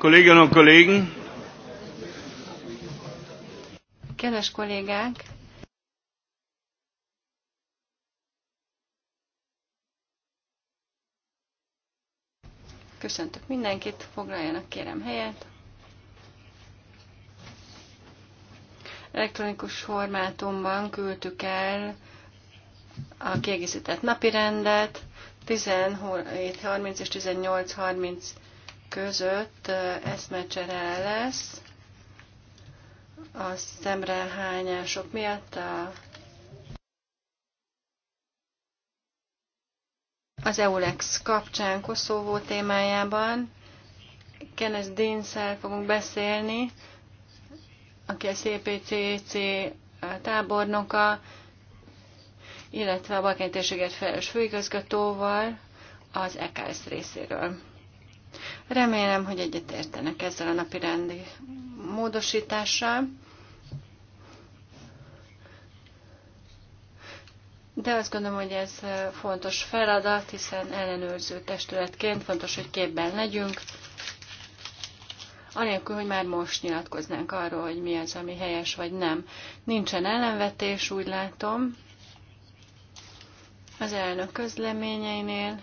Kolleginnen und Kollegen! Kedves kollégák! Köszöntök mindenkit, foglaljanak kérem helyet. Elektronikus formátumban küldtük el a kiegészített napirendet 17.30 és 18.30 között eszmecsere lesz a szemrehányások miatt a az EULEX kapcsán Koszovó témájában. Kenneth Dinszel fogunk beszélni, aki a CPCC tábornoka, illetve a balkányi térséget felelős főigazgatóval az EKS részéről. Remélem, hogy egyetértenek ezzel a napi rendi módosítással. De azt gondolom, hogy ez fontos feladat, hiszen ellenőrző testületként fontos, hogy képben legyünk, anélkül, hogy már most nyilatkoznánk arról, hogy mi az, ami helyes vagy nem. Nincsen ellenvetés, úgy látom. Az elnök közleményeinél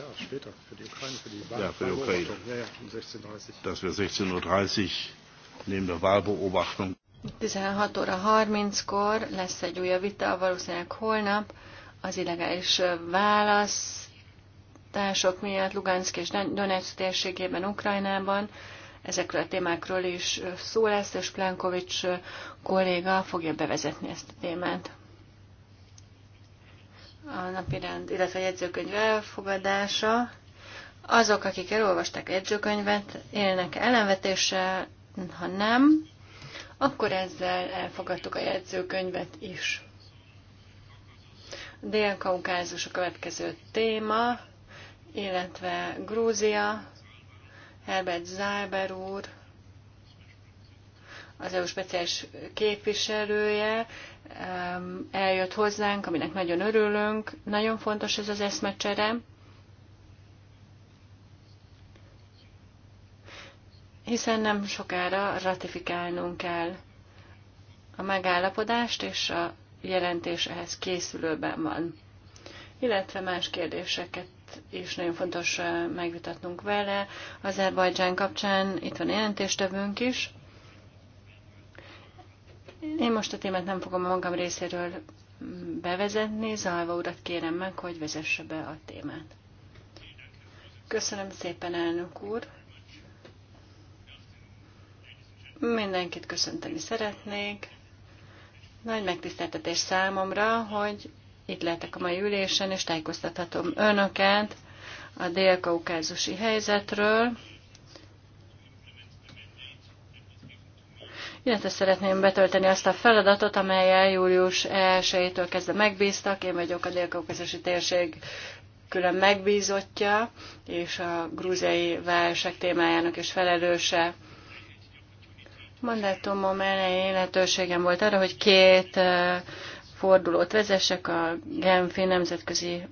Ja, später, für die Ukraine, für die Wahl. Ja, für die Ukraine. Ja, ja, um 16.30 Uhr. Dass wir 16.30 Uhr neben der Wahlbeobachtung. 16 óra 30-kor lesz egy újabb vita, valószínűleg holnap, az illegális választások miatt Lugansk és Donetsk térségében, Ukrajnában. Ezekről a témákról is szó lesz, és Plankovics kolléga fogja bevezetni ezt a témát a napirend, illetve a jegyzőkönyv elfogadása. Azok, akik elolvasták a jegyzőkönyvet, élnek ellenvetéssel, ha nem, akkor ezzel elfogadtuk a jegyzőkönyvet is. Dél-Kaukázus a következő téma, illetve Grúzia, Herbert Záber úr, az EU speciális képviselője eljött hozzánk, aminek nagyon örülünk. Nagyon fontos ez az eszmecsere. hiszen nem sokára ratifikálnunk kell a megállapodást, és a jelentés ehhez készülőben van. Illetve más kérdéseket is nagyon fontos eh, megvitatnunk vele. Azerbajdzsán kapcsán itt van jelentéstevőnk is. Én most a témát nem fogom a magam részéről bevezetni. Zalva urat kérem meg, hogy vezesse be a témát. Köszönöm szépen, elnök úr! Mindenkit köszönteni szeretnék. Nagy megtiszteltetés számomra, hogy itt lehetek a mai ülésen, és tájékoztathatom önöket a dél-kaukázusi helyzetről. illetve szeretném betölteni azt a feladatot, amelyel július 1-től kezdve megbíztak. Én vagyok a délkaukazusi térség külön megbízottja, és a grúziai válság témájának is felelőse. Mandátumom elején lehetőségem volt arra, hogy két fordulót vezessek a Genfi nemzetközi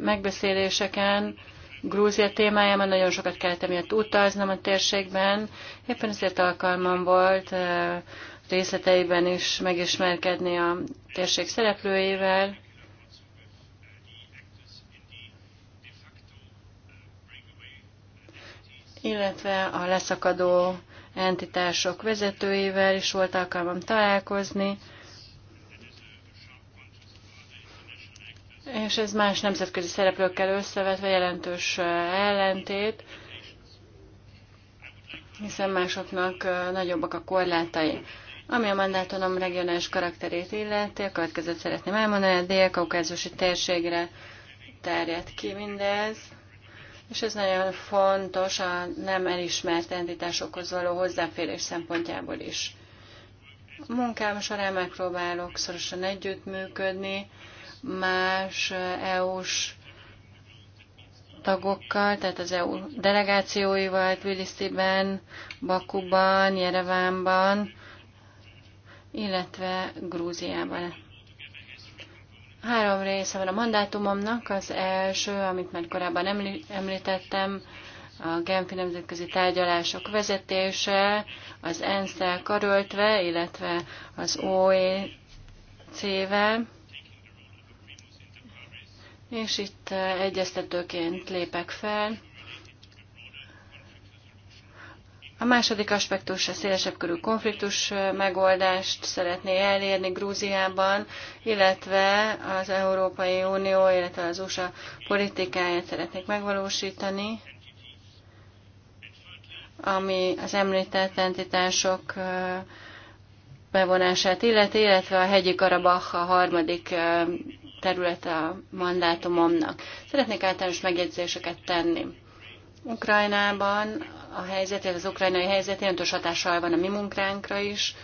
megbeszéléseken, Grúzia témájában, nagyon sokat kellett emiatt utaznom a térségben, éppen ezért alkalmam volt eh, részleteiben is megismerkedni a térség szereplőivel, illetve a leszakadó entitások vezetőivel is volt alkalmam találkozni, és ez más nemzetközi szereplőkkel összevetve jelentős ellentét, hiszen másoknak nagyobbak a korlátai. Ami a mandátonom regionális karakterét illeti, a következőt szeretném elmondani, a dél-kaukázusi térségre terjed ki mindez, és ez nagyon fontos a nem elismert entitásokhoz való hozzáférés szempontjából is. A munkám során megpróbálok szorosan együttműködni más EU-s tagokkal, tehát az EU delegációival, Tbilisiben, Bakuban, Jerevánban, illetve Grúziában. Három része van a mandátumomnak. Az első, amit már korábban említettem, a Genfi nemzetközi tárgyalások vezetése, az ENSZ-tel karöltve, illetve az oec vel és itt eh, egyeztetőként lépek fel. A második aspektus a szélesebb körű konfliktus eh, megoldást szeretné elérni Grúziában, illetve az Európai Unió, illetve az USA politikáját szeretnék megvalósítani, ami az említett entitások eh, bevonását illeti, illetve a hegyi Karabach a harmadik terület a mandátumomnak. Szeretnék általános megjegyzéseket tenni. Ukrajnában a helyzet, az ukrajnai helyzet jelentős hatással van a mi munkránkra is,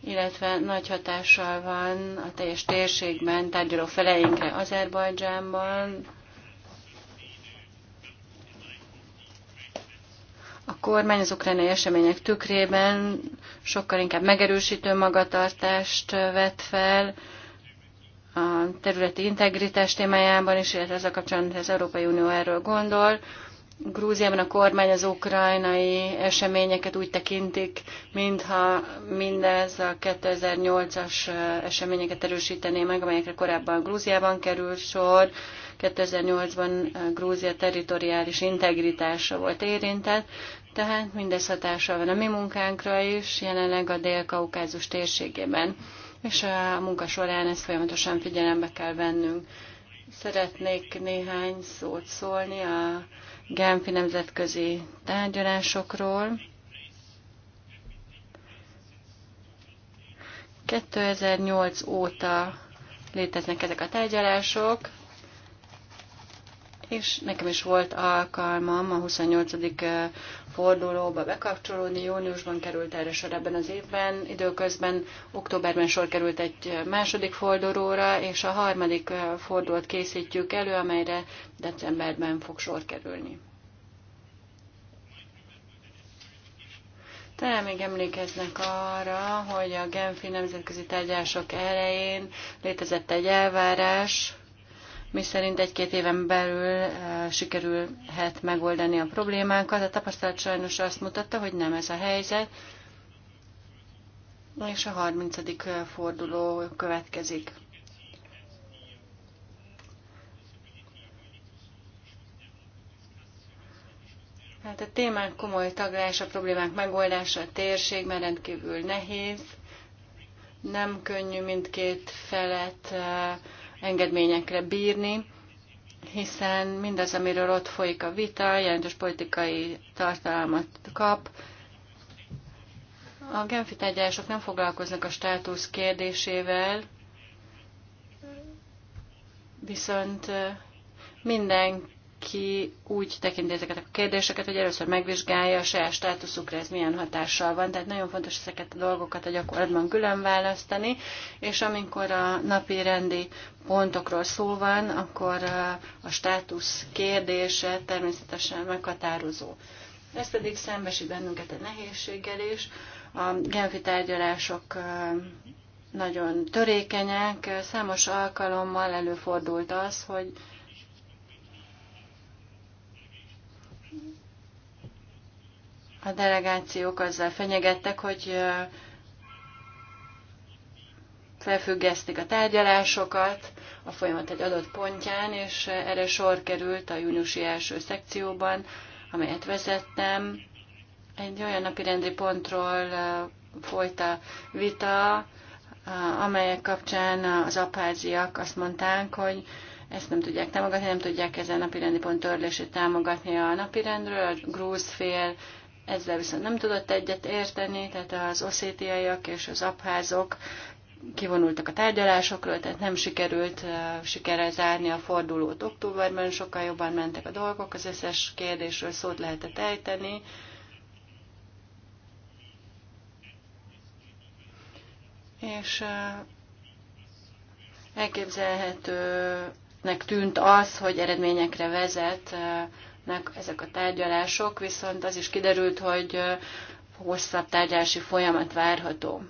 illetve nagy hatással van a teljes térségben tárgyaló feleinkre Azerbajdzsánban. A kormány az ukrajnai események tükrében sokkal inkább megerősítő magatartást vett fel, a területi integritás témájában is, illetve ezzel kapcsolatban az Európai Unió erről gondol. Grúziában a kormány az ukrajnai eseményeket úgy tekintik, mintha mindez a 2008-as eseményeket erősítené meg, amelyekre korábban Grúziában kerül sor. 2008-ban Grúzia territoriális integritása volt érintett, tehát mindez hatással van a mi munkánkra is, jelenleg a Dél-Kaukázus térségében és a munka során ezt folyamatosan figyelembe kell vennünk. Szeretnék néhány szót szólni a Genfi nemzetközi tárgyalásokról. 2008 óta léteznek ezek a tárgyalások, és nekem is volt alkalmam a 28 fordulóba bekapcsolódni. Júniusban került erre sor ebben az évben, időközben októberben sor került egy második fordulóra, és a harmadik fordulót készítjük elő, amelyre decemberben fog sor kerülni. Talán még emlékeznek arra, hogy a Genfi nemzetközi tárgyások elején létezett egy elvárás, mi szerint egy-két éven belül eh, sikerülhet megoldani a problémánkat. A tapasztalat sajnos azt mutatta, hogy nem ez a helyzet, és a 30. Eh, forduló következik. Hát a témák komoly a problémák megoldása, a térség már rendkívül nehéz. Nem könnyű mindkét felet eh, engedményekre bírni, hiszen mindaz, amiről ott folyik a vita, jelentős politikai tartalmat kap. A Genfi tárgyalások nem foglalkoznak a státusz kérdésével, viszont minden aki úgy tekinti ezeket a kérdéseket, hogy először megvizsgálja a saját státuszukra, ez milyen hatással van. Tehát nagyon fontos ezeket a dolgokat a gyakorlatban külön választani, és amikor a napi rendi pontokról szó van, akkor a státusz kérdése természetesen meghatározó. Ez pedig szembesít bennünket a nehézséggel is. A genfi tárgyalások nagyon törékenyek, számos alkalommal előfordult az, hogy A delegációk azzal fenyegettek, hogy felfüggesztik a tárgyalásokat a folyamat egy adott pontján, és erre sor került a júniusi első szekcióban, amelyet vezettem. Egy olyan napirendi pontról folyt a vita, amelyek kapcsán az apáziak azt mondták, hogy ezt nem tudják támogatni, nem tudják ezen a napirendi pont törlését támogatni a napirendről. A grúz fél ezzel viszont nem tudott egyet érteni, tehát az oszétiaiak és az abházok kivonultak a tárgyalásokról, tehát nem sikerült sikere zárni a fordulót októberben, sokkal jobban mentek a dolgok, az összes kérdésről szót lehetett ejteni. És elképzelhetőnek tűnt az, hogy eredményekre vezet lesznek ezek a tárgyalások, viszont az is kiderült, hogy hosszabb tárgyalási folyamat várható.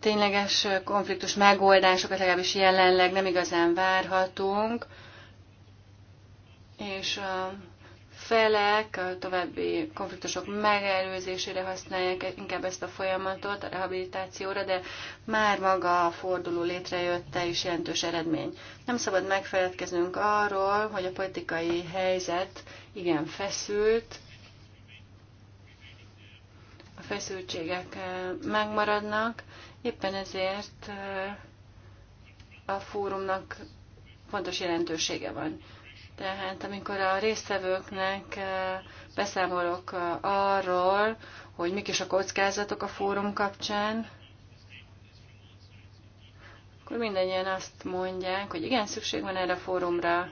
tényleges konfliktus megoldásokat legalábbis jelenleg nem igazán várhatunk, és a felek a további konfliktusok megelőzésére használják inkább ezt a folyamatot, a rehabilitációra, de már maga a forduló létrejötte is jelentős eredmény. Nem szabad megfeledkeznünk arról, hogy a politikai helyzet igen feszült, a feszültségek eh, megmaradnak, éppen ezért eh, a fórumnak fontos jelentősége van. Tehát amikor a résztvevőknek eh, beszámolok eh, arról, hogy mik is a kockázatok a fórum kapcsán, akkor mindannyian azt mondják, hogy igen, szükség van erre a fórumra.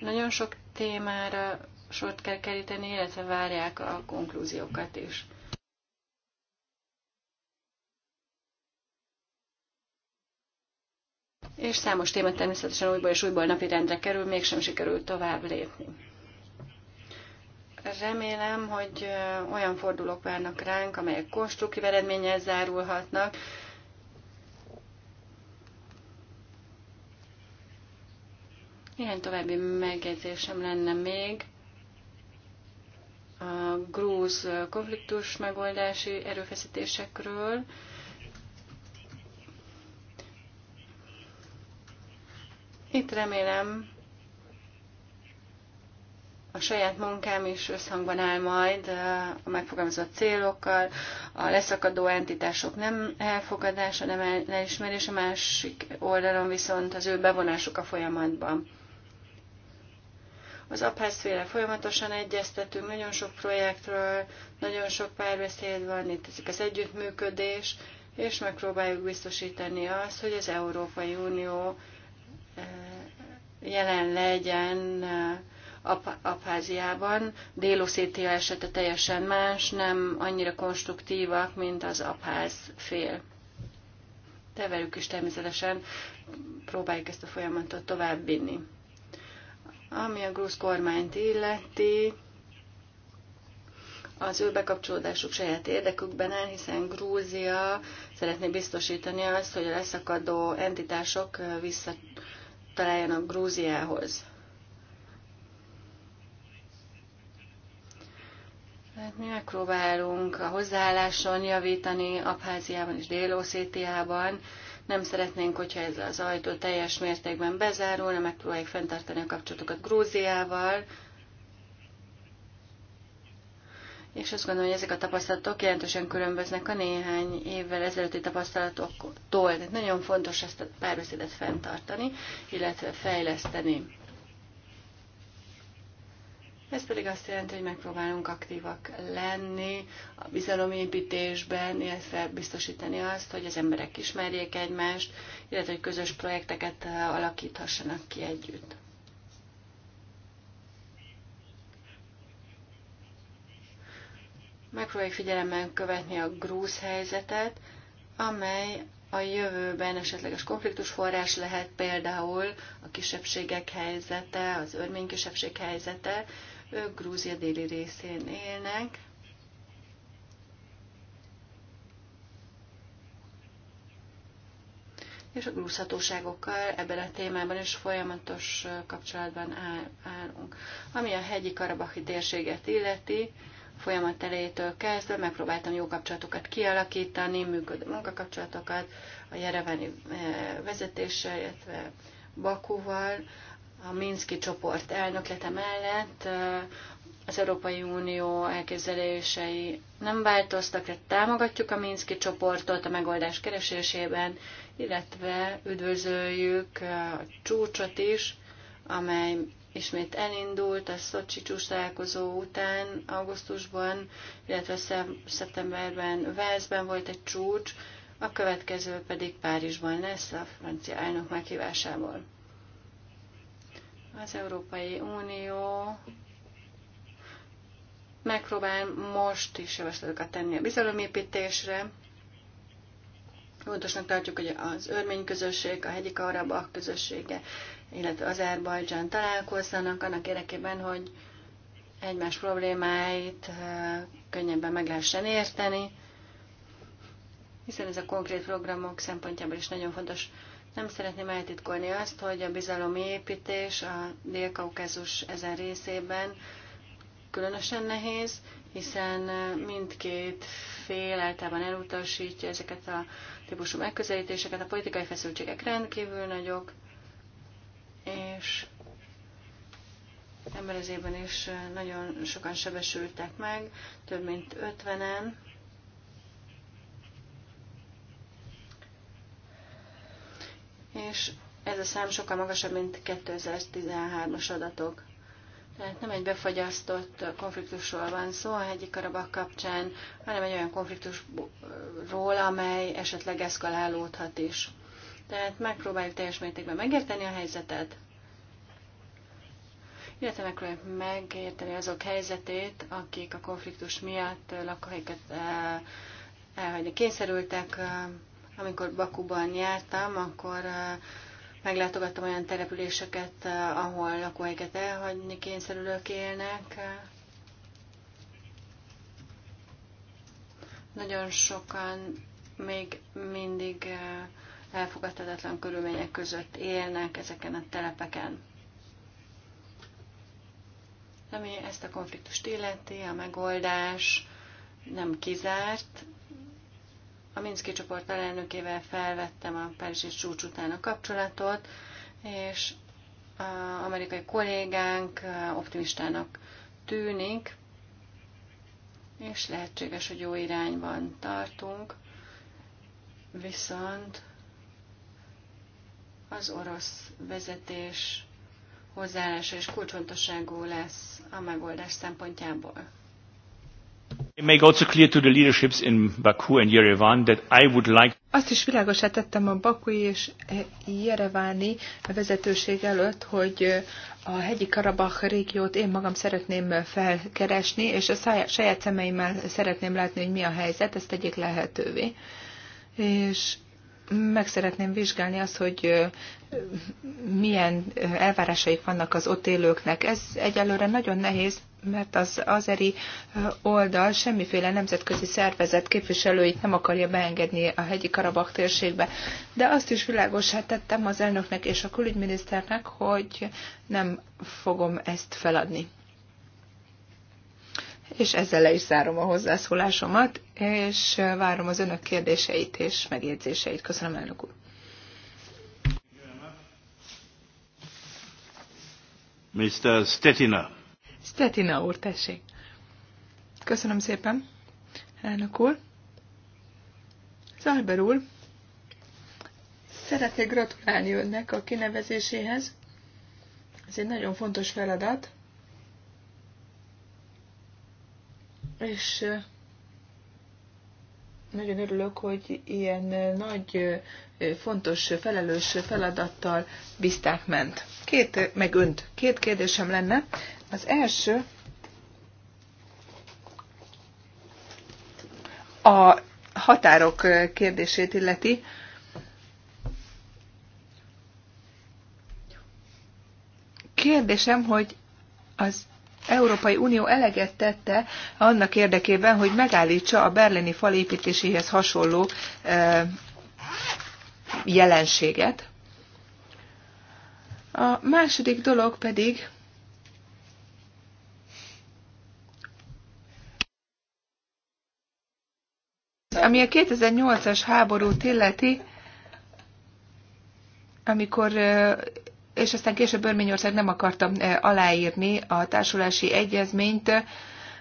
Nagyon sok témára sort kell keríteni, illetve várják a konklúziókat is. és számos téma természetesen újból és újból napirendre kerül, mégsem sikerül tovább lépni. Remélem, hogy olyan fordulók várnak ránk, amelyek konstruktív eredménnyel zárulhatnak, Néhány további megjegyzésem lenne még. A grúz konfliktus megoldási erőfeszítésekről. Itt remélem a saját munkám is összhangban áll majd a megfogalmazott célokkal, a leszakadó entitások nem elfogadása, nem elismerése, másik oldalon viszont az ő bevonásuk a folyamatban. Az abházféle folyamatosan egyeztetünk, nagyon sok projektről, nagyon sok párbeszéd van, itt ezek az együttműködés, és megpróbáljuk biztosítani azt, hogy az Európai Unió jelen legyen eh, Ab- Abháziában. Dél-Oszétia esete teljesen más, nem annyira konstruktívak, mint az Abház fél. De velük is természetesen próbáljuk ezt a folyamatot továbbvinni. Ami a grúz kormányt illeti, az ő bekapcsolódásuk saját érdekükben áll, hiszen Grúzia szeretné biztosítani azt, hogy a leszakadó entitások eh, vissza találjanak Grúziához. Tehát mi megpróbálunk a hozzáálláson javítani Abháziában és Dél-Oszétiában. Nem szeretnénk, hogyha ez az ajtó teljes mértékben bezárulna, megpróbáljuk fenntartani a kapcsolatokat Grúziával, és azt gondolom, hogy ezek a tapasztalatok jelentősen különböznek a néhány évvel ezelőtti tapasztalatoktól. Tehát nagyon fontos ezt a párbeszédet fenntartani, illetve fejleszteni. Ez pedig azt jelenti, hogy megpróbálunk aktívak lenni a bizalomépítésben, illetve biztosítani azt, hogy az emberek ismerjék egymást, illetve hogy közös projekteket alakíthassanak ki együtt. megpróbáljuk figyelemmel követni a grúz helyzetet, amely a jövőben esetleges konfliktus forrás lehet például a kisebbségek helyzete, az örmény kisebbség helyzete. Ők Grúzia déli részén élnek. És a grúzhatóságokkal ebben a témában is folyamatos kapcsolatban állunk. Ami a hegyi karabahi térséget illeti, folyamat elejétől kezdve megpróbáltam jó kapcsolatokat kialakítani, működő munkakapcsolatokat a jereveni eh, vezetéssel, illetve Bakúval, a Minszki csoport elnöklete mellett eh, az Európai Unió elképzelései nem változtak, tehát támogatjuk a Minszki csoportot a megoldás keresésében, illetve üdvözöljük eh, a csúcsot is, amely ismét elindult a Szocsi csúcs találkozó után, augusztusban, illetve szeptemberben Velszben volt egy csúcs, a következő pedig Párizsban lesz a francia elnök meghívásából. Az Európai Unió megpróbál most is javaslatokat tenni a bizalomépítésre. Fontosnak tartjuk, hogy az örmény közösség, a hegyi karabak közössége illetve Azerbajdzsán találkozzanak annak érdekében, hogy egymás problémáit könnyebben meg lehessen érteni, hiszen ez a konkrét programok szempontjából is nagyon fontos. Nem szeretném eltitkolni azt, hogy a bizalomi építés a Dél-Kaukázus ezen részében különösen nehéz, hiszen mindkét fél általában elutasítja ezeket a típusú megközelítéseket, a politikai feszültségek rendkívül nagyok, és ebben az évben is nagyon sokan sebesültek meg, több mint 50-en. És ez a szám sokkal magasabb, mint 2013-as adatok. Tehát nem egy befagyasztott konfliktusról van szó a hegyi karabak kapcsán, hanem egy olyan konfliktusról, amely esetleg eszkalálódhat is. Tehát megpróbáljuk teljes mértékben megérteni a helyzetet, illetve megpróbáljuk megérteni azok helyzetét, akik a konfliktus miatt lakóhelyeket eh, elhagyni kényszerültek. Eh, amikor Bakuban jártam, akkor eh, meglátogattam olyan településeket, ahol lakóhelyeket elhagyni kényszerülők élnek. Nagyon sokan még mindig elfogadhatatlan körülmények között élnek ezeken a telepeken. Ami ezt a konfliktust illeti, a megoldás nem kizárt. A Minszki csoport alelnökével felvettem a Párizsi csúcs után a kapcsolatot, és a amerikai kollégánk optimistának tűnik, és lehetséges, hogy jó irányban tartunk, viszont az orosz vezetés hozzáállása és kulcsfontosságú lesz a megoldás szempontjából. It make also clear to the leaderships in Baku and Yerevan that I would like azt is világosá tettem a bakui és jereváni vezetőség előtt, hogy a hegyi Karabach régiót én magam szeretném felkeresni, és a saját szemeimmel szeretném látni, hogy mi a helyzet, ezt tegyék lehetővé. És meg szeretném vizsgálni azt, hogy milyen elvárásaik vannak az ott élőknek. Ez egyelőre nagyon nehéz, mert az azeri oldal semmiféle nemzetközi szervezet képviselőit nem akarja beengedni a hegyi Karabak térségbe. De azt is világosá tettem az elnöknek és a külügyminiszternek, hogy nem fogom ezt feladni és ezzel le is zárom a hozzászólásomat, és várom az önök kérdéseit és megjegyzéseit. Köszönöm, elnök úr. Mr. Stetina. Stetina úr, tessék. Köszönöm szépen, elnök úr. Zalber úr, szeretnék gratulálni önnek a kinevezéséhez. Ez egy nagyon fontos feladat. És nagyon örülök, hogy ilyen nagy, fontos, felelős feladattal bizták ment. Két, meg önt, két kérdésem lenne. Az első, a határok kérdését illeti. Kérdésem, hogy az Európai Unió eleget tette annak érdekében, hogy megállítsa a berlini fal építéséhez hasonló jelenséget. A második dolog pedig ami a 2008-as háborút illeti, amikor és aztán később Örményország nem akarta eh, aláírni a társulási egyezményt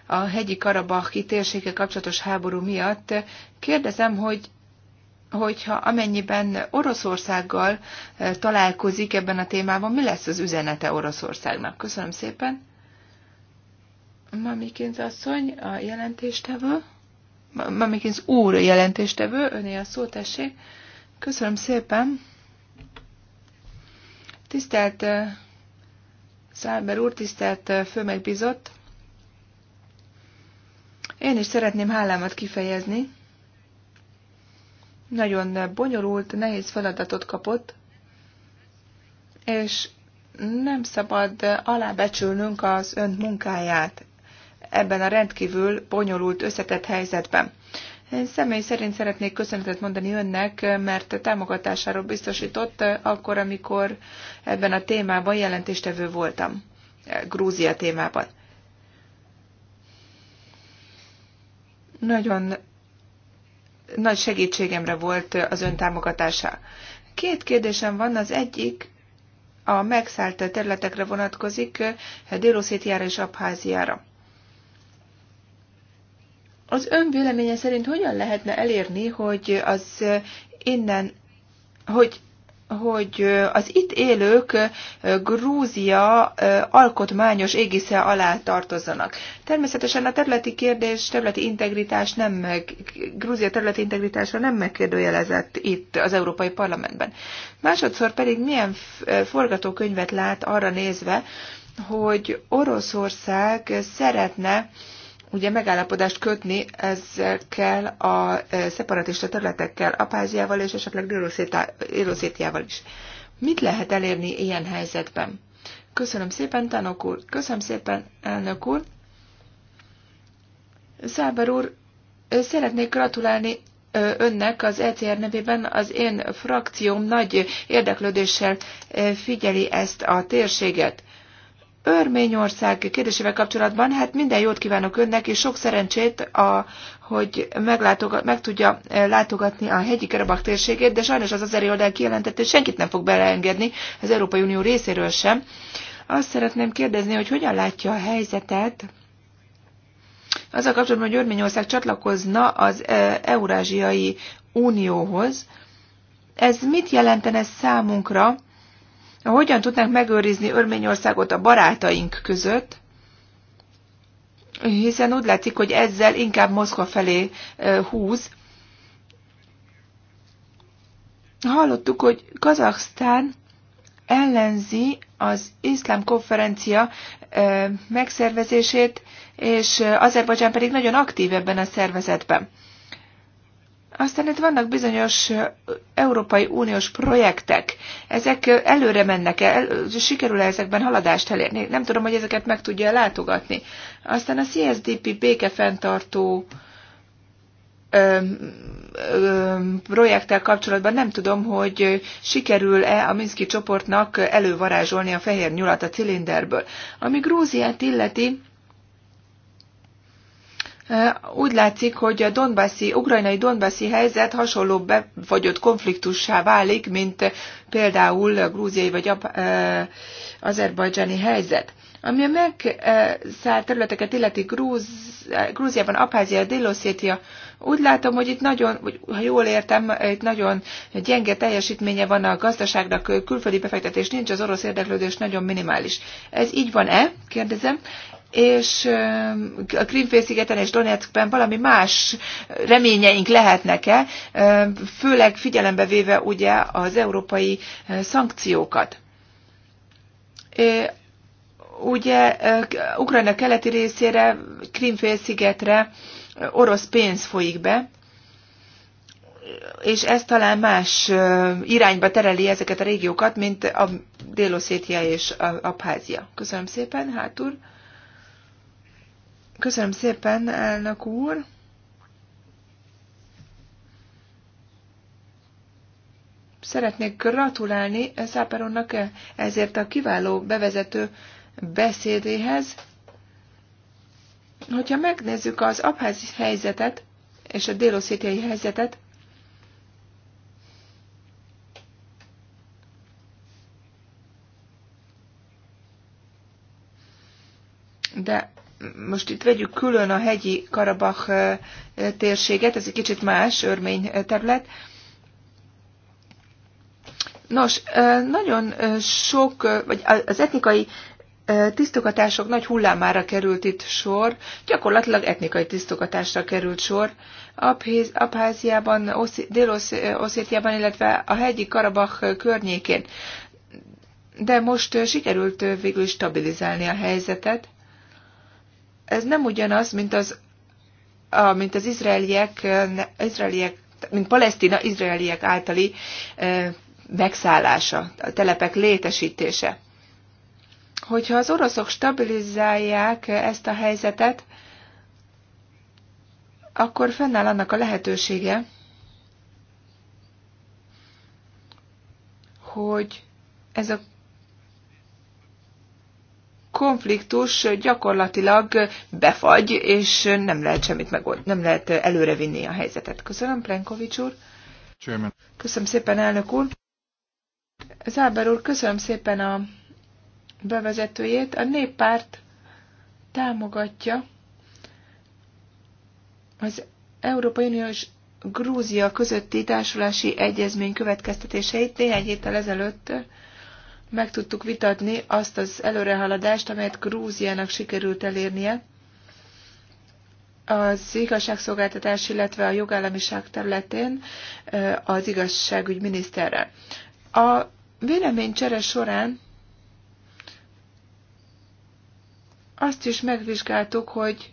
a hegyi Karabachi térsége kapcsolatos háború miatt. Kérdezem, hogy hogyha amennyiben Oroszországgal eh, találkozik ebben a témában, mi lesz az üzenete Oroszországnak? Köszönöm szépen. Mamikinz asszony, a jelentéstevő. Mamikinz úr jelentéstevő, öné a szó, tessék. Köszönöm szépen. Tisztelt Szálber úr, tisztelt főmegbizott! Én is szeretném hálámat kifejezni. Nagyon bonyolult, nehéz feladatot kapott, és nem szabad alábecsülnünk az ön munkáját ebben a rendkívül bonyolult, összetett helyzetben. Én személy szerint szeretnék köszönetet mondani önnek, mert támogatásáról biztosított akkor, amikor ebben a témában jelentéstevő voltam, Grúzia témában. Nagyon nagy segítségemre volt az ön támogatása. Két kérdésem van, az egyik a megszállt területekre vonatkozik, Délosétiára és Abháziára. Az ön véleménye szerint hogyan lehetne elérni, hogy az innen, hogy hogy az itt élők Grúzia alkotmányos égisze alá tartozzanak. Természetesen a területi kérdés, területi integritás nem meg, Grúzia területi integritása nem megkérdőjelezett itt az Európai Parlamentben. Másodszor pedig milyen forgatókönyvet lát arra nézve, hogy Oroszország szeretne ugye megállapodást kötni ezekkel a e, szeparatista területekkel, Apáziával és esetleg Délosétiával is. Mit lehet elérni ilyen helyzetben? Köszönöm szépen, tanok úr. Köszönöm szépen, elnök úr. Száber úr, szeretnék gratulálni önnek az ECR nevében az én frakcióm nagy érdeklődéssel figyeli ezt a térséget. Örményország kérdésével kapcsolatban, hát minden jót kívánok önnek, és sok szerencsét, a, hogy meglátogat, meg tudja eh, látogatni a hegyi Karabak térségét, de sajnos az azeri oldal kijelentett, hogy senkit nem fog beleengedni, az Európai Unió részéről sem. Azt szeretném kérdezni, hogy hogyan látja a helyzetet, a kapcsolatban, hogy Örményország csatlakozna az eh, Eurázsiai Unióhoz, ez mit jelentene számunkra, hogyan tudnánk megőrizni Örményországot a barátaink között, hiszen úgy látszik, hogy ezzel inkább Moszkva felé húz. Hallottuk, hogy Kazaksztán ellenzi az iszlám konferencia megszervezését, és Azerbajdzsán pedig nagyon aktív ebben a szervezetben. Aztán itt vannak bizonyos Európai Uniós projektek. Ezek előre mennek el, sikerül -e ezekben haladást elérni? Nem tudom, hogy ezeket meg tudja látogatni. Aztán a CSDP békefenntartó projekttel kapcsolatban nem tudom, hogy sikerül-e a Minszki csoportnak elővarázsolni a fehér nyulat a cilinderből. Ami Grúziát illeti, úgy látszik, hogy a Donbassi, ukrajnai Donbassi helyzet hasonló befagyott konfliktussá válik, mint például a grúziai vagy azerbajdzsáni helyzet. Ami a megszállt területeket illeti Grúz, Grúziában, Apázia, Délosszétia, úgy látom, hogy itt nagyon, ha jól értem, itt nagyon gyenge teljesítménye van a gazdaságnak, külföldi befektetés nincs, az orosz érdeklődés nagyon minimális. Ez így van-e? Kérdezem és a Krimfélszigeten és Donetskben valami más reményeink lehetnek-e, főleg figyelembe véve ugye az európai szankciókat. Ugye Ukrajna keleti részére, Krimfélszigetre orosz pénz folyik be, és ez talán más irányba tereli ezeket a régiókat, mint a Délosétia és a Abházia. Köszönöm szépen, hátul. Köszönöm szépen, elnök úr! Szeretnék gratulálni Száperonnak ezért a kiváló bevezető beszédéhez. Hogyha megnézzük az abházi helyzetet és a déloszétiai helyzetet, de most itt vegyük külön a hegyi Karabach térséget, ez egy kicsit más örmény terület. Nos, nagyon sok, vagy az etnikai tisztogatások nagy hullámára került itt sor, gyakorlatilag etnikai tisztogatásra került sor. Abháziában, Dél-Oszétiában, illetve a hegyi Karabach környékén. De most sikerült végül is stabilizálni a helyzetet. Ez nem ugyanaz, mint az, a, mint az izraeliek, izraeliek, mint Palesztina izraeliek általi e, megszállása, a telepek létesítése. Hogyha az oroszok stabilizálják ezt a helyzetet, akkor fennáll annak a lehetősége, hogy ez a konfliktus gyakorlatilag befagy, és nem lehet semmit megold, nem lehet előrevinni a helyzetet. Köszönöm, Plenkovics úr. Csőmen. Köszönöm szépen, elnök úr. Záber úr, köszönöm szépen a bevezetőjét. A néppárt támogatja az Európai Unió és Grúzia közötti társulási egyezmény következtetéseit néhány héttel ezelőtt meg tudtuk vitatni azt az előrehaladást, amelyet Grúziának sikerült elérnie az igazságszolgáltatás, illetve a jogállamiság területén az igazságügy miniszterre. A véleménycsere során azt is megvizsgáltuk, hogy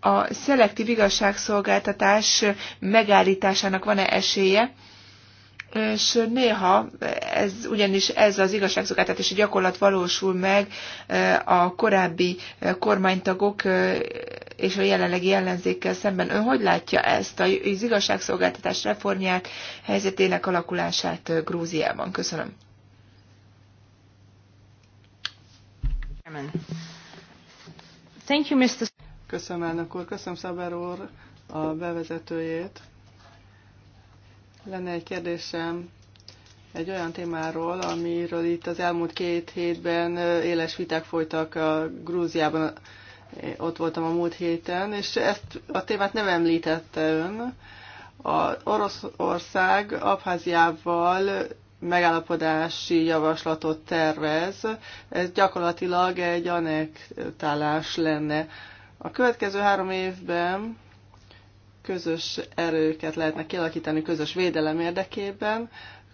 a szelektív igazságszolgáltatás megállításának van-e esélye, és néha ez, ugyanis ez az igazságszolgáltatási gyakorlat valósul meg e, a korábbi e, kormánytagok e, és a jelenlegi ellenzékkel szemben. Ön hogy látja ezt az igazságszolgáltatás reformját, helyzetének alakulását Grúziában? Köszönöm. Thank you, Mr. Köszönöm, elnök úr. Köszönöm, Szaber úr, a bevezetőjét. Lenne egy kérdésem egy olyan témáról, amiről itt az elmúlt két hétben éles viták folytak a Grúziában. Ott voltam a múlt héten, és ezt a témát nem említette ön. A Oroszország Abháziával megállapodási javaslatot tervez. Ez gyakorlatilag egy anektálás lenne. A következő három évben közös erőket lehetne kialakítani közös védelem érdekében,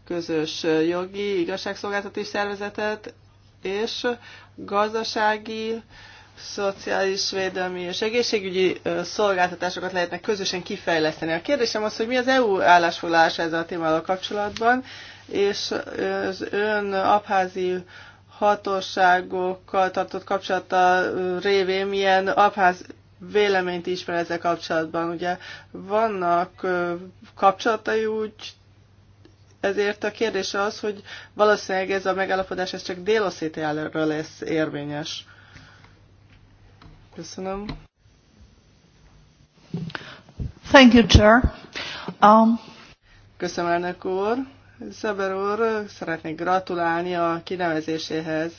közös jogi, igazságszolgáltatási szervezetet és gazdasági, szociális védelmi és egészségügyi szolgáltatásokat lehetne közösen kifejleszteni. A kérdésem az, hogy mi az EU állásfoglalása ezzel a témával kapcsolatban, és az ön abházi hatóságokkal tartott kapcsolata révén milyen abház véleményt ismer ezzel kapcsolatban. Ugye vannak kapcsolatai úgy, ezért a kérdés az, hogy valószínűleg ez a megállapodás ez csak déloszétiára lesz érvényes. Köszönöm. Thank you, Chair. Um... Köszönöm, elnök úr. Zeber úr, szeretnék gratulálni a kinevezéséhez.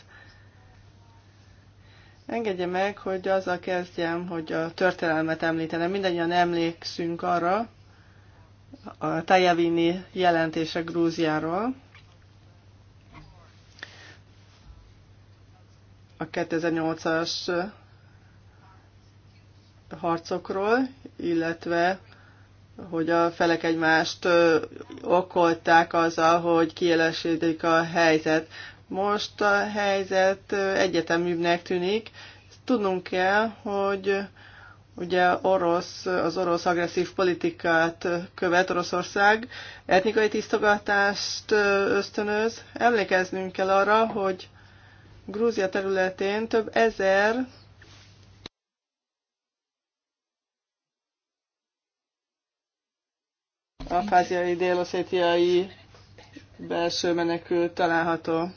Engedje meg, hogy azzal kezdjem, hogy a történelmet említenem. Mindennyian emlékszünk arra, a Tajavini jelentése Grúziáról, a 2008-as harcokról, illetve hogy a felek egymást okolták azzal, hogy kielesítik a helyzet. Most a helyzet egyeteműbbnek tűnik. Tudnunk kell, hogy ugye orosz, az orosz agresszív politikát követ Oroszország, etnikai tisztogatást ösztönöz. Emlékeznünk kell arra, hogy Grúzia területén több ezer abháziai, déloszétiai belső menekült található.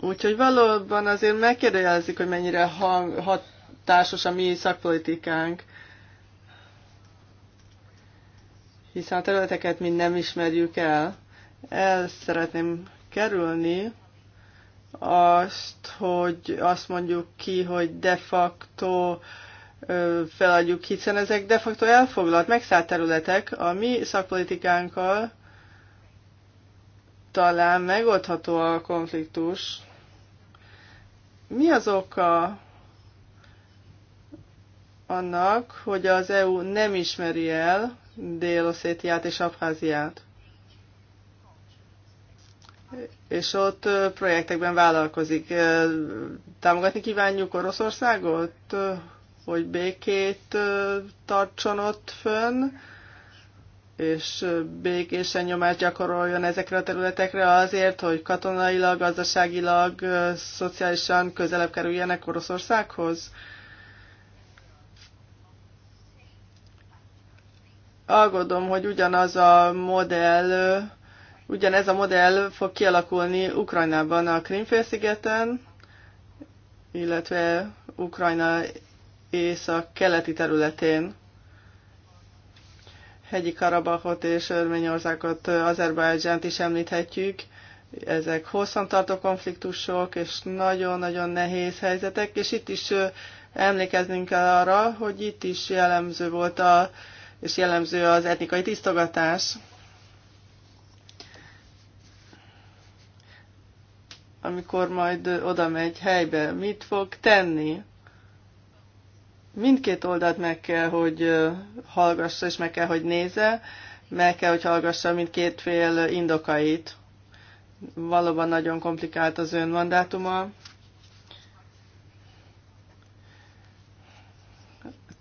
Úgyhogy valóban azért megkérdezik, hogy mennyire hang, hatásos a mi szakpolitikánk. Hiszen a területeket mind nem ismerjük el. El szeretném kerülni azt, hogy azt mondjuk ki, hogy de facto feladjuk, hiszen ezek de facto elfoglalt, megszállt területek a mi szakpolitikánkkal, talán megoldható a konfliktus. Mi az oka annak, hogy az EU nem ismeri el Dél-Oszétiát és Abháziát? És ott projektekben vállalkozik. Támogatni kívánjuk Oroszországot, hogy békét tartson ott fönn, és békésen nyomást gyakoroljon ezekre a területekre azért, hogy katonailag, gazdaságilag, szociálisan közelebb kerüljenek Oroszországhoz? Aggódom, hogy ugyanaz a modell, ugyanez a modell fog kialakulni Ukrajnában, a Krimfélszigeten, illetve Ukrajna észak-keleti területén hegyi Karabahot és Örményországot, Azerbajdzsánt is említhetjük. Ezek hosszantartó konfliktusok, és nagyon-nagyon nehéz helyzetek, és itt is emlékeznünk kell arra, hogy itt is jellemző volt a, és jellemző az etnikai tisztogatás. Amikor majd oda megy helybe, mit fog tenni? Mindkét oldalt meg kell, hogy hallgassa, és meg kell, hogy nézze, meg kell, hogy hallgassa mindkét fél indokait. Valóban nagyon komplikált az ön mandátuma.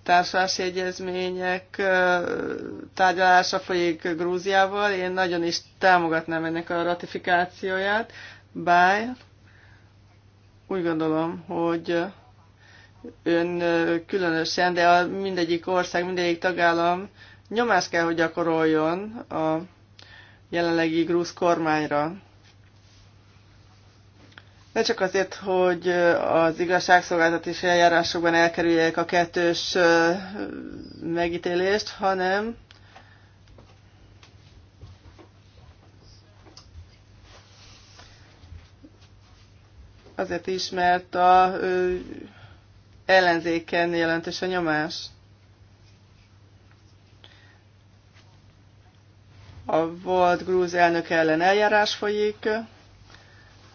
Társas egyezmények tárgyalása folyik Grúziával. Én nagyon is támogatnám ennek a ratifikációját, bár úgy gondolom, hogy ön különösen, de a mindegyik ország, mindegyik tagállam nyomást kell, hogy gyakoroljon a jelenlegi grúz kormányra. Ne csak azért, hogy az igazságszolgáltatási eljárásokban elkerüljék a kettős megítélést, hanem azért is, mert a ellenzéken jelentős a nyomás. A volt grúz elnök ellen eljárás folyik,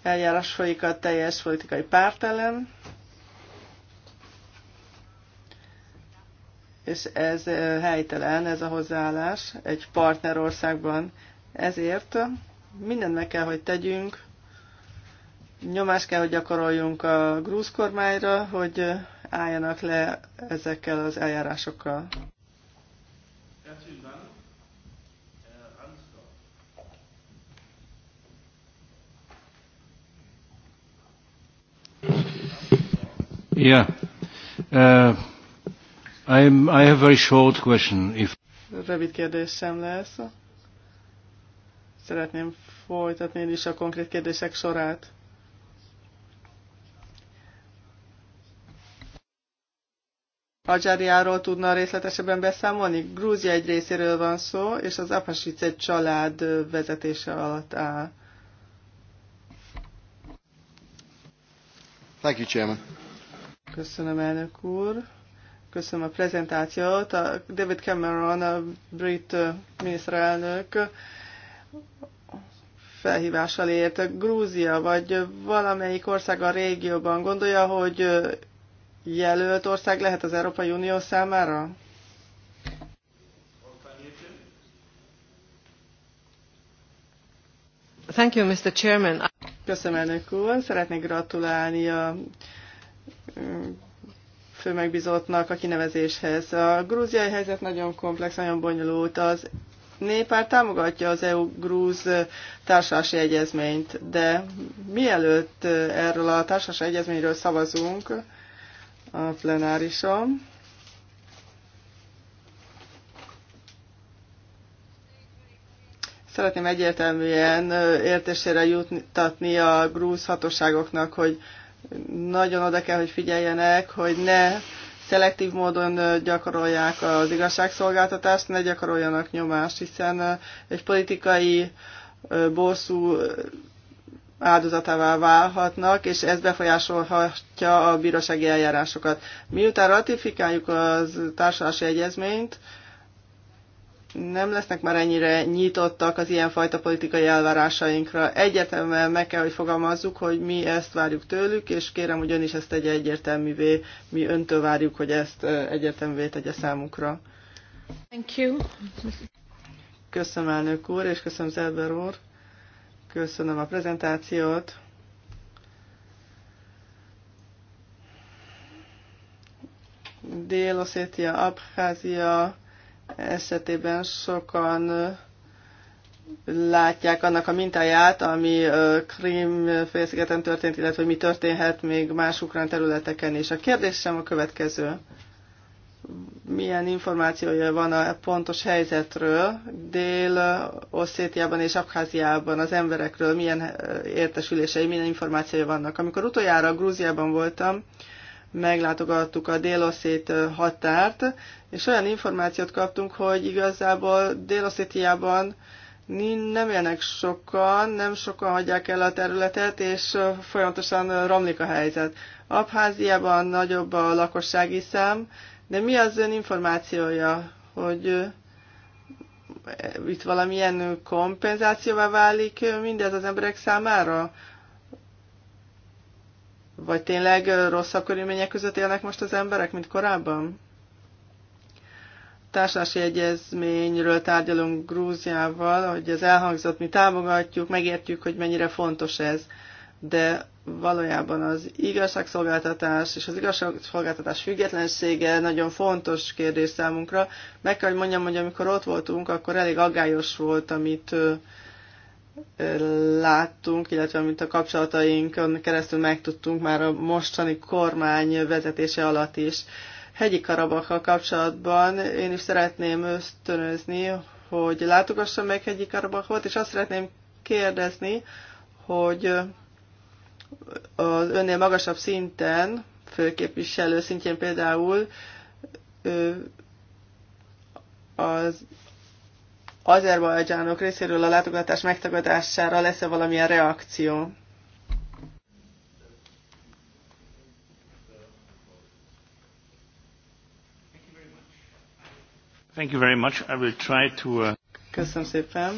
eljárás folyik a teljes politikai párt ellen, és ez helytelen, ez a hozzáállás egy partnerországban. Ezért mindent meg kell, hogy tegyünk, nyomást kell, hogy gyakoroljunk a grúz kormányra, hogy álljanak le ezekkel az eljárásokkal. Yeah. Uh, I'm, I have a very short question. If Rövid kérdésem lesz. Szeretném folytatni is a konkrét kérdések sorát. Adzsáriáról tudna részletesebben beszámolni? Grúzia egy részéről van szó, és az Apasic egy család vezetése alatt áll. Thank you, Chairman. Köszönöm, elnök úr. Köszönöm a prezentációt. A David Cameron, a brit miniszterelnök felhívással ért. Grúzia vagy valamelyik ország a régióban gondolja, hogy jelölt ország lehet az Európai Unió számára? Thank you, Mr. Chairman. Köszönöm, elnök úr. Szeretnék gratulálni a mm, főmegbizottnak a kinevezéshez. A grúziai helyzet nagyon komplex, nagyon bonyolult. Az Népár támogatja az EU-grúz társasági egyezményt, de mielőtt erről a társasági egyezményről szavazunk, a plenárisom. Szeretném egyértelműen értésére juttatni a grúz hatóságoknak, hogy nagyon oda kell, hogy figyeljenek, hogy ne szelektív módon gyakorolják az igazságszolgáltatást, ne gyakoroljanak nyomást, hiszen egy politikai bosszú áldozatává válhatnak, és ez befolyásolhatja a bírósági eljárásokat. Miután ratifikáljuk az társadalmi egyezményt, nem lesznek már ennyire nyitottak az ilyenfajta politikai elvárásainkra. Egyértelműen meg kell, hogy fogalmazzuk, hogy mi ezt várjuk tőlük, és kérem, hogy ön is ezt tegye egyértelművé. Mi öntől várjuk, hogy ezt egyértelművé tegye számukra. Thank you. Köszönöm, elnök úr, és köszönöm, Zelber úr. Köszönöm a prezentációt. Dél-Oszétia, Abházia esetében sokan látják annak a mintáját, ami Krím félszigeten történt, illetve hogy mi történhet még más ukrán területeken és A kérdésem a következő milyen információja van a pontos helyzetről, dél oszétiában és Abháziában az emberekről, milyen eh, értesülései, milyen információja vannak. Amikor utoljára Grúziában voltam, meglátogattuk a dél oszét eh, határt, és olyan információt kaptunk, hogy igazából dél oszétiában nem élnek sokan, nem sokan hagyják el a területet, és eh, folyamatosan romlik a helyzet. Abháziában nagyobb a lakossági szám, de mi az ön információja, hogy itt valamilyen kompenzációvá válik mindez az emberek számára? Vagy tényleg rosszabb körülmények között élnek most az emberek, mint korábban? társasi egyezményről tárgyalunk Grúziával, hogy ez elhangzott, mi támogatjuk, megértjük, hogy mennyire fontos ez, de valójában az igazságszolgáltatás és az igazságszolgáltatás függetlensége nagyon fontos kérdés számunkra. Meg kell, hogy mondjam, hogy amikor ott voltunk, akkor elég aggályos volt, amit láttunk, illetve amit a kapcsolatainkon keresztül megtudtunk már a mostani kormány vezetése alatt is. Hegyi Karabakkal kapcsolatban én is szeretném ösztönözni, hogy látogassam meg Hegyi Karabakot, és azt szeretném kérdezni, hogy az önnél magasabb szinten, főképviselő szintjén például az azerbajdzsánok részéről a látogatás megtagadására lesz-e valamilyen reakció? Thank you very much. I will try to, uh... Köszönöm szépen.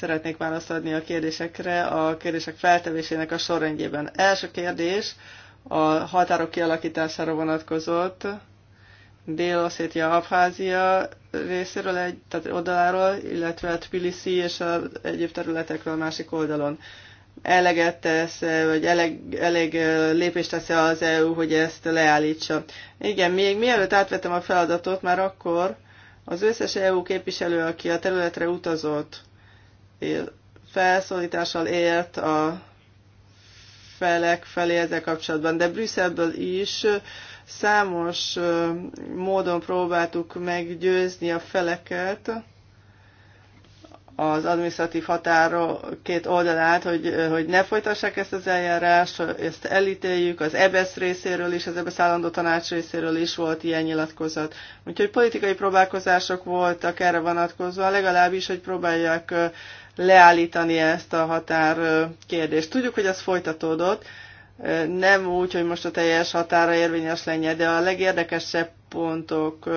Szeretnék választ adni a kérdésekre a kérdések feltevésének a sorrendjében. Első kérdés a határok kialakítására vonatkozott. Dél-Oszétia, Abházia részéről, egy, tehát oldaláról, illetve Tbilisi és a egyéb területekről a másik oldalon. Eleget tesz, vagy elég, elég lépést tesz az EU, hogy ezt leállítsa. Igen, még mielőtt átvettem a feladatot, már akkor az összes EU képviselő, aki a területre utazott, él, felszólítással élt a felek felé ezzel kapcsolatban, de Brüsszelből is számos módon próbáltuk meggyőzni a feleket, az adminisztratív határa két oldalát, hogy, hogy ne folytassák ezt az eljárást, ezt elítéljük, az EBSZ e részéről is, az EBSZ e állandó tanács részéről is volt ilyen nyilatkozat. Úgyhogy politikai próbálkozások voltak erre vonatkozva, legalábbis, hogy próbálják leállítani ezt a határ kérdést. Tudjuk, hogy az folytatódott, nem úgy, hogy most a teljes határa érvényes lenne, de a legérdekesebb pontok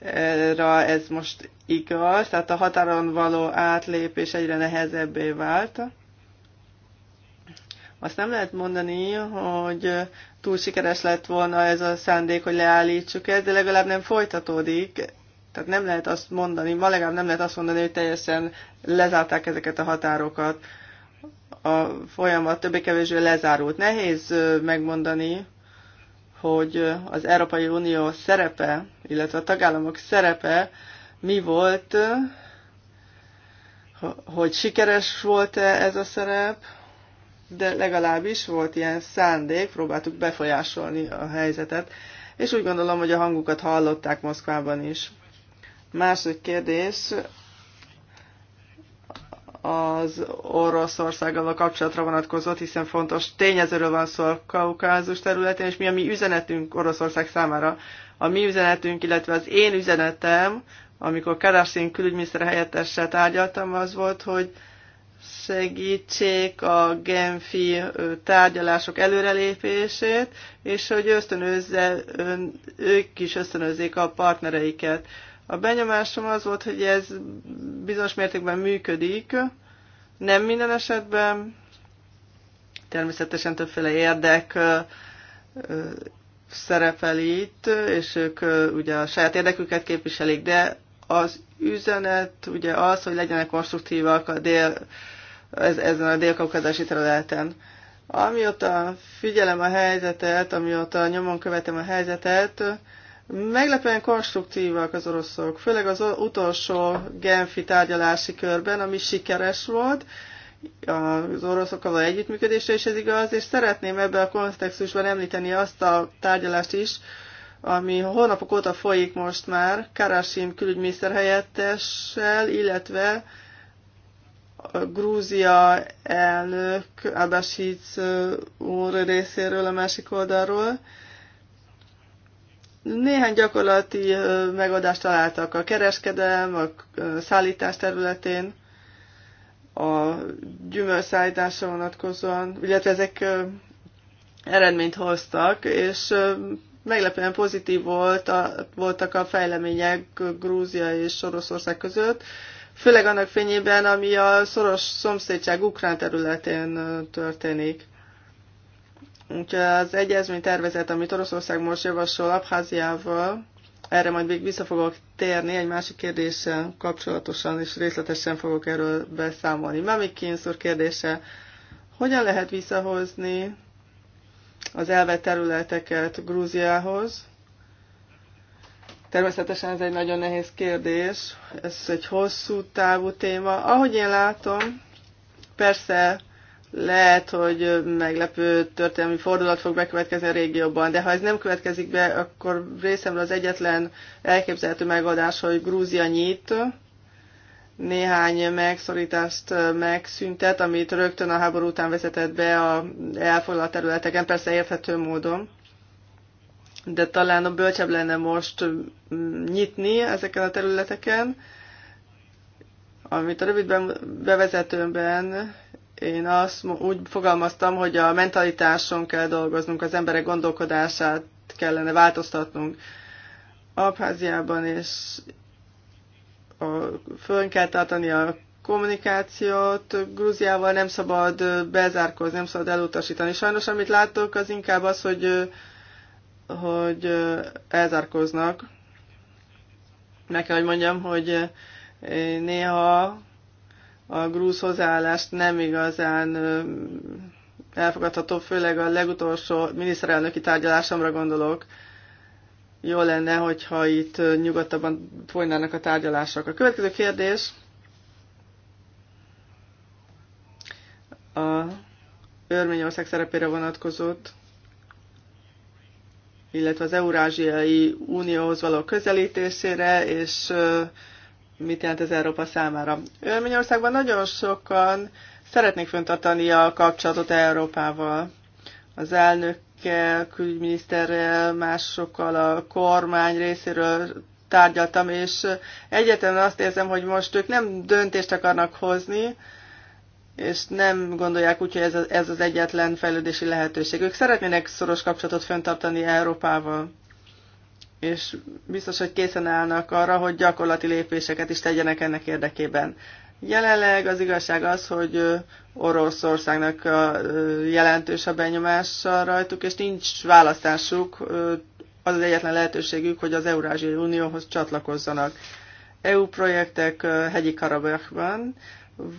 erre ez most igaz, tehát a határon való átlépés egyre nehezebbé vált. Azt nem lehet mondani, hogy túl sikeres lett volna ez a szándék, hogy leállítsuk ezt, de legalább nem folytatódik tehát nem lehet azt mondani, ma legalább nem lehet azt mondani, hogy teljesen lezárták ezeket a határokat. A folyamat többé-kevésbé lezárult. Nehéz megmondani, hogy az Európai Unió szerepe, illetve a tagállamok szerepe mi volt, hogy sikeres volt-e ez a szerep, de legalábbis volt ilyen szándék, próbáltuk befolyásolni a helyzetet, és úgy gondolom, hogy a hangukat hallották Moszkvában is. Második kérdés az Oroszországgal kapcsolatra vonatkozott, hiszen fontos tényezőről van szó a kaukázus területén, és mi a mi üzenetünk Oroszország számára. A mi üzenetünk, illetve az én üzenetem, amikor Karasin külügyminiszter helyettessel tárgyaltam, az volt, hogy segítsék a genfi tárgyalások előrelépését, és hogy ösztönözze, ők is ösztönözzék a partnereiket. A benyomásom az volt, hogy ez bizonyos mértékben működik, nem minden esetben, természetesen többféle érdek szerepel itt, és ők ugye a saját érdeküket képviselik, de az üzenet ugye az, hogy legyenek konstruktívak a dél, ez, ezen a délkaukázási területen. Amióta figyelem a helyzetet, amióta nyomon követem a helyzetet, Meglepően konstruktívak az oroszok, főleg az utolsó Genfi tárgyalási körben, ami sikeres volt, az oroszokkal való együttműködésre is ez igaz, és szeretném ebben a kontextusban említeni azt a tárgyalást is, ami hónapok óta folyik most már Karasim külügyminiszter helyettessel, illetve a Grúzia elnök Abasic úr részéről a másik oldalról, néhány gyakorlati megoldást találtak a kereskedelem, a szállítás területén, a gyümölcszállításra vonatkozóan, illetve ezek eredményt hoztak, és meglepően pozitív volt a, voltak a fejlemények Grúzia és Oroszország között, főleg annak fényében, ami a szoros szomszédság ukrán területén történik. Úgyhogy az egyezmény tervezet, amit Oroszország most javasol Abháziával, erre majd még vissza fogok térni, egy másik kérdéssel kapcsolatosan és részletesen fogok erről beszámolni. Mamikin Kinszur kérdése, hogyan lehet visszahozni az elvett területeket Grúziához? Természetesen ez egy nagyon nehéz kérdés, ez egy hosszú távú téma. Ahogy én látom, persze lehet, hogy meglepő történelmi fordulat fog bekövetkezni a régióban, de ha ez nem következik be, akkor részemről az egyetlen elképzelhető megoldás, hogy Grúzia nyit, néhány megszorítást megszüntet, amit rögtön a háború után vezetett be a elfoglalt területeken, persze érthető módon. De talán a bölcsebb lenne most nyitni ezeken a területeken, amit a rövid bevezetőmben én azt úgy fogalmaztam, hogy a mentalitáson kell dolgoznunk, az emberek gondolkodását kellene változtatnunk. Abháziában és a, fönn kell tartani a kommunikációt Grúziával nem szabad bezárkozni, nem szabad elutasítani. Sajnos, amit látok, az inkább az, hogy, hogy elzárkoznak. Meg kell, hogy mondjam, hogy néha a grúz hozzáállást nem igazán elfogadható, főleg a legutolsó miniszterelnöki tárgyalásomra gondolok. Jó lenne, hogyha itt nyugodtabban folynának a tárgyalások. A következő kérdés a Örményország szerepére vonatkozott, illetve az Eurázsiai Unióhoz való közelítésére, és mit jelent ez Európa számára. Örményországban nagyon sokan szeretnék föntartani a kapcsolatot Európával. Az elnökkel, külügyminiszterrel, másokkal, a kormány részéről tárgyaltam, és egyetlen azt érzem, hogy most ők nem döntést akarnak hozni, és nem gondolják úgy, hogy ez, ez az egyetlen fejlődési lehetőség. Ők szeretnének szoros kapcsolatot föntartani Európával és biztos, hogy készen állnak arra, hogy gyakorlati lépéseket is tegyenek ennek érdekében. Jelenleg az igazság az, hogy Oroszországnak jelentős a benyomása rajtuk, és nincs választásuk, az az egyetlen lehetőségük, hogy az Eurázsiai Unióhoz csatlakozzanak. EU projektek hegyi Karabachban,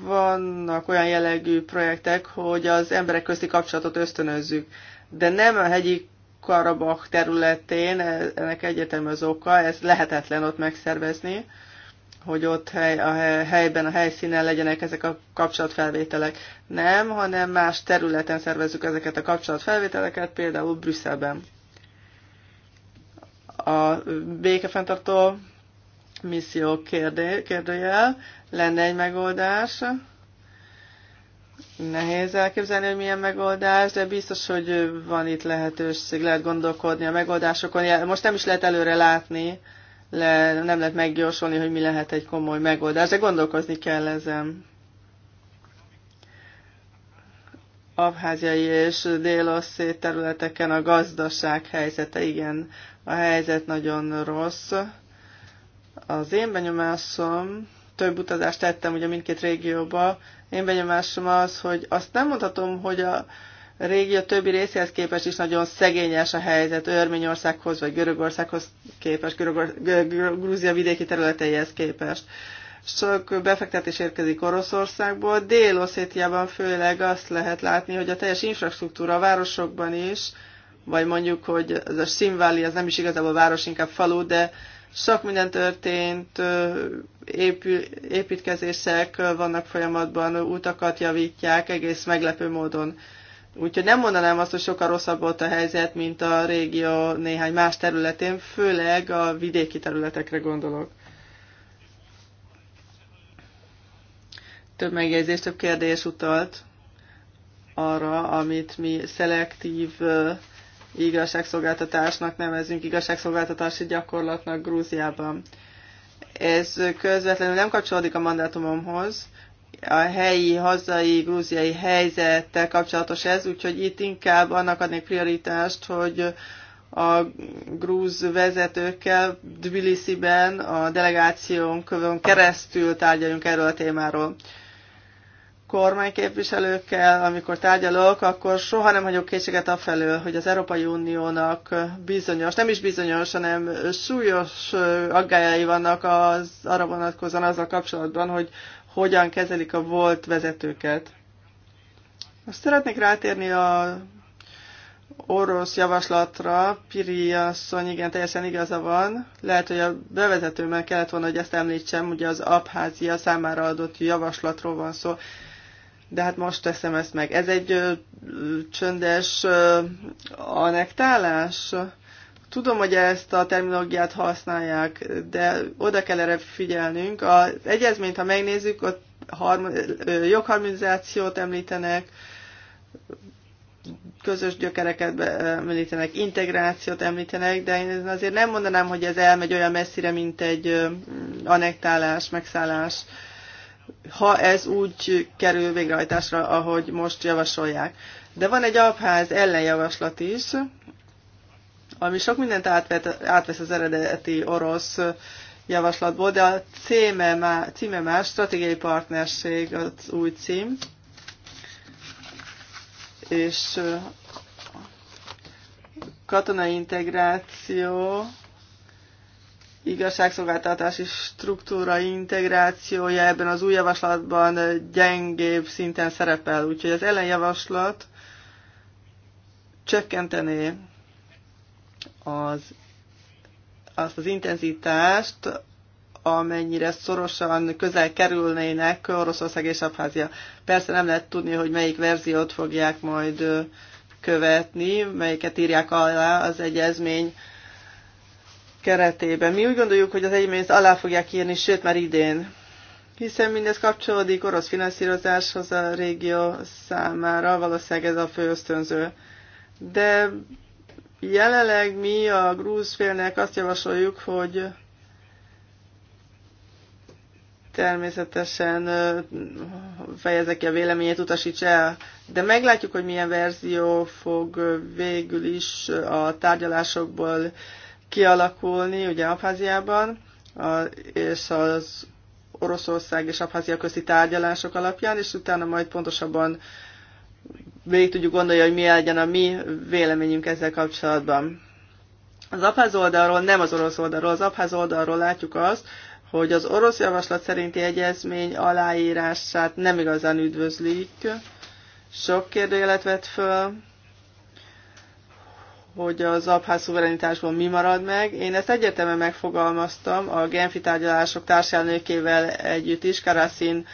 vannak olyan jellegű projektek, hogy az emberek közti kapcsolatot ösztönözzük, de nem a hegyi Karabakh területén, e, ennek egyetem az oka, ez lehetetlen ott megszervezni, hogy ott hely, a helyben, a helyszínen legyenek ezek a kapcsolatfelvételek. Nem, hanem más területen szervezzük ezeket a kapcsolatfelvételeket, például Brüsszelben. A békefenntartó misszió kérdőjel lenne egy megoldás, Nehéz elképzelni, hogy milyen megoldás, de biztos, hogy van itt lehetőség, lehet gondolkodni a megoldásokon. Most nem is lehet előre látni, le, nem lehet meggyorsolni, hogy mi lehet egy komoly megoldás, de gondolkozni kell ezen. abháziai és délosszé területeken a gazdaság helyzete, igen, a helyzet nagyon rossz. Az én benyomásom, több utazást tettem ugye mindkét régióba, én benyomásom az, hogy azt nem mondhatom, hogy a régi, a többi részéhez képest is nagyon szegényes a helyzet Örményországhoz vagy Görögországhoz képest, Görögor- Grúzia vidéki területeihez képest. Sok befektetés érkezik Oroszországból, Dél-Oszétiában főleg azt lehet látni, hogy a teljes infrastruktúra a városokban is, vagy mondjuk, hogy ez a Simváli, az nem is igazából város, inkább falu, de sok minden történt, építkezések vannak folyamatban, utakat javítják egész meglepő módon. Úgyhogy nem mondanám azt, hogy sokkal rosszabb volt a helyzet, mint a régió néhány más területén, főleg a vidéki területekre gondolok. Több megjegyzés, több kérdés utalt arra, amit mi szelektív igazságszolgáltatásnak nevezünk, igazságszolgáltatási gyakorlatnak Grúziában. Ez közvetlenül nem kapcsolódik a mandátumomhoz. A helyi, hazai, grúziai helyzettel kapcsolatos ez, úgyhogy itt inkább annak adnék prioritást, hogy a grúz vezetőkkel Tbilisi-ben a delegációnkon keresztül tárgyaljunk erről a témáról kormányképviselőkkel, amikor tárgyalok, akkor soha nem hagyok készséget afelől, hogy az Európai Uniónak bizonyos, nem is bizonyos, hanem súlyos aggályai vannak az, arra vonatkozóan azzal kapcsolatban, hogy hogyan kezelik a volt vezetőket. Most szeretnék rátérni a orosz javaslatra. Piri asszony, igen, teljesen igaza van. Lehet, hogy a bevezetőmmel kellett volna, hogy ezt említsem, ugye az Abházia számára adott javaslatról van szó de hát most teszem ezt meg. Ez egy ö, csöndes ö, anektálás? Tudom, hogy ezt a terminológiát használják, de oda kell erre figyelnünk. Az egyezményt, ha megnézzük, ott harm- ö, jogharmonizációt említenek, közös gyökereket említenek, integrációt említenek, de én azért nem mondanám, hogy ez elmegy olyan messzire, mint egy anektálás, megszállás. Ö, ha ez úgy kerül végrehajtásra, ahogy most javasolják. De van egy abház ellenjavaslat is, ami sok mindent átvet, átvesz az eredeti orosz javaslatból, de a címe már, címe már stratégiai partnerség az új cím, és katonai integráció igazságszolgáltatási struktúra integrációja ebben az új javaslatban gyengébb szinten szerepel, úgyhogy az ellenjavaslat csökkentené az, azt az intenzitást, amennyire szorosan közel kerülnének Oroszország és Abházia. Persze nem lehet tudni, hogy melyik verziót fogják majd követni, melyiket írják alá az egyezmény keretében. Mi úgy gondoljuk, hogy az egyményt alá fogják írni, sőt már idén hiszen mindez kapcsolódik orosz finanszírozáshoz a régió számára, valószínűleg ez a fő ösztönző. De jelenleg mi a grúz félnek azt javasoljuk, hogy természetesen fejezze ki a véleményét, utasíts el, de meglátjuk, hogy milyen verzió fog végül is a tárgyalásokból kialakulni, ugye Abháziában, és az Oroszország és Abházia közti tárgyalások alapján, és utána majd pontosabban végig tudjuk gondolni, hogy mi legyen a mi véleményünk ezzel kapcsolatban. Az abház oldalról, nem az orosz oldalról, az abház oldalról látjuk azt, hogy az orosz javaslat szerinti egyezmény aláírását nem igazán üdvözlik. Sok kérdőjelet vett föl, hogy az abház szuverenitásban mi marad meg. Én ezt egyértelműen megfogalmaztam a Genfi tárgyalások társelnökével együtt is, Karaszin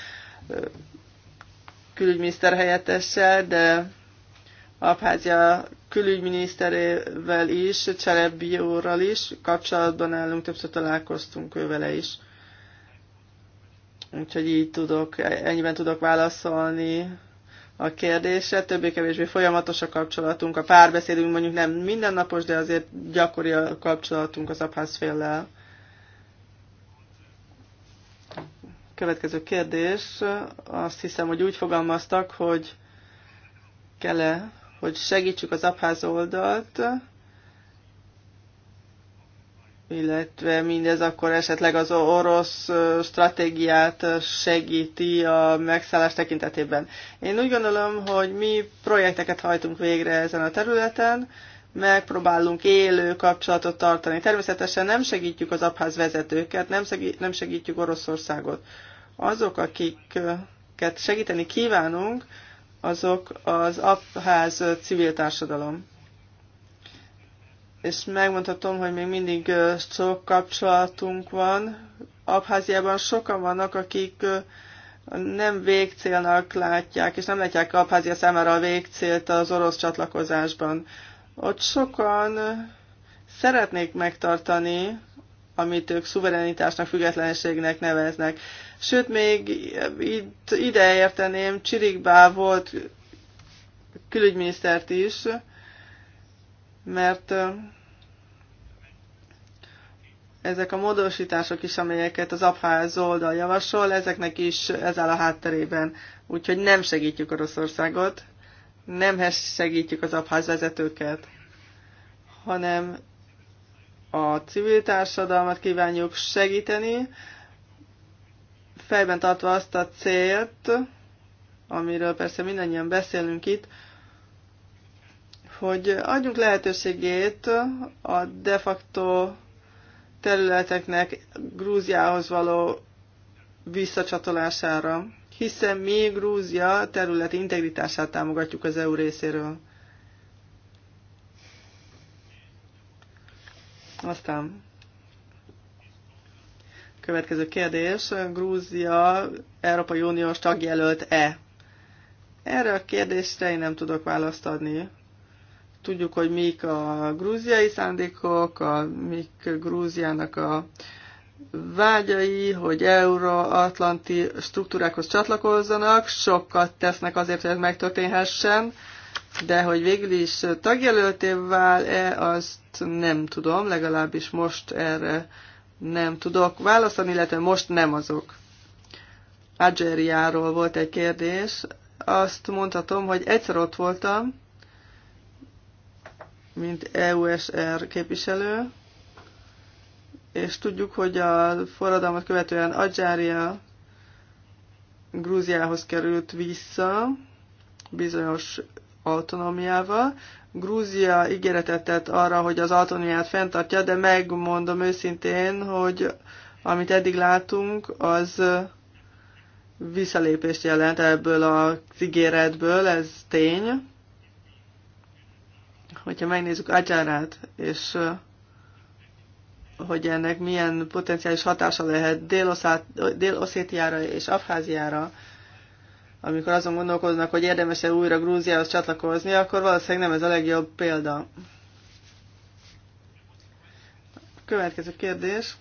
külügyminiszter helyettessel, de Abházia külügyminiszterével is, Cselebbi úrral is kapcsolatban állunk, többször találkoztunk ővele is. Úgyhogy így tudok, ennyiben tudok válaszolni a kérdése. Többé-kevésbé folyamatos a kapcsolatunk, a párbeszédünk mondjuk nem mindennapos, de azért gyakori a kapcsolatunk az abházféllel. Következő kérdés. Azt hiszem, hogy úgy fogalmaztak, hogy kell -e, hogy segítsük az abház oldalt, illetve mindez akkor esetleg az orosz stratégiát segíti a megszállás tekintetében. Én úgy gondolom, hogy mi projekteket hajtunk végre ezen a területen, megpróbálunk élő kapcsolatot tartani. Természetesen nem segítjük az abház vezetőket, nem, segít, nem segítjük Oroszországot. Azok, akiket segíteni kívánunk, azok az abház civil társadalom és megmondhatom, hogy még mindig sok kapcsolatunk van. Abháziában sokan vannak, akik nem végcélnak látják, és nem látják Abházia számára a végcélt az orosz csatlakozásban. Ott sokan szeretnék megtartani, amit ők szuverenitásnak, függetlenségnek neveznek. Sőt, még itt, ide érteném, Csirikbá volt külügyminisztert is, mert ezek a módosítások is, amelyeket az abház oldal javasol, ezeknek is ez áll a hátterében. Úgyhogy nem segítjük Oroszországot, nem segítjük az abház vezetőket, hanem a civil társadalmat kívánjuk segíteni, fejben tartva azt a célt, amiről persze mindannyian beszélünk itt, hogy adjunk lehetőségét a de facto területeknek Grúziához való visszacsatolására, hiszen mi Grúzia területi integritását támogatjuk az EU részéről. Aztán következő kérdés, Grúzia Európai Uniós tagjelölt-e? Erre a kérdésre én nem tudok választ adni. Tudjuk, hogy mik a grúziai szándékok, a, mik Grúziának a vágyai, hogy euróatlanti struktúrákhoz csatlakozzanak, sokat tesznek azért, hogy ez megtörténhessen, de hogy végül is tagjelölté vál-e, azt nem tudom, legalábbis most erre nem tudok választani, illetve most nem azok. Adzseriáról volt egy kérdés. Azt mondhatom, hogy egyszer ott voltam, mint EUSR képviselő, és tudjuk, hogy a forradalmat követően Adzsária Grúziához került vissza bizonyos autonómiával. Grúzia ígéretet tett arra, hogy az autonómiát fenntartja, de megmondom őszintén, hogy amit eddig látunk, az visszalépést jelent ebből a ígéretből, ez tény. Hogyha megnézzük agyárát, és hogy ennek milyen potenciális hatása lehet Dél-Oszétiára és Afháziára, amikor azon gondolkoznak, hogy érdemes-e újra Grúziához csatlakozni, akkor valószínűleg nem ez a legjobb példa. Következő kérdés.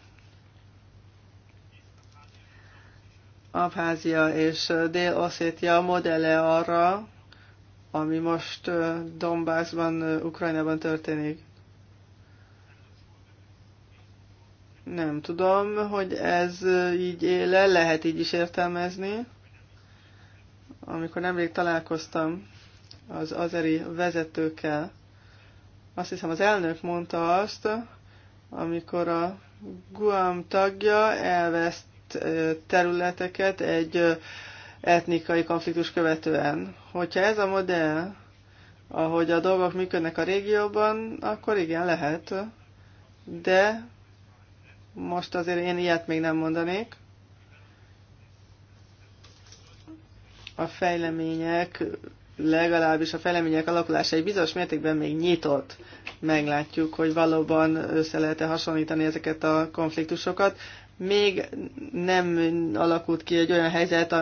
Abházia és Dél-Oszétia modelle arra, ami most Donbassban, Ukrajnában történik. Nem tudom, hogy ez így éle, lehet így is értelmezni. Amikor nemrég találkoztam az azeri vezetőkkel, azt hiszem az elnök mondta azt, amikor a Guam tagja elveszt területeket egy etnikai konfliktus követően. Hogyha ez a modell, ahogy a dolgok működnek a régióban, akkor igen, lehet, de most azért én ilyet még nem mondanék. A fejlemények, legalábbis a fejlemények alakulása egy bizonyos mértékben még nyitott. Meglátjuk, hogy valóban össze lehet-e hasonlítani ezeket a konfliktusokat. Még nem alakult ki egy olyan helyzet,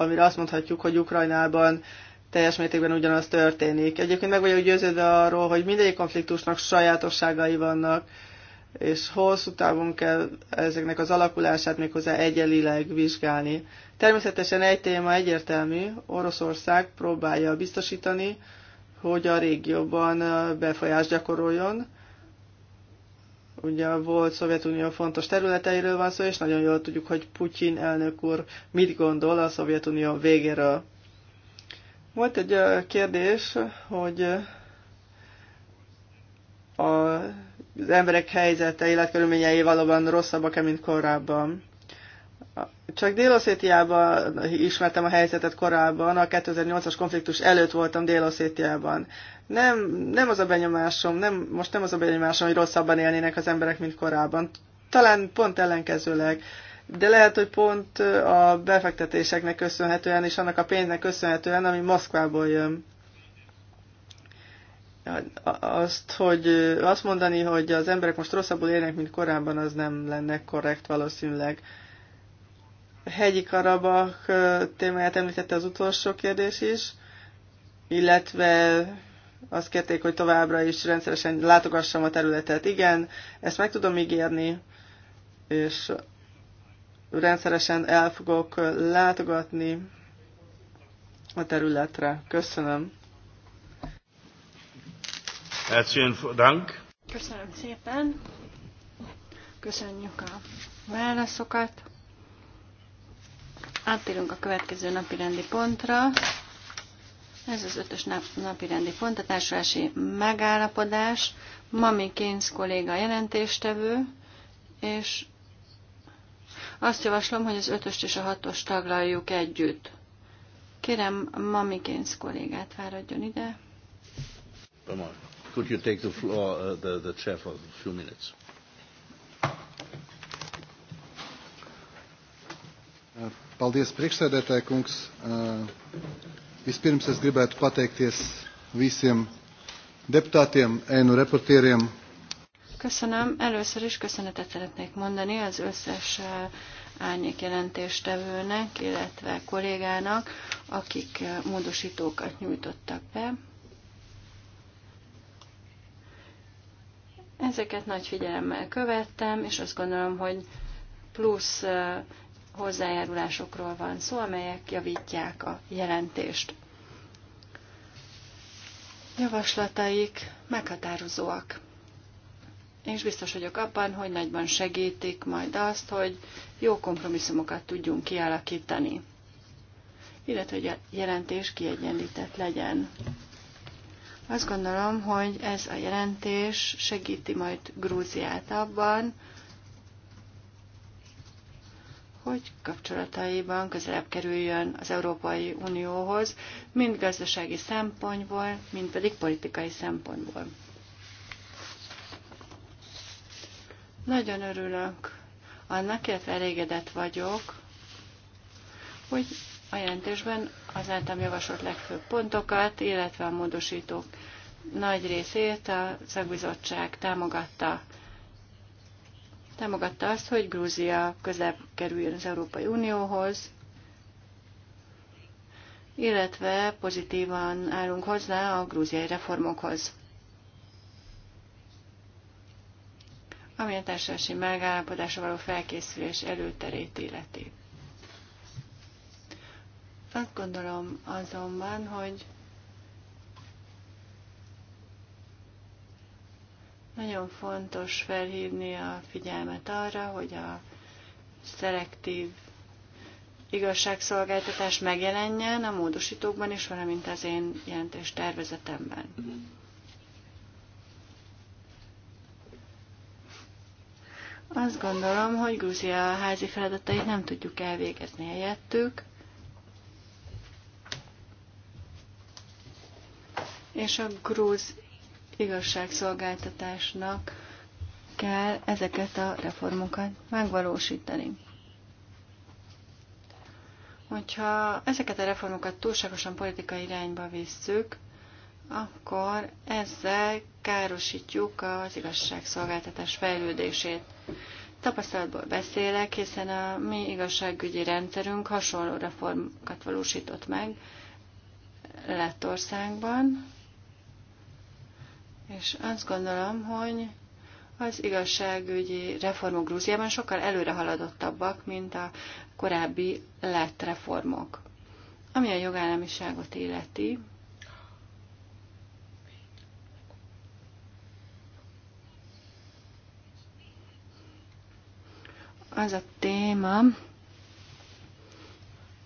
amire azt mondhatjuk, hogy Ukrajnában teljes mértékben ugyanaz történik. Egyébként meg vagyok győződve arról, hogy mindegyik konfliktusnak sajátosságai vannak, és hosszú távon kell ezeknek az alakulását méghozzá egyelileg vizsgálni. Természetesen egy téma egyértelmű, Oroszország próbálja biztosítani, hogy a régióban befolyás gyakoroljon, ugye a volt Szovjetunió fontos területeiről van szó, és nagyon jól tudjuk, hogy Putyin elnök úr mit gondol a Szovjetunió végéről. Volt egy kérdés, hogy az emberek helyzete, életkörülményei valóban rosszabbak-e, mint korábban. Csak Dél-Oszétiában ismertem a helyzetet korábban, a 2008-as konfliktus előtt voltam Dél-Oszétiában. Nem, nem az a benyomásom, nem, most nem az a benyomásom, hogy rosszabban élnének az emberek, mint korábban. Talán pont ellenkezőleg. De lehet, hogy pont a befektetéseknek köszönhetően és annak a pénznek köszönhetően, ami Moszkvából jön. Azt, hogy azt mondani, hogy az emberek most rosszabbul élnek, mint korábban, az nem lenne korrekt valószínűleg hegyi Karabak témáját említette az utolsó kérdés is, illetve azt kérték, hogy továbbra is rendszeresen látogassam a területet. Igen, ezt meg tudom ígérni, és rendszeresen el fogok látogatni a területre. Köszönöm. Dank. Köszönöm szépen. Köszönjük a válaszokat. Áttérünk a következő napi rendi pontra. Ez az ötös nap, napi rendi pont, a társulási megállapodás. Mami Kénz kolléga jelentéstevő, és azt javaslom, hogy az ötöst és a hatost taglaljuk együtt. Kérem, Mami Kénz kollégát váradjon ide. Could you take the floor, uh, the, the chair for a few minutes? Paldies, priekšsēdētāji kungs. Vispirms es gribētu pateikties visiem deputātiem, ēnu reportieriem. Köszönöm. Először is köszönetet szeretnék mondani az összes árnyék jelentéstevőnek, illetve kollégának, akik módosítókat nyújtottak be. Ezeket nagy figyelemmel követtem, és azt gondolom, hogy plusz hozzájárulásokról van szó, amelyek javítják a jelentést. Javaslataik meghatározóak. És biztos vagyok abban, hogy nagyban segítik majd azt, hogy jó kompromisszumokat tudjunk kialakítani, illetve hogy a jelentés kiegyenlített legyen. Azt gondolom, hogy ez a jelentés segíti majd Grúziát abban, hogy kapcsolataiban közelebb kerüljön az Európai Unióhoz, mind gazdasági szempontból, mind pedig politikai szempontból. Nagyon örülök annak, illetve elégedett vagyok, hogy a jelentésben az általam javasolt legfőbb pontokat, illetve a módosítók nagy részét a szakbizottság támogatta támogatta azt, hogy Grúzia közel kerüljön az Európai Unióhoz, illetve pozitívan állunk hozzá a grúziai reformokhoz. ami a társadalmi megállapodásra való felkészülés előterét illeti. Azt gondolom azonban, hogy Nagyon fontos felhívni a figyelmet arra, hogy a szelektív igazságszolgáltatás megjelenjen a módosítókban is, valamint az én jelentés tervezetemben. Azt gondolom, hogy Grúzia házi feladatait nem tudjuk elvégezni helyettük, és a grúz igazságszolgáltatásnak kell ezeket a reformokat megvalósítani. Hogyha ezeket a reformokat túlságosan politikai irányba visszük, akkor ezzel károsítjuk az igazságszolgáltatás fejlődését. Tapasztalatból beszélek, hiszen a mi igazságügyi rendszerünk hasonló reformokat valósított meg Lettországban, és azt gondolom, hogy az igazságügyi reformok Grúziában sokkal előre haladottabbak, mint a korábbi lett reformok. Ami a jogállamiságot illeti, az a téma,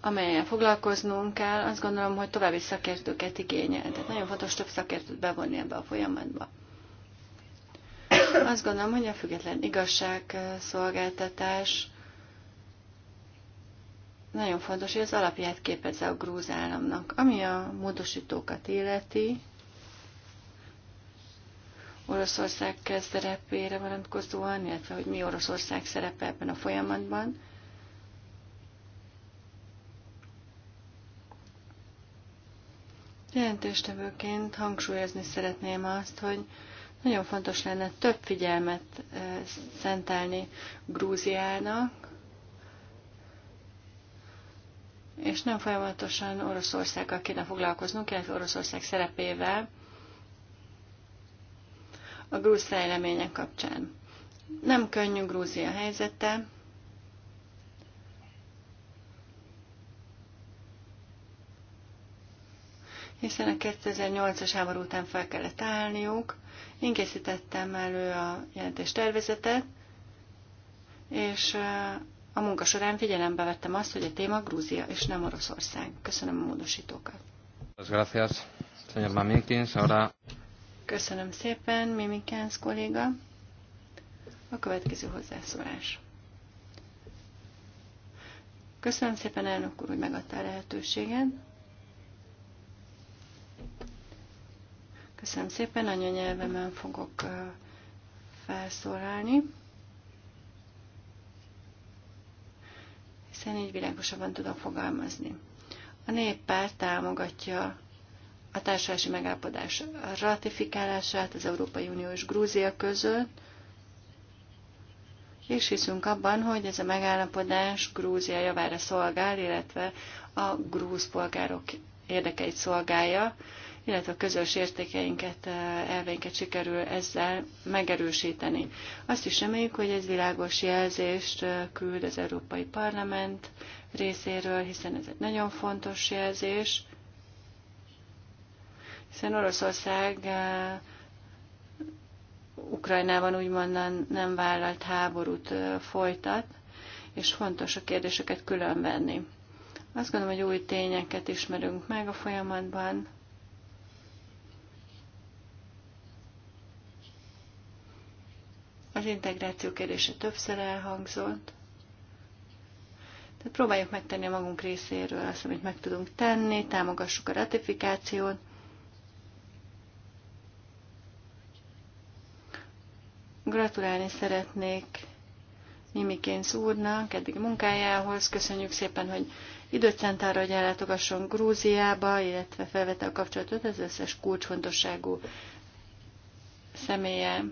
amelyel foglalkoznunk kell, azt gondolom, hogy további szakértőket igényel. Tehát nagyon fontos több szakértőt bevonni ebbe a folyamatba. Azt gondolom, hogy a független igazságszolgáltatás nagyon fontos, hogy az alapját képezze a grúz államnak. Ami a módosítókat illeti, Oroszország szerepére vonatkozóan, illetve hogy mi Oroszország szerepe ebben a folyamatban, Jelentéstevőként hangsúlyozni szeretném azt, hogy nagyon fontos lenne több figyelmet szentelni Grúziának, és nem folyamatosan Oroszországgal kéne foglalkoznunk, illetve Oroszország szerepével a grúz fejlemények kapcsán. Nem könnyű Grúzia helyzete, hiszen a 2008-as háború után fel kellett állniuk. Én készítettem elő a jelentés tervezetet, és a munka során figyelembe vettem azt, hogy a téma Grúzia és nem Oroszország. Köszönöm a módosítókat. Köszönöm szépen, Mimikánsz kolléga. A következő hozzászólás. Köszönöm szépen, elnök úr, hogy megadta a lehetőséget. Köszönöm szépen, anyanyelvemen fogok felszólalni, hiszen így világosabban tudok fogalmazni. A néppárt támogatja a társadalmi megállapodás ratifikálását az Európai Unió és Grúzia között, és hiszünk abban, hogy ez a megállapodás Grúzia javára szolgál, illetve a grúz polgárok érdekeit szolgálja, illetve a közös értékeinket, eh, elveinket sikerül ezzel megerősíteni. Azt is reméljük, hogy ez világos jelzést eh, küld az Európai Parlament részéről, hiszen ez egy nagyon fontos jelzés, hiszen Oroszország eh, Ukrajnában úgymond nem vállalt háborút folytat, és fontos a kérdéseket különvenni. Azt gondolom, hogy új tényeket ismerünk meg a folyamatban, Az integráció kérdése többször elhangzott. Tehát próbáljuk megtenni a magunk részéről azt, amit meg tudunk tenni, támogassuk a ratifikációt. Gratulálni szeretnék Mimikénz úrnak eddig munkájához. Köszönjük szépen, hogy időt szent arra, hogy ellátogasson Grúziába, illetve felvette a kapcsolatot az összes kulcsfontosságú személye.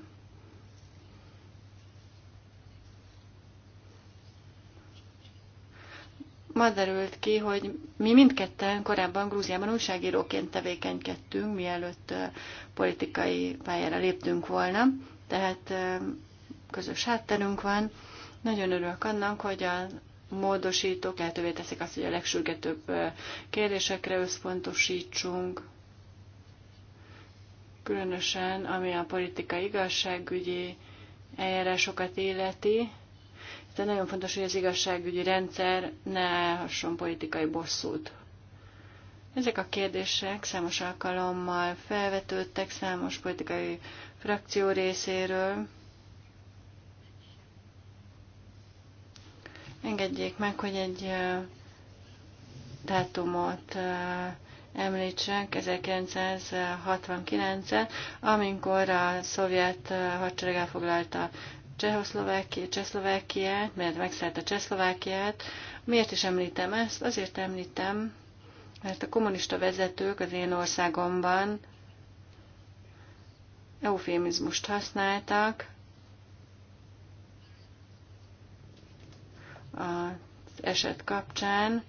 ma derült ki, hogy mi mindketten korábban Grúziában újságíróként tevékenykedtünk, mielőtt politikai pályára léptünk volna, tehát közös hátterünk van. Nagyon örülök annak, hogy a módosítók lehetővé teszik azt, hogy a legsürgetőbb kérdésekre összpontosítsunk, különösen ami a politikai igazságügyi eljárásokat illeti, de nagyon fontos, hogy az igazságügyi rendszer ne hasson politikai bosszút. Ezek a kérdések számos alkalommal felvetődtek számos politikai frakció részéről. Engedjék meg, hogy egy dátumot említsek, 1969-et, amikor a szovjet hadsereg elfoglalta Csehoszlovákia, Csehszlovákiát, mert megszállta Csehszlovákiát. Miért is említem ezt? Azért említem, mert a kommunista vezetők az én országomban eufémizmust használtak, az eset kapcsán,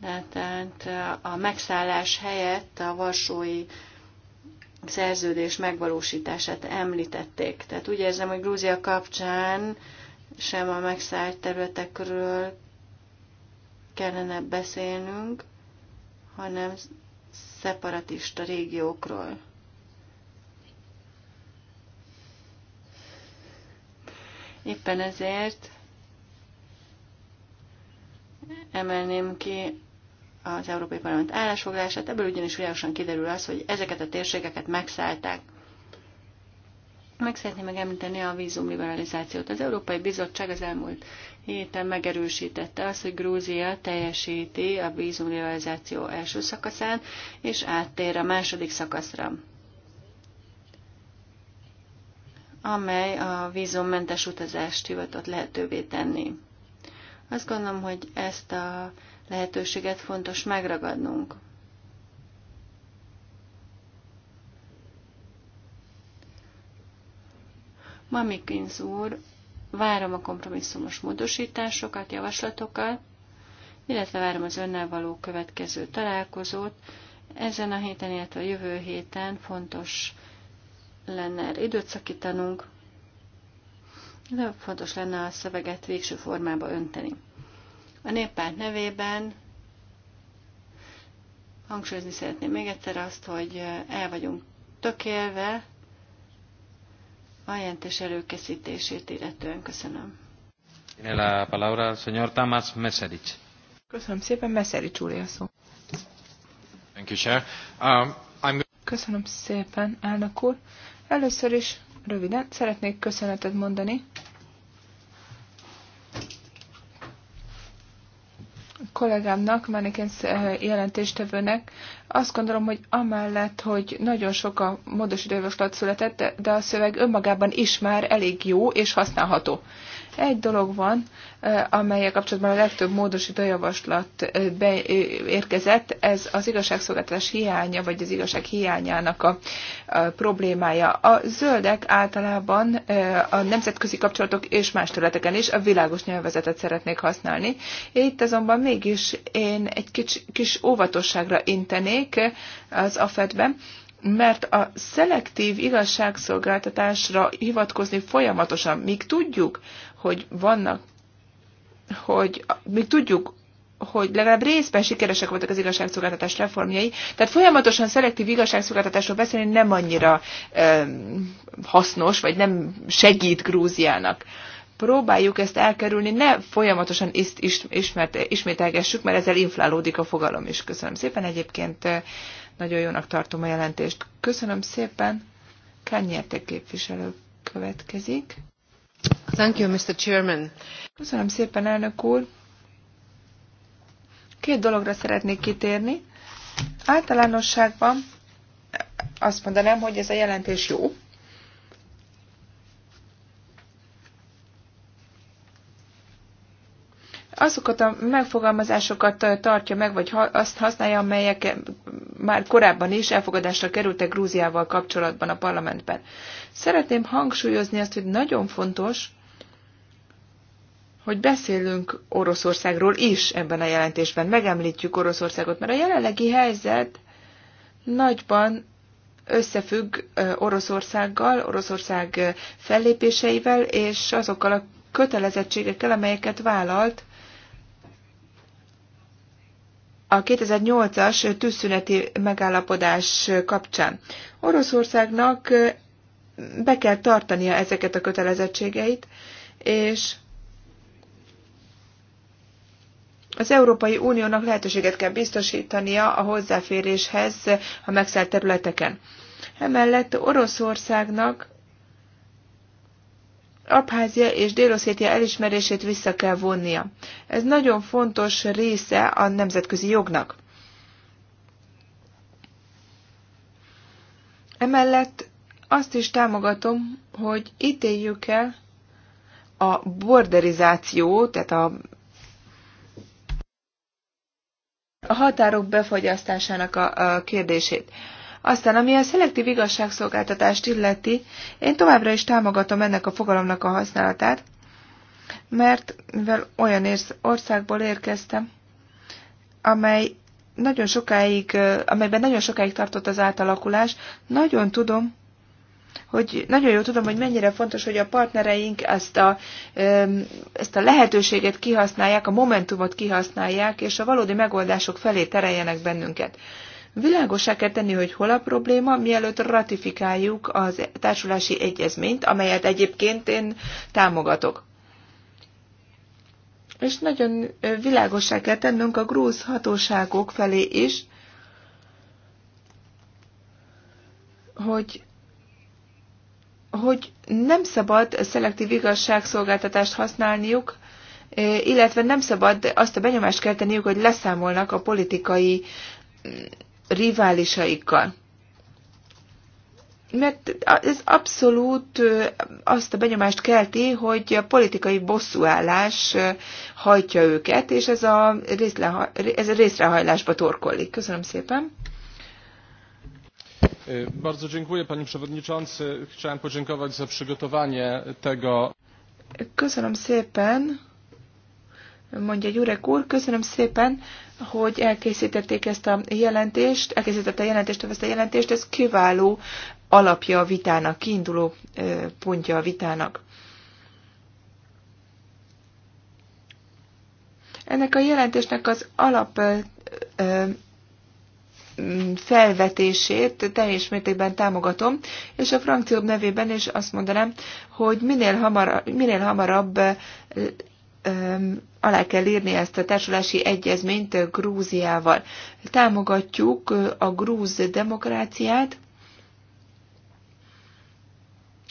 tehát hát a megszállás helyett a varsói szerződés megvalósítását említették. Tehát úgy érzem, hogy Grúzia kapcsán sem a megszállt területekről kellene beszélnünk, hanem szeparatista régiókról. Éppen ezért emelném ki az Európai Parlament állásfoglalását, ebből ugyanis világosan kiderül az, hogy ezeket a térségeket megszállták. Meg szeretném megemlíteni a vízum liberalizációt, Az Európai Bizottság az elmúlt héten megerősítette azt, hogy Grúzia teljesíti a vízum liberalizáció első szakaszán, és áttér a második szakaszra, amely a vízummentes utazást hivatott lehetővé tenni. Azt gondolom, hogy ezt a lehetőséget fontos megragadnunk. Mamikins úr, várom a kompromisszumos módosításokat, javaslatokat, illetve várom az önnel való következő találkozót. Ezen a héten, illetve a jövő héten fontos lenne időt szakítanunk, de fontos lenne a szöveget végső formába önteni. A néppárt nevében hangsúlyozni szeretném még egyszer azt, hogy el vagyunk tökélve a jelentés előkészítését illetően. Köszönöm. Tiene la palabra el señor Tamás Meserich. Köszönöm szépen, Meserich úr a szó. Thank you, Chair. Um, I'm... Köszönöm szépen, elnök úr. Először is röviden szeretnék köszönetet mondani kollégámnak, Manikens eh, jelentéstevőnek. Azt gondolom, hogy amellett, hogy nagyon sok a módosítójavaslat született, de a szöveg önmagában is már elég jó és használható. Egy dolog van, amelyek kapcsolatban a legtöbb módosító javaslat érkezett, ez az igazságszolgáltatás hiánya, vagy az igazság hiányának a, problémája. A zöldek általában a nemzetközi kapcsolatok és más területeken is a világos nyelvezetet szeretnék használni. Itt azonban mégis én egy kis, kis óvatosságra intenék az AFED-ben, mert a szelektív igazságszolgáltatásra hivatkozni folyamatosan, míg tudjuk, hogy vannak, hogy még tudjuk, hogy legalább részben sikeresek voltak az igazságszolgáltatás reformjai, tehát folyamatosan szelektív igazságszolgáltatásról beszélni nem annyira ö, hasznos, vagy nem segít Grúziának. Próbáljuk ezt elkerülni, ne folyamatosan is, is, ismert, ismételgessük, mert ezzel inflálódik a fogalom is. Köszönöm szépen, egyébként eh, nagyon jónak tartom a jelentést. Köszönöm szépen, Kányerte képviselő következik. Köszönöm szépen, elnök úr. Két dologra szeretnék kitérni. Általánosságban azt mondanám, hogy ez a jelentés jó. Azokat a megfogalmazásokat tartja meg, vagy azt használja, amelyek már korábban is elfogadásra kerültek Grúziával kapcsolatban a parlamentben. Szeretném hangsúlyozni azt, hogy nagyon fontos, hogy beszélünk Oroszországról is ebben a jelentésben, megemlítjük Oroszországot, mert a jelenlegi helyzet nagyban összefügg Oroszországgal, Oroszország fellépéseivel és azokkal a kötelezettségekkel, amelyeket vállalt a 2008-as tűzszüneti megállapodás kapcsán. Oroszországnak be kell tartania ezeket a kötelezettségeit, és az Európai Uniónak lehetőséget kell biztosítania a hozzáféréshez a megszállt területeken. Emellett Oroszországnak Abházia és Déloszétia elismerését vissza kell vonnia. Ez nagyon fontos része a nemzetközi jognak. Emellett azt is támogatom, hogy ítéljük el a borderizáció, tehát a, a határok befogyasztásának a, a kérdését. Aztán, ami a szelektív igazságszolgáltatást illeti, én továbbra is támogatom ennek a fogalomnak a használatát, mert mivel olyan országból érkeztem, amely nagyon sokáig, amelyben nagyon sokáig tartott az átalakulás, nagyon tudom, hogy nagyon jól tudom, hogy mennyire fontos, hogy a partnereink ezt a, ezt a lehetőséget kihasználják, a momentumot kihasználják, és a valódi megoldások felé tereljenek bennünket. Világosá kell tenni, hogy hol a probléma, mielőtt ratifikáljuk az társulási egyezményt, amelyet egyébként én támogatok. És nagyon világosá kell tennünk a grúz hatóságok felé is, hogy hogy nem szabad szelektív igazságszolgáltatást használniuk, eh, illetve nem szabad azt a benyomást kelteniük, hogy leszámolnak a politikai mm, riválisaikkal. Mert ez abszolút azt a benyomást kelti, hogy a politikai bosszúállás hajtja őket, és ez a, ez a részrehajlásba torkollik. Köszönöm szépen. Bardzo dziękuję Panie Przewodniczący. Chciałem podziękować za przygotowanie tego. Köszönöm szépen, mondja Jurek úr, köszönöm szépen hogy elkészítették ezt a jelentést, elkészítette a jelentést, ezt a jelentést, ez kiváló alapja a vitának, kiinduló pontja a vitának. Ennek a jelentésnek az alap felvetését teljes mértékben támogatom, és a frakcióm nevében is azt mondanám, hogy minél, hamar, minél hamarabb alá kell írni ezt a társulási egyezményt Grúziával. Támogatjuk a grúz demokráciát,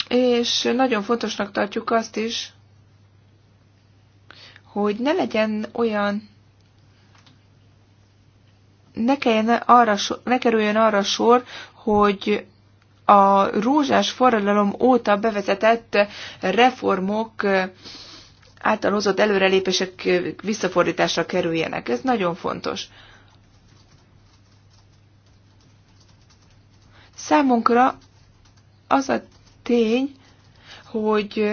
és nagyon fontosnak tartjuk azt is, hogy ne legyen olyan, ne, kelljen arra, ne kerüljön arra sor, hogy a rózsás forradalom óta bevezetett reformok által hozott előrelépések visszafordításra kerüljenek. Ez nagyon fontos. Számunkra az a tény, hogy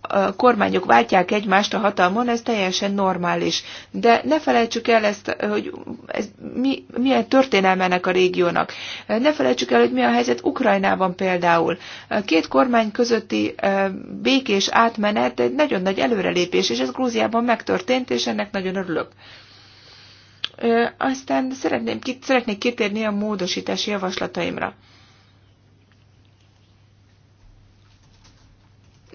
a kormányok váltják egymást a hatalmon, ez teljesen normális. De ne felejtsük el ezt, hogy ez mi, milyen történelmenek a régiónak. Ne felejtsük el, hogy mi a helyzet Ukrajnában például. A két kormány közötti békés átmenet egy nagyon nagy előrelépés, és ez Grúziában megtörtént, és ennek nagyon örülök. Aztán szeretném, szeretnék kitérni a módosítási javaslataimra.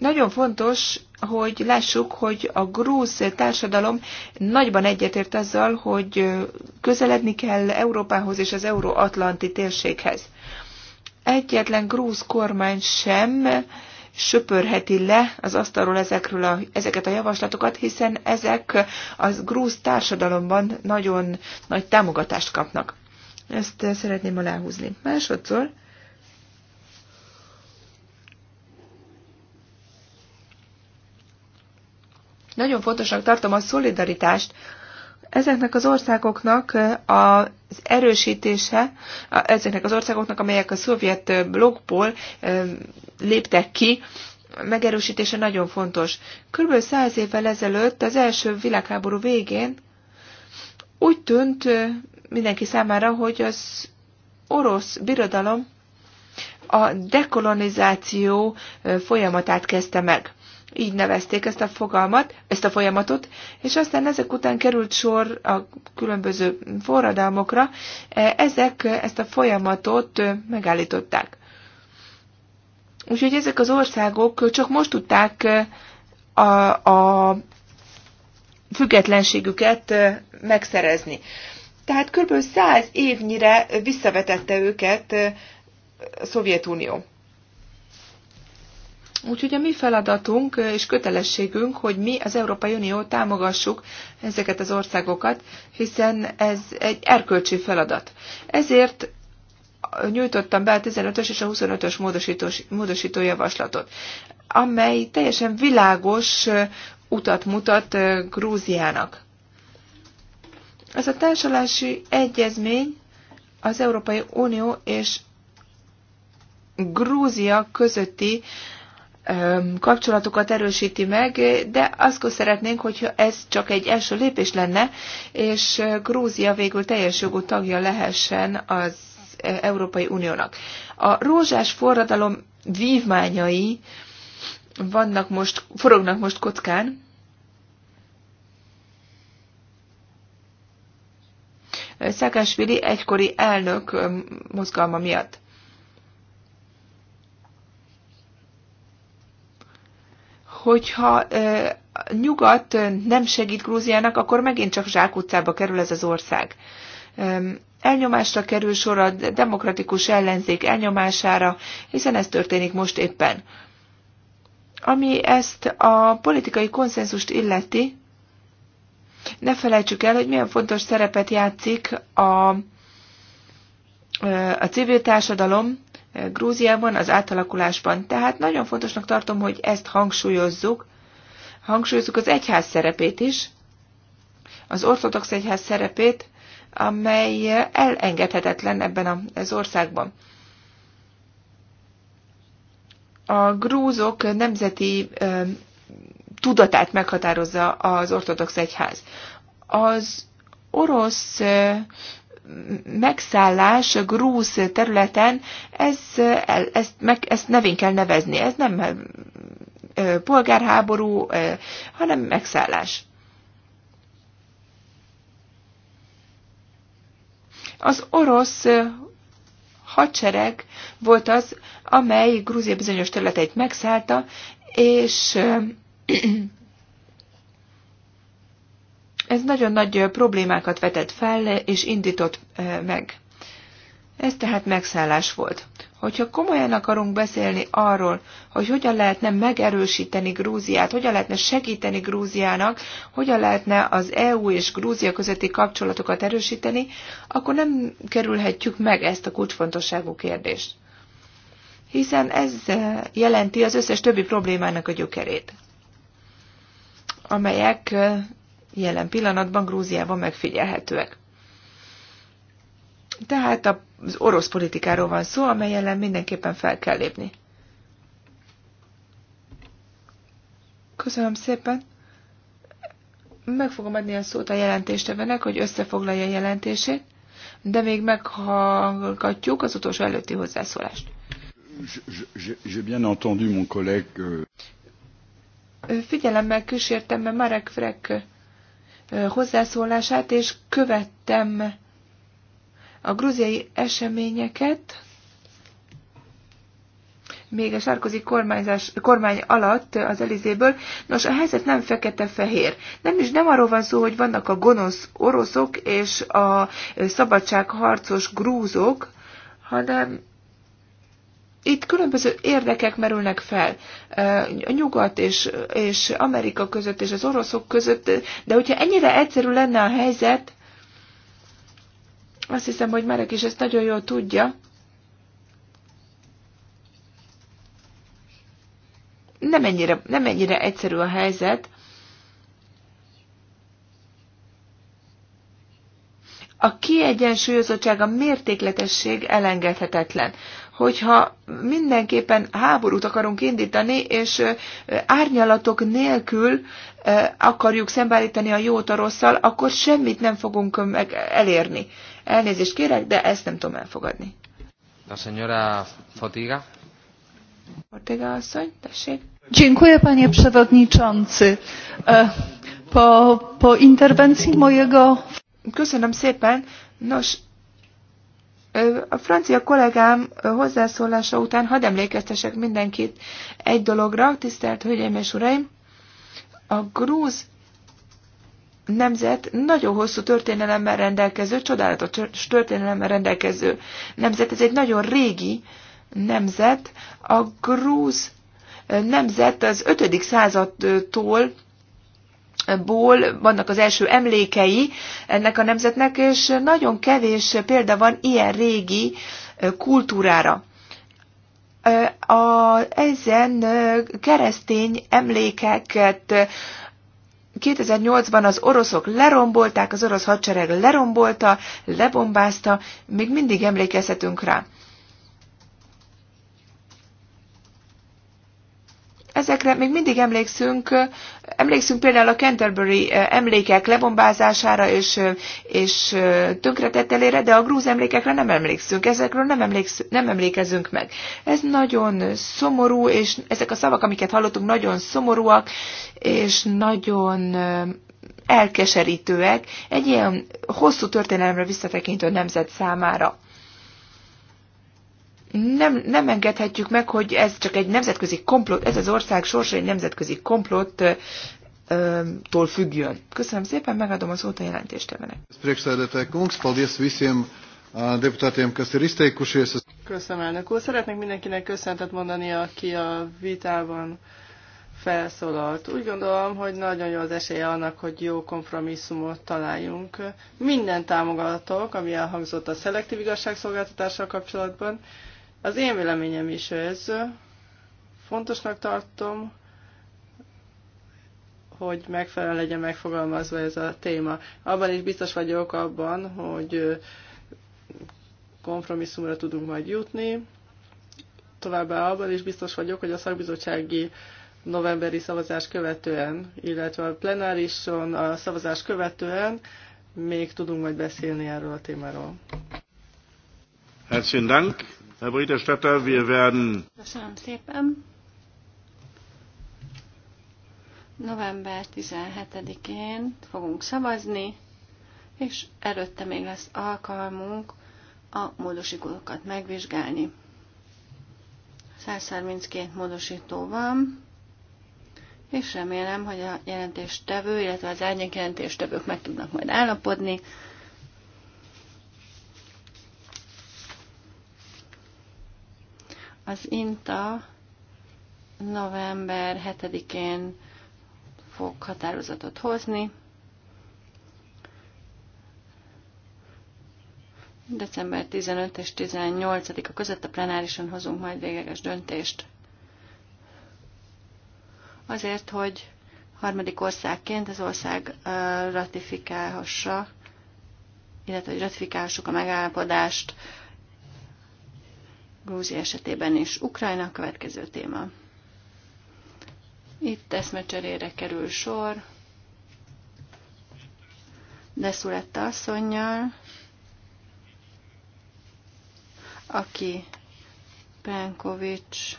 Nagyon fontos, hogy lássuk, hogy a grúz társadalom nagyban egyetért azzal, hogy közeledni kell Európához és az euróatlanti térséghez. Egyetlen grúz kormány sem söpörheti le az asztalról ezekről a, ezeket a javaslatokat, hiszen ezek az grúz társadalomban nagyon nagy támogatást kapnak. Ezt szeretném aláhúzni. Másodszor Nagyon fontosnak tartom a szolidaritást, ezeknek az országoknak az erősítése, ezeknek az országoknak, amelyek a szovjet blokkból léptek ki, megerősítése nagyon fontos. Körülbelül száz évvel ezelőtt, az első világháború végén úgy tűnt mindenki számára, hogy az orosz birodalom a dekolonizáció folyamatát kezdte meg így nevezték ezt a fogalmat, ezt a folyamatot, és aztán ezek után került sor a különböző forradalmokra, e, ezek ezt a folyamatot megállították. Úgyhogy ezek az országok csak most tudták e, a, a függetlenségüket e, megszerezni. Tehát kb. 100 évnyire visszavetette őket a Szovjetunió. Úgyhogy a mi feladatunk eh, és kötelességünk, hogy mi az Európai Unió támogassuk ezeket az országokat, hiszen ez egy erkölcsi feladat. Ezért nyújtottam be a 15-ös és a 25-ös módosító, módosító javaslatot, amely teljesen világos eh, utat mutat eh, Grúziának. Ez a társulási egyezmény az Európai Unió és Grúzia közötti kapcsolatokat erősíti meg, de azt szeretnénk, hogyha ez csak egy első lépés lenne, és Grúzia végül teljes jogú tagja lehessen az Európai Uniónak. A rózsás forradalom vívmányai vannak most, forognak most kockán, Szákásvili egykori elnök mozgalma miatt. hogyha nyugat nem segít Grúziának, akkor megint csak zsákutcába kerül ez az ország. Elnyomásra kerül sor a demokratikus ellenzék elnyomására, hiszen ez történik most éppen. Ami ezt a politikai konszenzust illeti, ne felejtsük el, hogy milyen fontos szerepet játszik a, a civil társadalom, Grúziában, az átalakulásban. Tehát nagyon fontosnak tartom, hogy ezt hangsúlyozzuk, hangsúlyozzuk az egyház szerepét is, az ortodox egyház szerepét, amely elengedhetetlen ebben az országban. A grúzok nemzeti tudatát meghatározza az ortodox egyház. Az orosz megszállás grúz területen, ez, ezt, meg, ezt nevén kell nevezni. Ez nem polgárháború, hanem megszállás. Az orosz hadsereg volt az, amely Grúzia bizonyos területeit megszállta, és ez nagyon nagy problémákat vetett fel, és indított meg. Ez tehát megszállás volt. Hogyha komolyan akarunk beszélni arról, hogy hogyan lehetne megerősíteni Grúziát, hogyan lehetne segíteni Grúziának, hogyan lehetne az EU és Grúzia közötti kapcsolatokat erősíteni, akkor nem kerülhetjük meg ezt a kulcsfontosságú kérdést. Hiszen ez jelenti az összes többi problémának a gyökerét, amelyek jelen pillanatban Grúziában megfigyelhetőek. Tehát az orosz politikáról van szó, amely ellen mindenképpen fel kell lépni. Köszönöm szépen. Meg fogom adni a szót a jelentéstevenek, hogy összefoglalja a jelentését, de még meghallgatjuk az utolsó előtti hozzászólást. J'ai bien entendu mon collègue. Euh, Figyelemmel kísértem, mert Marek Frek hozzászólását, és követtem a grúziai eseményeket, még a sárkozi kormányzás, kormány alatt az Elizéből. Nos, a helyzet nem fekete-fehér. Nem is nem arról van szó, hogy vannak a gonosz oroszok és a szabadságharcos grúzok, hanem itt különböző érdekek merülnek fel a nyugat és, és Amerika között és az oroszok között, de hogyha ennyire egyszerű lenne a helyzet, azt hiszem, hogy Marek is ezt nagyon jól tudja, nem ennyire, nem ennyire egyszerű a helyzet. A kiegyensúlyozottság, a mértékletesség elengedhetetlen hogyha mindenképpen háborút akarunk indítani, és árnyalatok nélkül akarjuk szembeállítani a jót a rosszal, akkor semmit nem fogunk elérni. Elnézést kérek, de ezt nem tudom elfogadni. A señora Fotiga. Fotiga asszony, tessék. Dziękuję, panie przewodniczący. E, po, po interwencji mojego... Köszönöm szépen. Nos, a francia kollégám hozzászólása után hadd emlékeztesek mindenkit egy dologra, tisztelt Hölgyeim és Uraim, a grúz nemzet nagyon hosszú történelemmel rendelkező, csodálatos történelemmel rendelkező nemzet. Ez egy nagyon régi nemzet. A grúz nemzet az 5. századtól ból vannak az első emlékei ennek a nemzetnek, és nagyon kevés példa van ilyen régi kultúrára. A, ezen keresztény emlékeket 2008-ban az oroszok lerombolták, az orosz hadsereg lerombolta, lebombázta, még mindig emlékezhetünk rá. Ezekre még mindig emlékszünk, emlékszünk például a Canterbury emlékek lebombázására és, és tönkretettelére, de a grúz emlékekre nem emlékszünk, ezekről nem, emléksz, nem emlékezünk meg. Ez nagyon szomorú, és ezek a szavak, amiket hallottunk, nagyon szomorúak, és nagyon elkeserítőek egy ilyen hosszú történelemre visszatekintő nemzet számára nem, nem engedhetjük meg, hogy ez csak egy nemzetközi komplott, ez az ország sorsa egy nemzetközi komplott tól függjön. Köszönöm szépen, megadom az óta jelentéstevenek. Köszönöm, elnök úr. Szeretnék mindenkinek köszöntet mondani, aki a vitában felszólalt. Úgy gondolom, hogy nagyon jó az esélye annak, hogy jó kompromisszumot találjunk. Minden támogatok, ami elhangzott a szelektív igazságszolgáltatással kapcsolatban, az én véleményem is ez. Fontosnak tartom, hogy megfelelően legyen megfogalmazva ez a téma. Abban is biztos vagyok abban, hogy kompromisszumra tudunk majd jutni. Továbbá abban is biztos vagyok, hogy a szakbizottsági novemberi szavazás követően, illetve a plenárison a szavazás követően még tudunk majd beszélni erről a témáról. Herzlichen Dank. Herr Berichterstatter, wir werden... Köszönöm szépen. November 17-én fogunk szavazni, és előtte még lesz alkalmunk a módosítókat megvizsgálni. 132 módosító van, és remélem, hogy a jelentéstevő, illetve az árnyék jelentéstevők meg tudnak majd állapodni, Az INTA november 7-én fog határozatot hozni. December 15 és 18-a között a plenárison hozunk majd végleges döntést. Azért, hogy harmadik országként az ország ratifikálhassa, illetve hogy ratifikálhassuk a megállapodást Grúzia esetében is. Ukrajna a következő téma. Itt eszmecserére kerül sor. De születte asszonynal, aki Penkovics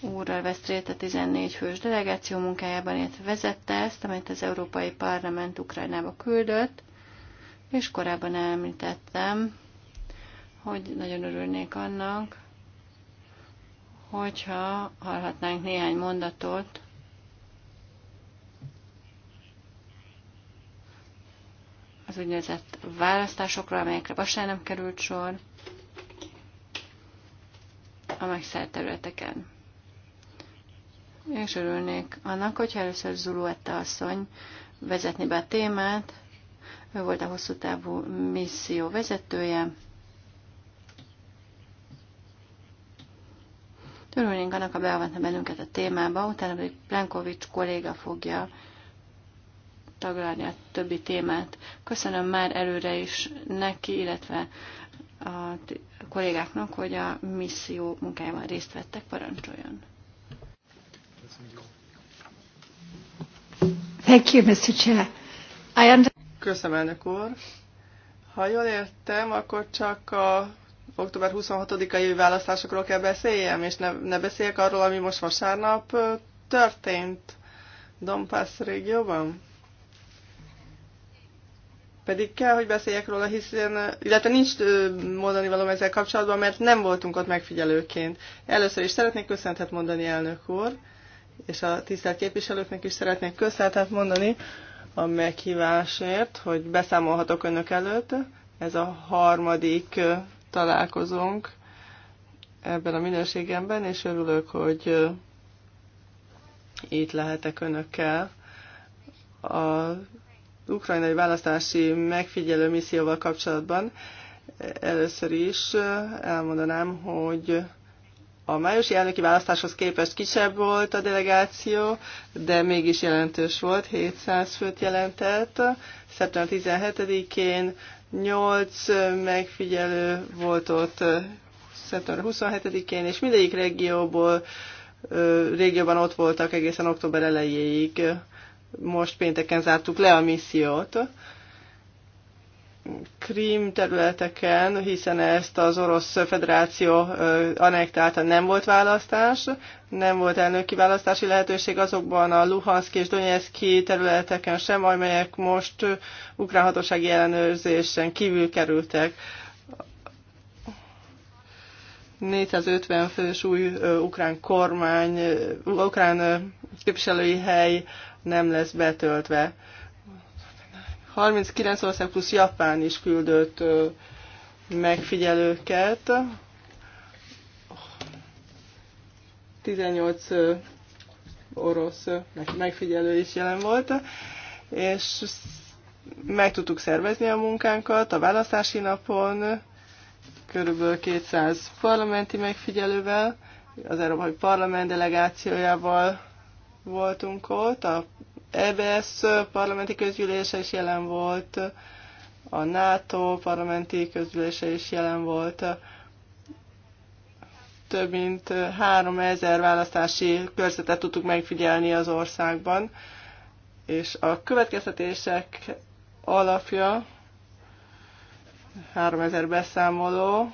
úrral vesz részt a 14 fős delegáció munkájában, illetve vezette ezt, amit az Európai Parlament Ukrajnába küldött, és korábban elmítettem, hogy nagyon örülnék annak, hogyha hallhatnánk néhány mondatot az úgynevezett választásokról, amelyekre vasárnap került sor a megszállt területeken. És örülnék annak, hogyha először Zuluetta asszony vezetni be a témát, ő volt a hosszú távú misszió vezetője, Örülnénk annak, ha beavatna bennünket a témába, utána pedig Plenkovics kolléga fogja taglalni a többi témát. Köszönöm már előre is neki, illetve a kollégáknak, hogy a misszió munkájában részt vettek, parancsoljon. Thank you, Mr. Chair. I under- Köszönöm, elnök úr. Ha jól értem, akkor csak a október 26-ai választásokról kell beszéljem, és ne, ne beszéljek arról, ami most vasárnap történt Donbass régióban? Pedig kell, hogy beszéljek róla, hiszen, illetve nincs mondani valóm ezzel kapcsolatban, mert nem voltunk ott megfigyelőként. Először is szeretnék köszönetet mondani, elnök úr, és a tisztelt képviselőknek is szeretnék köszönetet mondani a meghívásért, hogy beszámolhatok önök előtt. Ez a harmadik találkozunk ebben a minőségemben, és örülök, hogy itt lehetek önökkel. A ukrajnai választási megfigyelő misszióval kapcsolatban e, először is elmondanám, hogy a májusi elnöki választáshoz képest kisebb volt a delegáció, de mégis jelentős volt, 700 főt jelentett. Szeptember 17-én Nyolc megfigyelő volt ott szeptember 27-én, és mindegyik régióból, régióban ott voltak egészen október elejéig. Most pénteken zártuk le a missziót krím területeken, hiszen ezt az Orosz Federáció anektálta, nem volt választás, nem volt elnöki választási lehetőség azokban a Luhansk és Donetszki területeken sem, amelyek most ukrán hatósági ellenőrzésen kívül kerültek. 450 fős új ukrán kormány, ukrán képviselői hely nem lesz betöltve. 39 ország plusz Japán is küldött megfigyelőket. 18 orosz megfigyelő is jelen volt, és meg tudtuk szervezni a munkánkat a választási napon, körülbelül 200 parlamenti megfigyelővel, az Európai Parlament delegációjával voltunk ott, a EBS parlamenti közgyűlése is jelen volt, a NATO parlamenti közgyűlése is jelen volt, több mint 3000 választási körzetet tudtuk megfigyelni az országban, és a következtetések alapja 3000 beszámoló,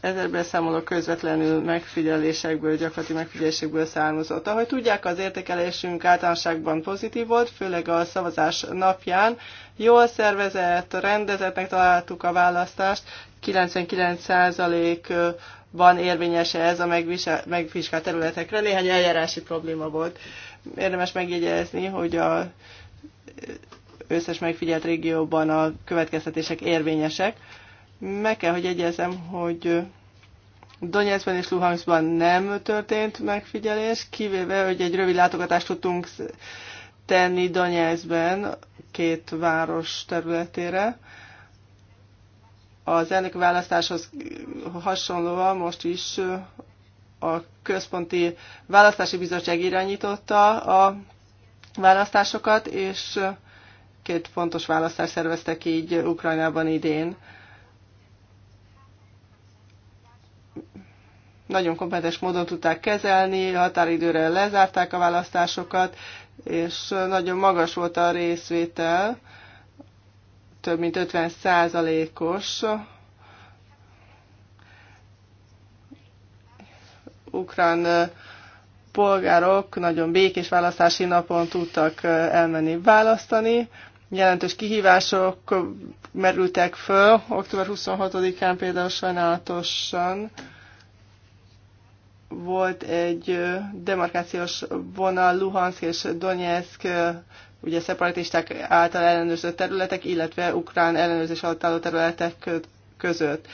ezzel beszámolok közvetlenül megfigyelésekből, gyakorlati megfigyelésekből származott. Ahogy tudják, az értékelésünk általánosságban pozitív volt, főleg a szavazás napján. Jól szervezett, rendezettnek találtuk a választást, 99%-ban érvényes ez a megvizsgált területekre. Néhány eljárási probléma volt. Érdemes megjegyezni, hogy a összes megfigyelt régióban a következtetések érvényesek meg kell, hogy egyezem, hogy Donetszben és Luhanskban nem történt megfigyelés, kivéve, hogy egy rövid látogatást tudtunk tenni Donetszben két város területére. Az elnök választáshoz hasonlóan most is a Központi Választási Bizottság irányította a választásokat, és két fontos választást szerveztek így Ukrajnában idén. nagyon kompetens módon tudták kezelni, határidőre lezárták a választásokat, és nagyon magas volt a részvétel, több mint 50 százalékos ukrán polgárok nagyon békés választási napon tudtak elmenni választani jelentős kihívások merültek föl. Október 26-án például sajnálatosan volt egy demarkációs vonal Luhansk és Donetsk, ugye szeparatisták által ellenőrzött területek, illetve ukrán ellenőrzés alatt álló területek között.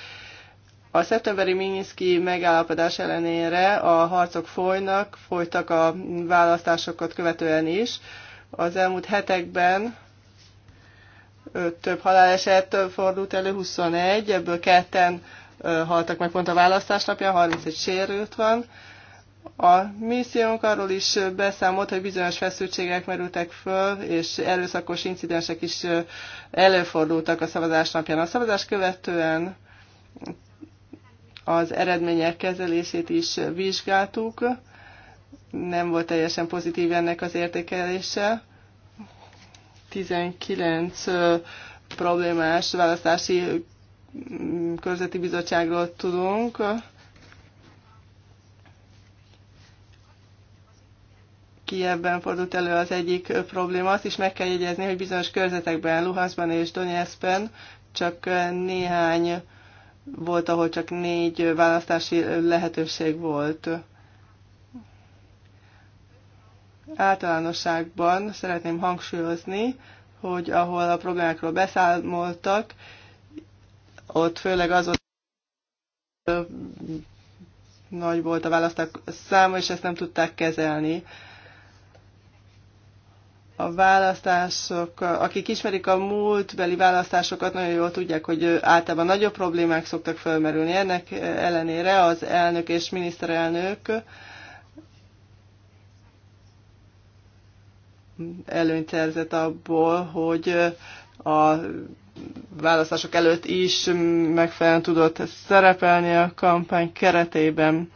A szeptemberi Minszki megállapodás ellenére a harcok folynak, folytak a választásokat követően is. Az elmúlt hetekben több haláleset fordult elő, 21, ebből ketten haltak meg pont a választás napján, 31 sérült van. A missziónk arról is beszámolt, hogy bizonyos feszültségek merültek föl, és erőszakos incidensek is előfordultak a szavazás napján. A szavazás követően az eredmények kezelését is vizsgáltuk. Nem volt teljesen pozitív ennek az értékelése. 19 problémás választási mm, körzeti bizottságról tudunk. Kievben fordult elő az egyik probléma. Azt is meg kell jegyezni, hogy bizonyos körzetekben, Luhanszban és Donetszben csak néhány volt, ahol csak négy választási lehetőség volt. Általánosságban szeretném hangsúlyozni, hogy ahol a problémákról beszámoltak, ott főleg az volt, nagy volt a választók száma, és ezt nem tudták kezelni. A választások, akik ismerik a múltbeli választásokat, nagyon jól tudják, hogy általában nagyobb problémák szoktak felmerülni. Ennek ellenére az elnök és miniszterelnök előnyt szerzett abból, hogy a választások előtt is megfelelően tudott szerepelni a kampány keretében.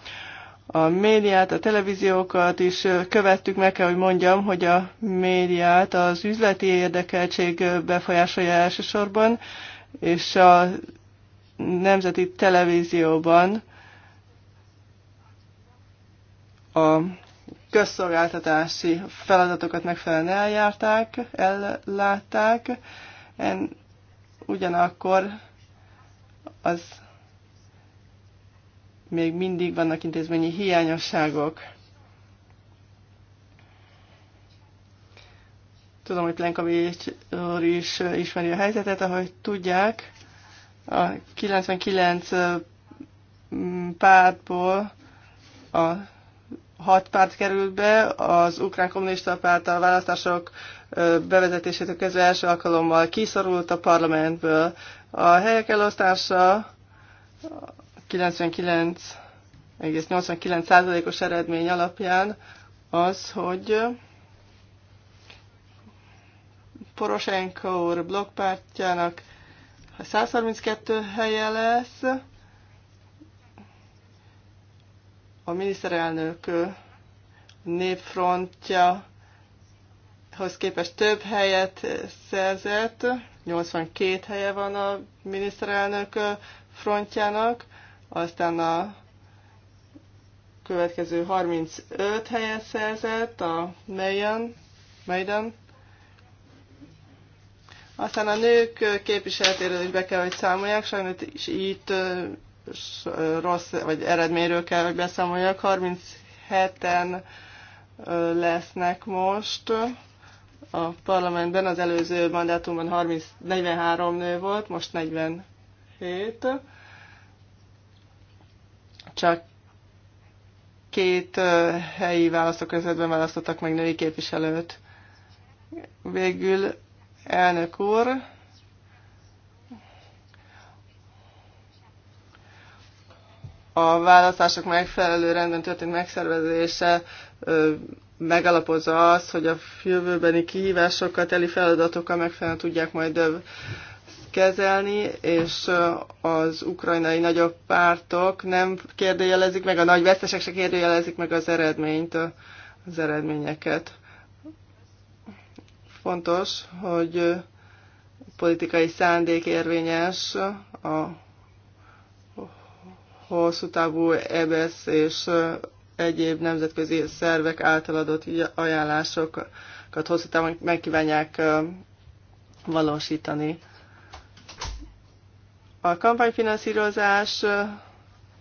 A médiát, a televíziókat is követtük, meg kell, hogy mondjam, hogy a médiát az üzleti érdekeltség befolyásolja elsősorban, és a nemzeti televízióban a közszolgáltatási feladatokat megfelelően eljárták, ellátták, en, ugyanakkor az még mindig vannak intézményi hiányosságok. Tudom, hogy Lenka Vécsor is ismeri a helyzetet, ahogy tudják, a 99 mm, pártból a hat párt került be, az ukrán kommunista párt a választások a kezdve első alkalommal kiszorult a parlamentből. A helyek elosztása 99,89%-os eredmény alapján az, hogy Poroshenko úr blokkpártjának 132 helye lesz, a miniszterelnök népfrontja hoz képest több helyet szerzett, 82 helye van a miniszterelnök frontjának, aztán a következő 35 helyet szerzett a Mayen, Maiden. Aztán a nők képviseletéről is be kell, hogy számolják, sajnos itt rossz vagy eredményről kell, hogy beszámoljak. 37-en lesznek most a parlamentben. Az előző mandátumban 30, 43 nő volt, most 47. Csak két helyi választókörzetben választottak meg női képviselőt. Végül elnök úr, a választások megfelelő rendben történt megszervezése megalapozza azt, hogy a jövőbeni kihívásokkal, teli feladatokkal megfelelően tudják majd kezelni, és az ukrajnai nagyobb pártok nem kérdőjelezik meg, a nagy vesztesek se kérdőjelezik meg az eredményt, az eredményeket. Fontos, hogy politikai szándék érvényes a hosszú távú EBSZ és egyéb nemzetközi szervek által adott ajánlásokat hosszú távon megkívánják valósítani. A kampányfinanszírozás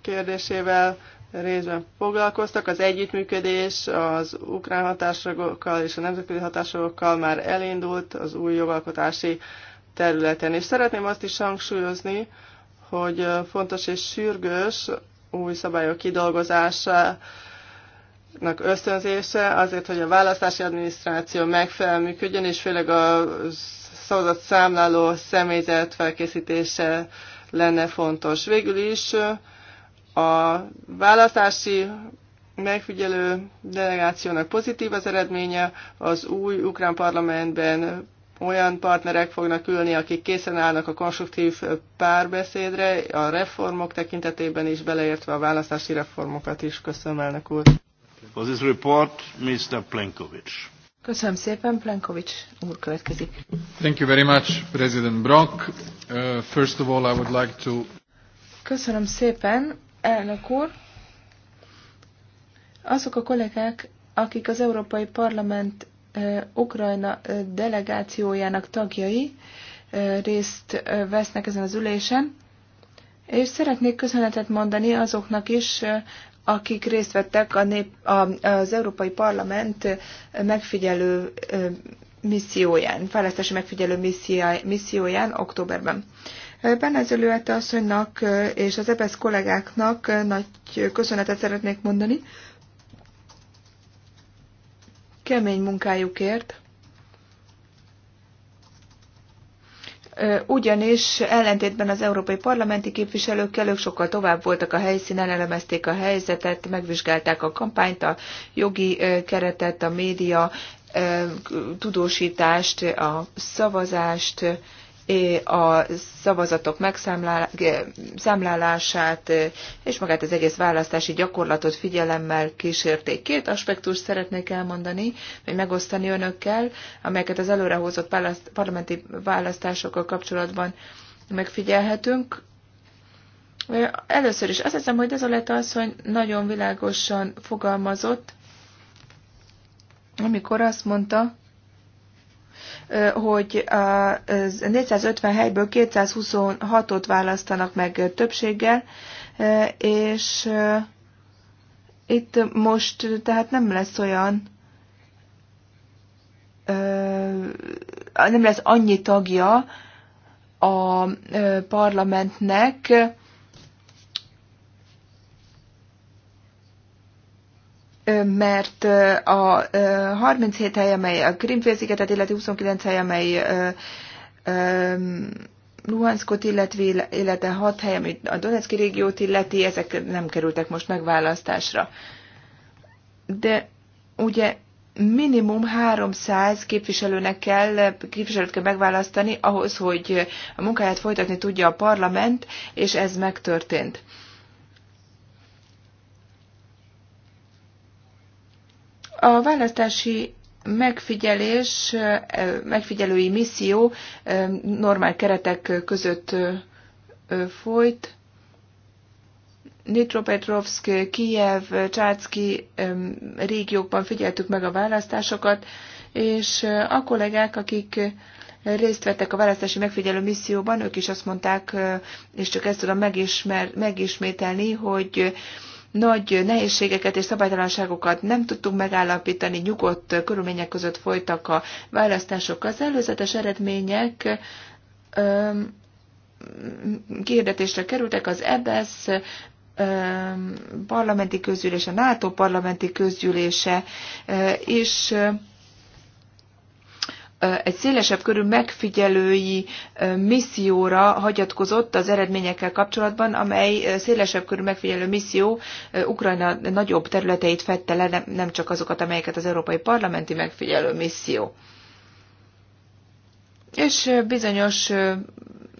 kérdésével részben foglalkoztak. Az együttműködés az ukrán hatásokkal és a nemzetközi hatásokkal már elindult az új jogalkotási területen. És szeretném azt is hangsúlyozni, hogy fontos és sürgős új szabályok kidolgozása, nak ösztönzése azért, hogy a választási adminisztráció megfelelően működjön, és főleg a szavazat számláló személyzet felkészítése lenne fontos. Végül is a választási megfigyelő delegációnak pozitív az eredménye, az új ukrán parlamentben olyan partnerek fognak ülni, akik készen állnak a konstruktív párbeszédre, a reformok tekintetében is beleértve a választási reformokat is. Köszönöm, elnök úr. For this report, Mr. Plenkovic. Köszönöm szépen, Plenkovics úr következik. Thank you very much, President Brock. Uh, first of all, I would like to... Köszönöm szépen, elnök úr. Azok a kollégák, akik az Európai Parlament Ukrajna delegációjának tagjai részt vesznek ezen az ülésen, és szeretnék köszönetet mondani azoknak is, akik részt vettek a nép, a, az Európai Parlament megfigyelő misszióján, fejlesztési megfigyelő misszióján októberben. Benezelőete asszonynak és az EBSZ kollégáknak nagy köszönetet szeretnék mondani, kemény munkájukért, ugyanis ellentétben az európai parlamenti képviselőkkel ők sokkal tovább voltak a helyszínen, elemezték a helyzetet, megvizsgálták a kampányt, a jogi keretet, a média tudósítást, a szavazást, a szavazatok megszámlálását és magát az egész választási gyakorlatot figyelemmel kísérték. Két aspektust szeretnék elmondani, vagy megosztani önökkel, amelyeket az előrehozott parlamenti választásokkal kapcsolatban megfigyelhetünk. Először is azt hiszem, hogy ez a lett az, hogy nagyon világosan fogalmazott, amikor azt mondta, hogy a 450 helyből 226-ot választanak meg többséggel, és itt most tehát nem lesz olyan, nem lesz annyi tagja a parlamentnek, mert a 37 hely, amely a Krimfélszigetet, illetve 29 hely, amely Luhanskot, illetve, illetve 6 hely, ami a Donetszki régiót illeti, ezek nem kerültek most megválasztásra. De ugye minimum 300 képviselőnek kell, képviselőt kell megválasztani ahhoz, hogy a munkáját folytatni tudja a parlament, és ez megtörtént. A választási megfigyelés, megfigyelői misszió normál keretek között folyt. Nitropetrovsk, Kijev, Csácki régiókban figyeltük meg a választásokat, és a kollégák, akik részt vettek a választási megfigyelő misszióban, ők is azt mondták, és csak ezt tudom megismer, megismételni, hogy nagy nehézségeket és szabálytalanságokat nem tudtunk megállapítani, nyugodt körülmények között folytak a választások. Az előzetes eredmények kérdetésre kerültek, az EBSZ e parlamenti közgyűlése, NATO parlamenti közgyűlése, és egy szélesebb körű megfigyelői misszióra hagyatkozott az eredményekkel kapcsolatban, amely szélesebb körű megfigyelő misszió Ukrajna nagyobb területeit fette le, nem csak azokat, amelyeket az Európai Parlamenti megfigyelő misszió. És bizonyos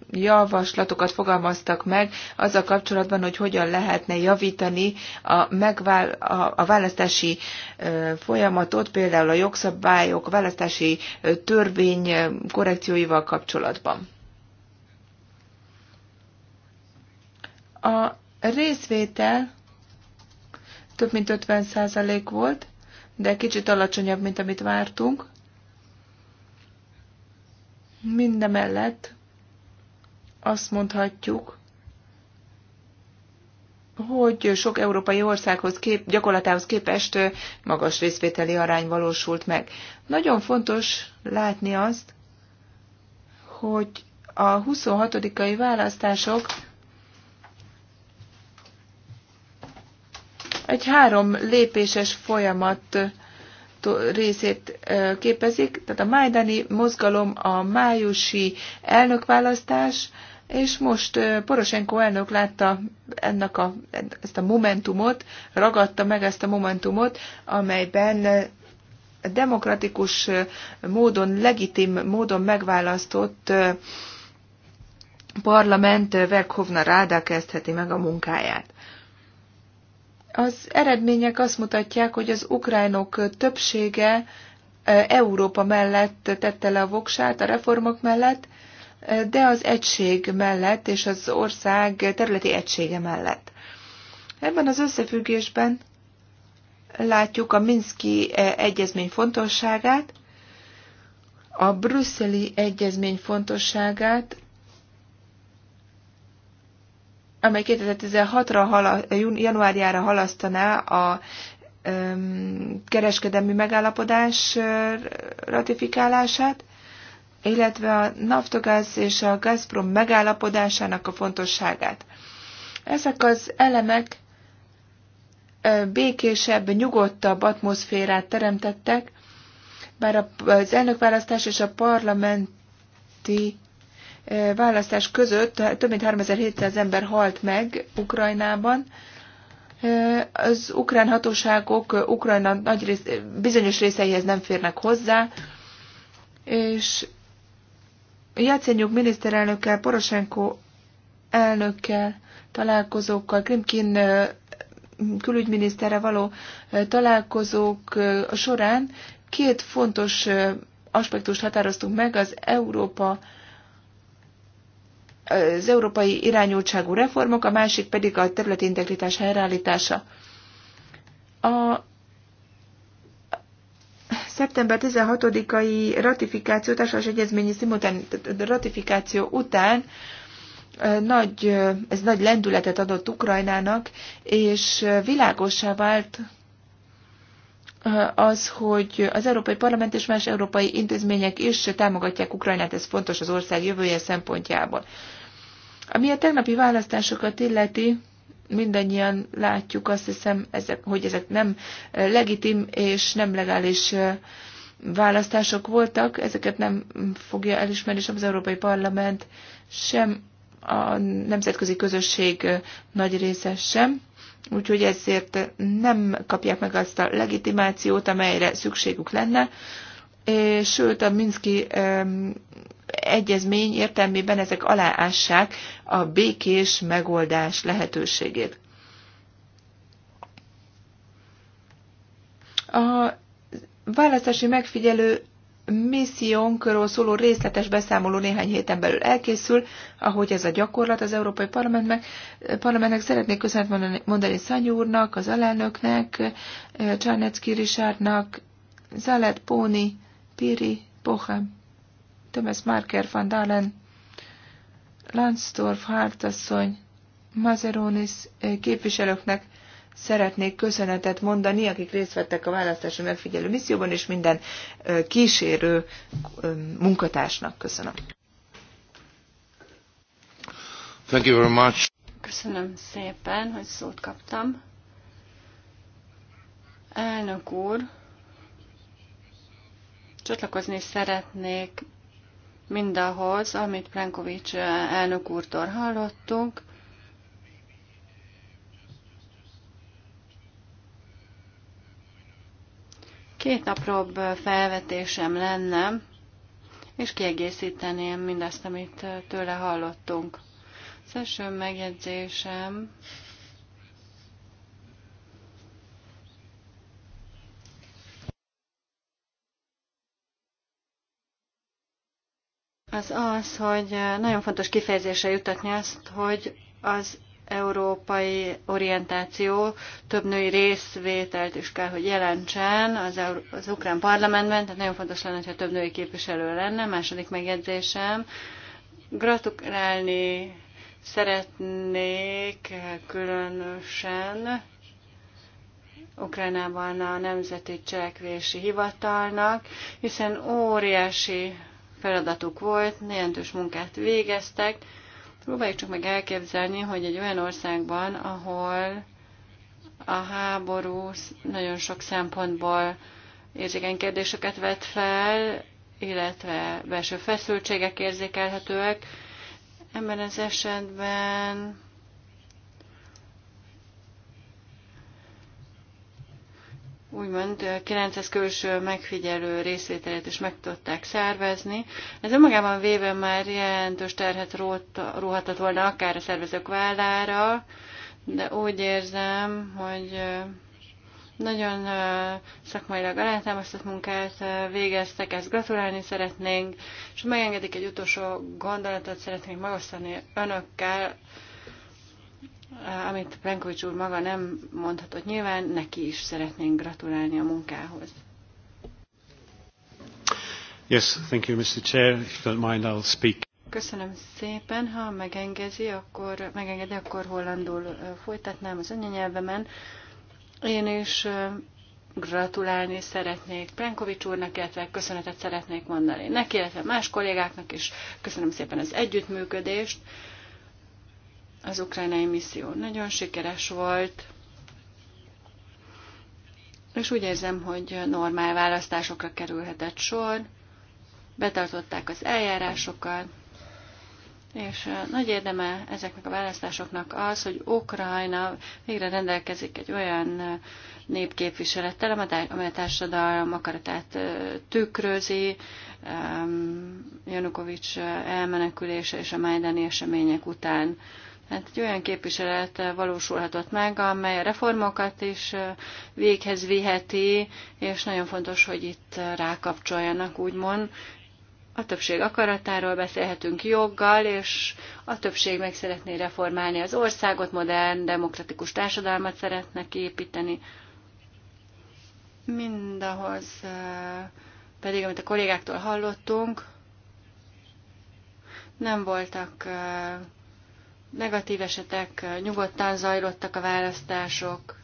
javaslatokat fogalmaztak meg azzal kapcsolatban, hogy hogyan lehetne javítani a, megvál, a, a választási folyamatot, például a jogszabályok, választási törvény korrekcióival kapcsolatban. A részvétel több mint 50% volt, de kicsit alacsonyabb, mint amit vártunk. Mindemellett azt mondhatjuk, hogy sok európai országhoz kép, gyakorlatához képest magas részvételi arány valósult meg. Nagyon fontos látni azt, hogy a 26-ai választások egy három lépéses folyamat részét képezik, tehát a majdani mozgalom, a májusi elnökválasztás, és most Poroshenko elnök látta ennek a, ezt a momentumot, ragadta meg ezt a momentumot, amelyben demokratikus módon, legitim módon megválasztott parlament Verkhovna Ráda kezdheti meg a munkáját. Az eredmények azt mutatják, hogy az ukránok többsége Európa mellett tette le a voksát, a reformok mellett, de az egység mellett és az ország területi egysége mellett. Ebben az összefüggésben látjuk a Minszki e, egyezmény fontosságát, a brüsszeli egyezmény fontosságát, amely 2016-ra januárjára halasztaná a kereskedelmi megállapodás ratifikálását, illetve a Naftogaz és a Gazprom megállapodásának a fontosságát. Ezek az elemek békésebb, nyugodtabb atmoszférát teremtettek, bár az elnökválasztás és a parlamenti választás között több mint 3700 ember halt meg Ukrajnában. Az ukrán hatóságok Ukrajna nagy rész, bizonyos részeihez nem férnek hozzá, és Jacenyuk miniszterelnökkel, Poroshenko elnökkel, találkozókkal, Krimkin külügyminiszterre való találkozók során két fontos aspektust határoztunk meg, az Európa az európai irányultságú reformok, a másik pedig a területi integritás helyreállítása. A szeptember 16-ai ratifikáció, társas egyezményi szimultán ratifikáció után nagy, ez nagy lendületet adott Ukrajnának, és világosá vált az, hogy az Európai Parlament és más európai intézmények is támogatják Ukrajnát, ez fontos az ország jövője szempontjából. Ami a tegnapi választásokat illeti, mindannyian látjuk, azt hiszem, ezek, hogy ezek nem eh, legitim és nem legális eh, választások voltak, ezeket nem fogja elismerni sem az Európai Parlament, sem a nemzetközi közösség eh, nagy része sem, úgyhogy ezért nem kapják meg azt a legitimációt, amelyre szükségük lenne, és sőt a Minszki egyezmény értelmében ezek aláássák a békés megoldás lehetőségét. A választási megfigyelő missziónkról szóló részletes beszámoló néhány héten belül elkészül, ahogy ez a gyakorlat az Európai Parlamentnek. Parlamentnek szeretnék köszönet mondani Szanyi úrnak, az alelnöknek, Csarnecki Richardnak, Zalet Póni, Piri, Bohem, Thomas Marker van Dalen, Lansdorf Hártasszony, Mazeronis eh, képviselőknek szeretnék köszönetet mondani, akik részt vettek a választási megfigyelő misszióban, és minden eh, kísérő eh, munkatársnak köszönöm. Thank you very much. Köszönöm szépen, hogy szót kaptam. Elnök úr, csatlakozni szeretnék mindahhoz, amit Plenkovics eh, elnök úrtól hallottunk, Két apróbb eh, felvetésem lenne, és kiegészíteném mindazt, amit eh, tőle hallottunk. Az első megjegyzésem az az, hogy nagyon fontos kifejezésre jutatni azt, hogy az európai orientáció több női részvételt is kell, hogy jelentsen az, az ukrán parlamentben, tehát nagyon fontos lenne, hogyha több női képviselő lenne. Második megjegyzésem, gratulálni szeretnék különösen Ukrajnában a Nemzeti Cselekvési Hivatalnak, hiszen óriási feladatuk volt, jelentős munkát végeztek. Próbáljuk csak meg elképzelni, hogy egy olyan országban, ahol a háború nagyon sok szempontból érzékeny kérdéseket vet fel, illetve belső feszültségek érzékelhetőek. Ebben az esetben úgymond 900 külső megfigyelő részvételét is meg tudták szervezni. Ez önmagában véve már jelentős terhet róhatott volna akár a szervezők vállára, de úgy érzem, hogy nagyon szakmailag alátámasztott munkát végeztek, ezt gratulálni szeretnénk, és megengedik egy utolsó gondolatot, szeretnénk megosztani önökkel amit Plenkovics úr maga nem mondhatott nyilván, neki is szeretnénk gratulálni a munkához. Yes, thank you, Mr. Chair. If you don't mind, I'll speak. Köszönöm szépen, ha megengedi, akkor, megengedi, akkor hollandul folytatnám az anyanyelvemen. Én is gratulálni szeretnék Plenkovics úrnak, illetve köszönetet szeretnék mondani neki, illetve más kollégáknak is. Köszönöm szépen az együttműködést. Az Ukrajnai misszió nagyon sikeres volt, és úgy érzem, hogy normál választásokra kerülhetett sor, betartották az eljárásokat, és nagy érdeme ezeknek a választásoknak az, hogy Ukrajna végre rendelkezik egy olyan népképviselettel, amely a társadalom akaratát tükrözi, Janukovics elmenekülése és a majdani események után Hát egy olyan képviselet valósulhatott meg, amely a reformokat is véghez viheti, és nagyon fontos, hogy itt rákapcsoljanak, úgymond. A többség akaratáról beszélhetünk joggal, és a többség meg szeretné reformálni az országot, modern, demokratikus társadalmat szeretne építeni. Mindahhoz pedig, amit a kollégáktól hallottunk, nem voltak negatív esetek nyugodtan zajlottak a választások.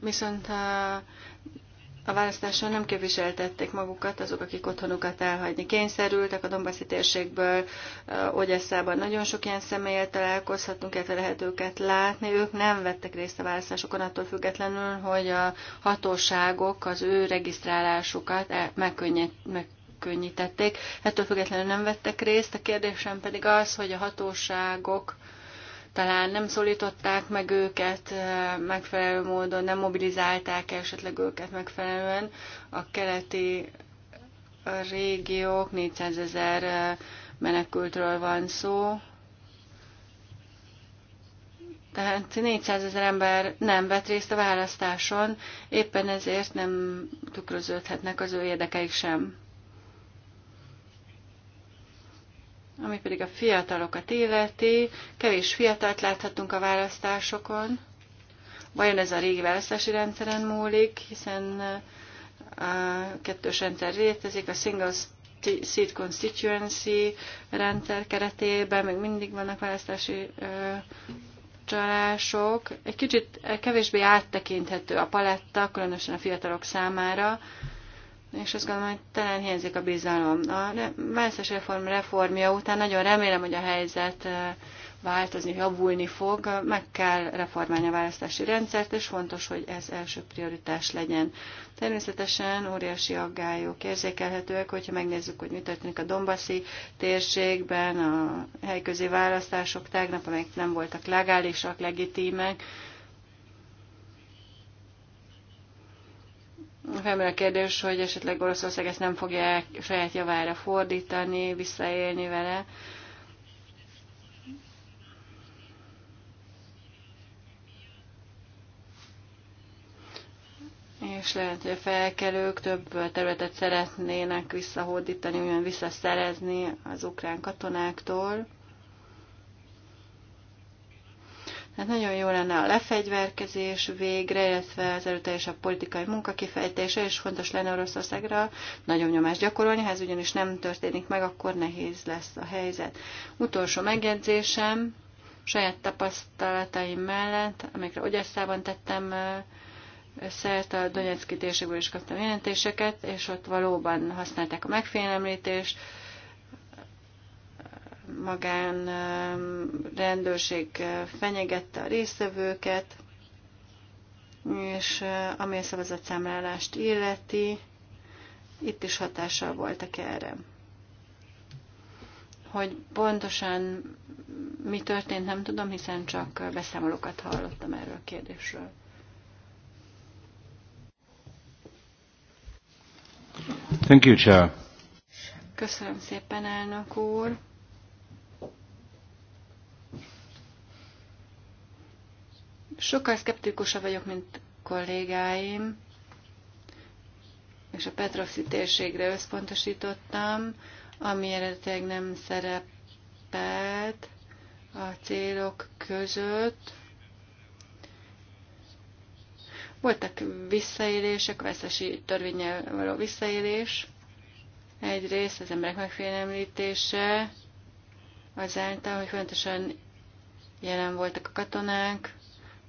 Viszont a, a választáson nem képviseltették magukat azok, akik otthonukat elhagyni kényszerültek a Dombaszi térségből, Ogyesszában nagyon sok ilyen személyel találkozhatunk, illetve lehet őket látni. Ők nem vettek részt a választásokon attól függetlenül, hogy a hatóságok az ő regisztrálásukat e- megkönnyítették megkönnyítették. Ettől függetlenül nem vettek részt. A kérdésem pedig az, hogy a hatóságok talán nem szólították meg őket eh, megfelelő módon, nem mobilizálták esetleg őket megfelelően. A keleti régiók 400 ezer eh, menekültről van szó, tehát 400 ezer ember nem vett részt a választáson, éppen ezért nem tükröződhetnek az ő érdekeik sem. Ami pedig a fiatalokat illeti, kevés fiatalt láthatunk a választásokon. Vajon ez a régi választási rendszeren múlik, hiszen a uh, kettős rendszer létezik, a single seat constituency rendszer keretében még mindig vannak választási uh, csalások. Egy kicsit eh, kevésbé áttekinthető a paletta, különösen a fiatalok számára és azt gondolom, hogy talán hiányzik a bizalom. A választási reform reformja után nagyon remélem, hogy a helyzet változni, javulni fog, meg kell reformálni a választási rendszert, és fontos, hogy ez első prioritás legyen. Természetesen óriási aggályok érzékelhetőek, hogyha megnézzük, hogy mi történik a Dombaszi térségben, a helyközi választások tegnap, amelyek nem voltak legálisak, legitímek, Felmerül a kérdés, hogy esetleg Oroszország ezt nem fogja saját javára fordítani, visszaélni vele. és lehet, hogy a felkelők több területet szeretnének visszahódítani, olyan visszaszerezni az ukrán katonáktól. Hát nagyon jó lenne a lefegyverkezés végre, illetve az erőteljesebb politikai munka kifejtése, és fontos lenne Oroszországra nagyon nyomást gyakorolni, ha ez ugyanis nem történik meg, akkor nehéz lesz a helyzet. Utolsó megjegyzésem, saját tapasztalataim mellett, amikre Ogyesszában tettem szert a Donetszki térségből is kaptam jelentéseket, és ott valóban használták a megfélemlítést, magán rendőrség fenyegette a résztvevőket, és ami a szavazatszámlálást illeti, itt is hatással voltak erre. Hogy pontosan mi történt, nem tudom, hiszen csak beszámolókat hallottam erről a kérdésről. Thank you, Chair. Köszönöm szépen, elnök úr. Sokkal szkeptikusabb vagyok, mint kollégáim, és a Petrovszi térségre összpontosítottam, ami eredetileg nem szerepelt a célok között. Voltak visszaélések, veszesi törvényel való visszaélés. Egyrészt az emberek megfélemlítése azáltal, hogy fontosan jelen voltak a katonák,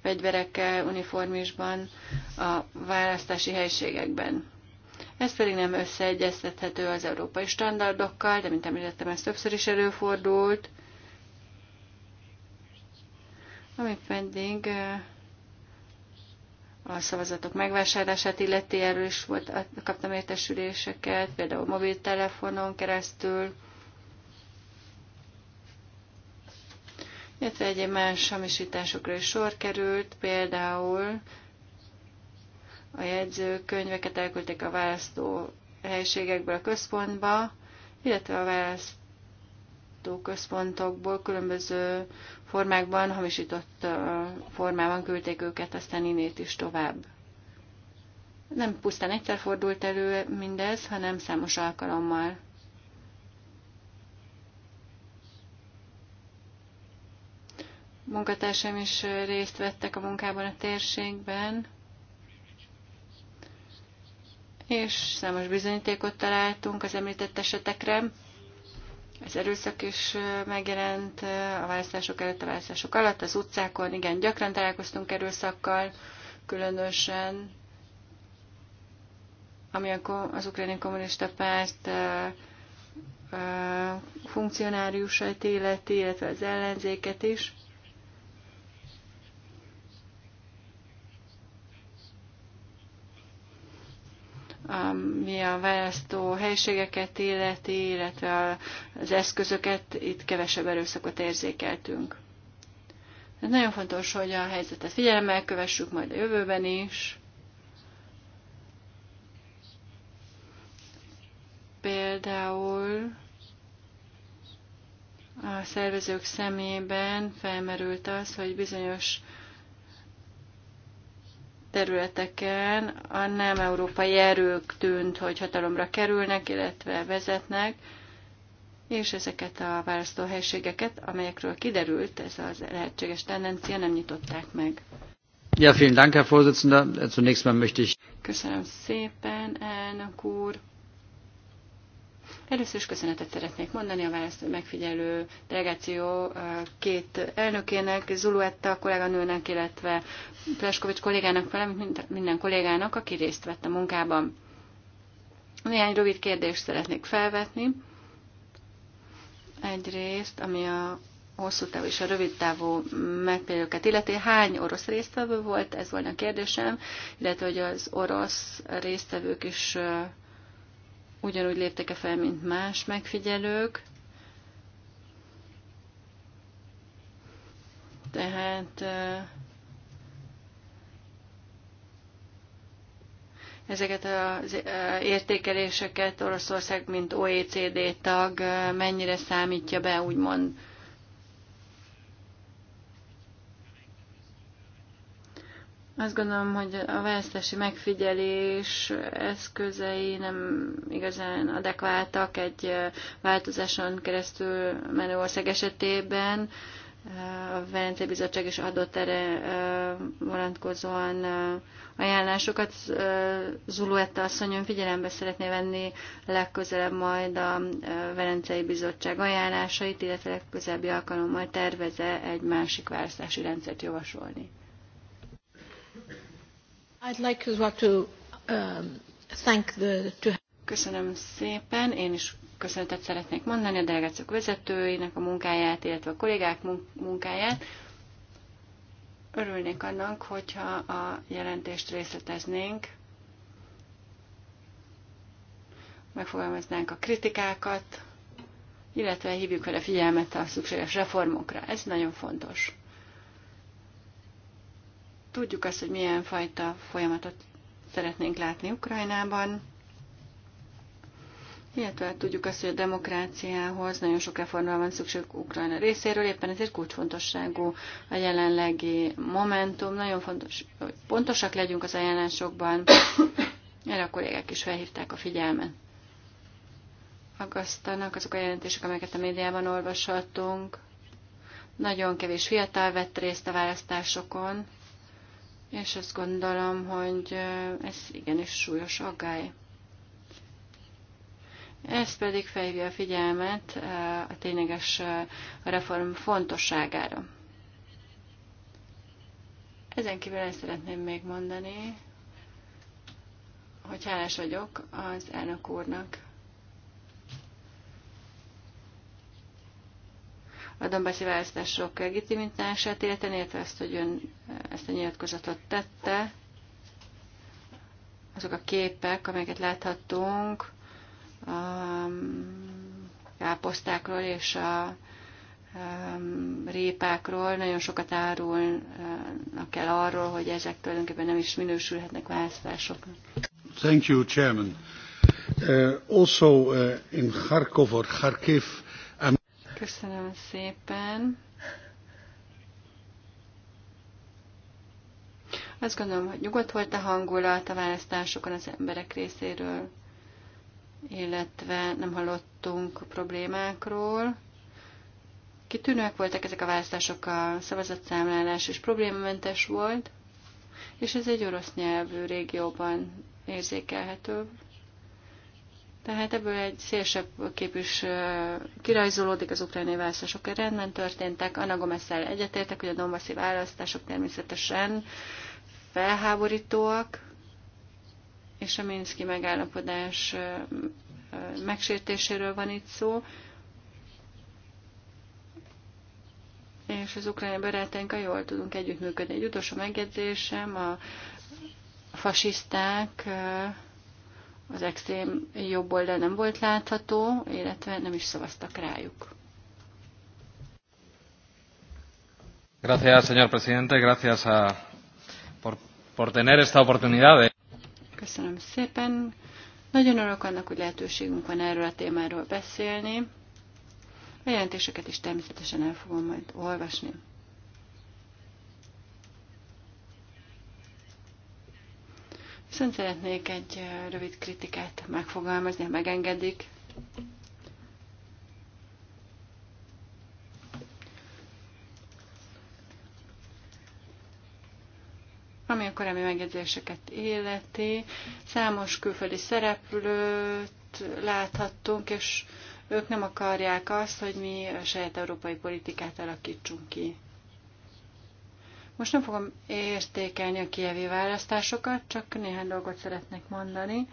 fegyverekkel, uniformisban a választási helységekben. Ez pedig nem összeegyeztethető az európai standardokkal, de mint említettem, ez többször is előfordult, ami pedig eh, a szavazatok megvásárlását illeti, erről is volt, kaptam értesüléseket, például mobiltelefonon keresztül, illetve egyéb más hamisításokra is sor került, például a jegyzőkönyveket elküldték a választó helységekből a központba, illetve a választó központokból különböző formákban, hamisított formában küldték őket, aztán innét is tovább. Nem pusztán egyszer fordult elő mindez, hanem számos alkalommal. munkatársaim is részt vettek a munkában a térségben, és számos bizonyítékot találtunk az említett esetekre. Az erőszak is megjelent a választások előtt, a választások alatt, az utcákon, igen, gyakran találkoztunk erőszakkal, különösen, ami az ukráni kommunista párt funkcionáriusait illeti, illetve az ellenzéket is. ami a választó helységeket illeti, illetve az eszközöket, itt kevesebb erőszakot érzékeltünk. Ez nagyon fontos, hogy a helyzetet figyelemmel kövessük majd a jövőben is. Például a szervezők szemében felmerült az, hogy bizonyos területeken a nem európai erők tűnt, hogy hatalomra kerülnek, illetve vezetnek, és ezeket a választóhelységeket, amelyekről kiderült ez az lehetséges tendencia, nem nyitották meg. Ja, vielen Dank, Herr Vorsitzender. Zunächst mal möchte ich... Köszönöm szépen, elnök úr. Először is köszönetet szeretnék mondani a választó megfigyelő delegáció eh, két elnökének, Zuluetta kolléganőnek, illetve Pleskovics kollégának, valamint minden kollégának, aki részt vett a munkában. Néhány rövid kérdést szeretnék felvetni. Egyrészt, ami a hosszú távú és a rövid távú megfigyelőket illeti. Hány orosz résztvevő volt? Ez volna a kérdésem, illetve hogy az orosz résztvevők is eh, ugyanúgy léptek-e fel, mint más megfigyelők. Tehát ezeket az értékeléseket Oroszország, mint OECD tag mennyire számítja be, úgymond Azt gondolom, hogy a választási megfigyelés eszközei nem igazán adekváltak egy változáson keresztül menő ország esetében. A Velencei Bizottság is adott erre vonatkozóan ajánlásokat. Zuluetta asszonyon figyelembe szeretné venni legközelebb majd a Velencei Bizottság ajánlásait, illetve legközelebbi alkalommal terveze egy másik választási rendszert javasolni. Um, Köszönöm szépen, én is köszönetet szeretnék mondani a delegációk vezetőinek a munkáját, illetve a kollégák munkáját. Örülnék annak, hogyha a jelentést részleteznénk, megfogalmaznánk a kritikákat, illetve hívjuk fel a figyelmet a szükséges reformokra. Ez nagyon fontos. Tudjuk azt, hogy milyen fajta folyamatot szeretnénk látni Ukrajnában, illetve tudjuk azt, hogy a demokráciához nagyon sok reformra van szükség Ukrajna részéről, éppen ezért kulcsfontosságú a jelenlegi momentum. Nagyon fontos, hogy pontosak legyünk az ajánlásokban. Erre a kollégák is felhívták a figyelmet. Agasztanak azok a jelentések, amelyeket a médiában olvashattunk. Nagyon kevés fiatal vett részt a választásokon. És azt gondolom, hogy ez igenis súlyos aggály. Ez pedig felhívja a figyelmet a tényleges reform fontosságára. Ezen kívül el szeretném még mondani, hogy hálás vagyok az elnök úrnak a Dombási választások legitimitását érteni, illetve azt, hogy ön ezt a nyilatkozatot tette. Azok a képek, amelyeket láthattunk, a um, káposztákról és a um, répákról nagyon sokat árulnak el arról, hogy ezek tulajdonképpen nem is minősülhetnek választásoknak. Thank you, Chairman. Uh, also uh, in Kharkov or Kharkiv, Köszönöm szépen. Azt gondolom, hogy nyugodt volt a hangulat a választásokon az emberek részéről, illetve nem hallottunk problémákról. Kitűnőek voltak ezek a választások, a szavazatszámlálás és problémamentes volt, és ez egy orosz nyelvű régióban érzékelhető tehát ebből egy szélsebb kép is kirajzolódik, az ukrajnai választások rendben történtek. Anna gomez egyetértek, hogy a dombaszi választások természetesen felháborítóak, és a Minszki megállapodás megsértéséről van itt szó. És az ukrajnai barátainkkal jól tudunk együttműködni. Egy utolsó megjegyzésem, a fasiszták az extrém jobb oldal nem volt látható, illetve nem is szavaztak rájuk. Gracias, señor presidente. Gracias a, por, por tener esta oportunidad. Köszönöm szépen. Nagyon örülök annak, hogy lehetőségünk van erről a témáról beszélni. A jelentéseket is természetesen el fogom majd olvasni. Viszont szeretnék egy rövid kritikát megfogalmazni, ha megengedik. Ami a korábbi megjegyzéseket életi, számos külföldi szereplőt láthattunk, és ők nem akarják azt, hogy mi a saját európai politikát alakítsunk ki. Most nem fogom értékelni a kievi választásokat, csak néhány dolgot szeretnék mondani.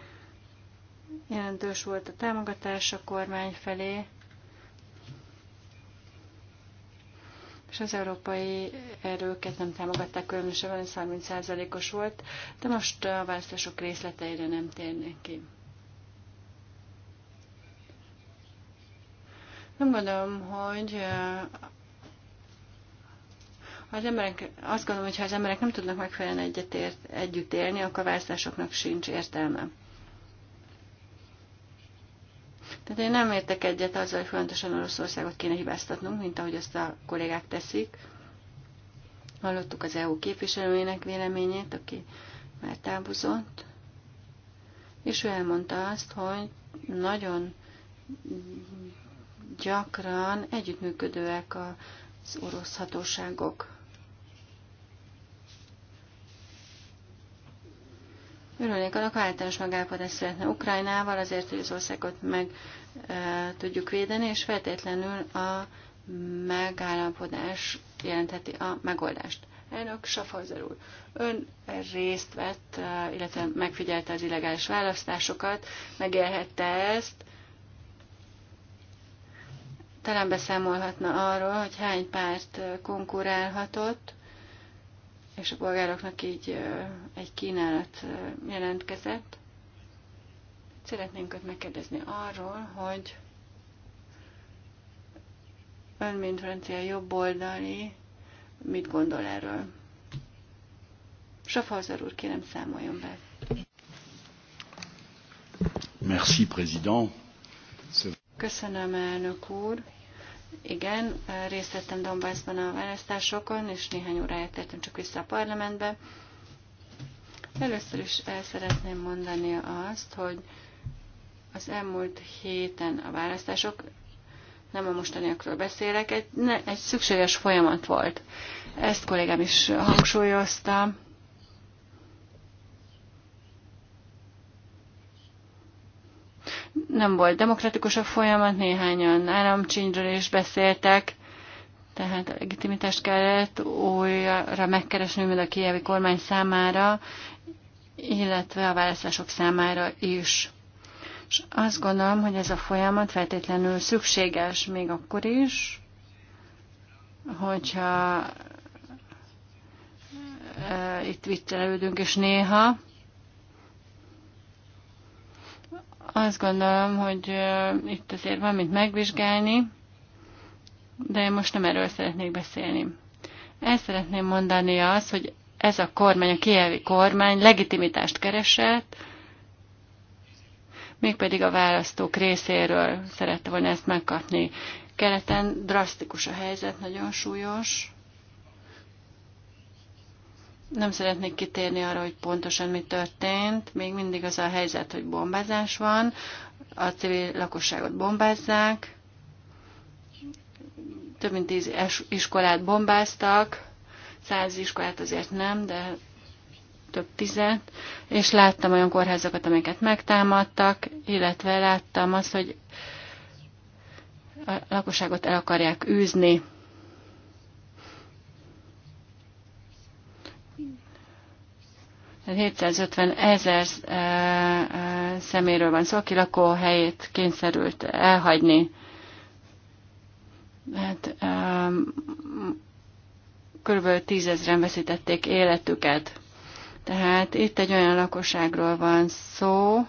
Jelentős volt a támogatás a kormány felé, és az európai erőket nem támogatták, különösebben 30%-os volt, de most a választások részleteire nem térnek ki. Nem gondolom, hogy ha az emberek, azt gondolom, hogy ha az emberek nem tudnak megfelelően ért, együtt élni, akkor a választásoknak sincs értelme. Tehát én nem értek egyet azzal, hogy fontosan Oroszországot kéne hibáztatnunk, mint ahogy azt a kollégák teszik. Hallottuk az EU képviselőjének véleményét, aki már tábuzott, és ő elmondta azt, hogy nagyon gyakran együttműködőek az orosz hatóságok. Örülnék annak, ha általános megállapodás szeretne Ukrajnával, azért, hogy az országot meg e, tudjuk védeni, és feltétlenül a megállapodás jelentheti a megoldást. Elnök Safazer úr, ön részt vett, illetve megfigyelte az illegális választásokat, megélhette ezt. Talán beszámolhatna arról, hogy hány párt konkurálhatott, és a polgároknak így egy kínálat jelentkezett. Szeretnénk őt megkérdezni arról, hogy ön, mint francia jobboldali, mit gondol erről? Schaffhauser úr, kérem számoljon be. Merci, président. Köszönöm, elnök úr. Igen, részt vettem Donbassban a választásokon, és néhány óráját tettem csak vissza a parlamentbe. Először is el szeretném mondani azt, hogy az elmúlt héten a választások, nem a mostaniakról beszélek, egy, ne, egy szükséges folyamat volt. Ezt kollégám is hangsúlyozta. nem volt demokratikus a folyamat, néhányan államcsínyről is beszéltek, tehát a legitimitást kellett újra megkeresni mind a kievi kormány számára, illetve a választások számára is. És azt gondolom, hogy ez a folyamat feltétlenül szükséges még akkor is, hogyha e, itt viccelődünk és néha, Azt gondolom, hogy itt azért van mit megvizsgálni, de én most nem erről szeretnék beszélni. El szeretném mondani az, hogy ez a kormány, a kievi kormány legitimitást keresett, mégpedig a választók részéről szerette volna ezt megkapni. Keleten drasztikus a helyzet, nagyon súlyos. Nem szeretnék kitérni arra, hogy pontosan mi történt. Még mindig az a helyzet, hogy bombázás van, a civil lakosságot bombázzák, több mint tíz iskolát bombáztak, száz iskolát azért nem, de több tizet, és láttam olyan kórházakat, amiket megtámadtak, illetve láttam azt, hogy a lakosságot el akarják űzni. 750 ezer eh, eh, szeméről van szó, aki lakóhelyét kényszerült elhagyni. Hát, körülbelül tízezren veszítették életüket. Tehát itt egy olyan lakosságról van szó,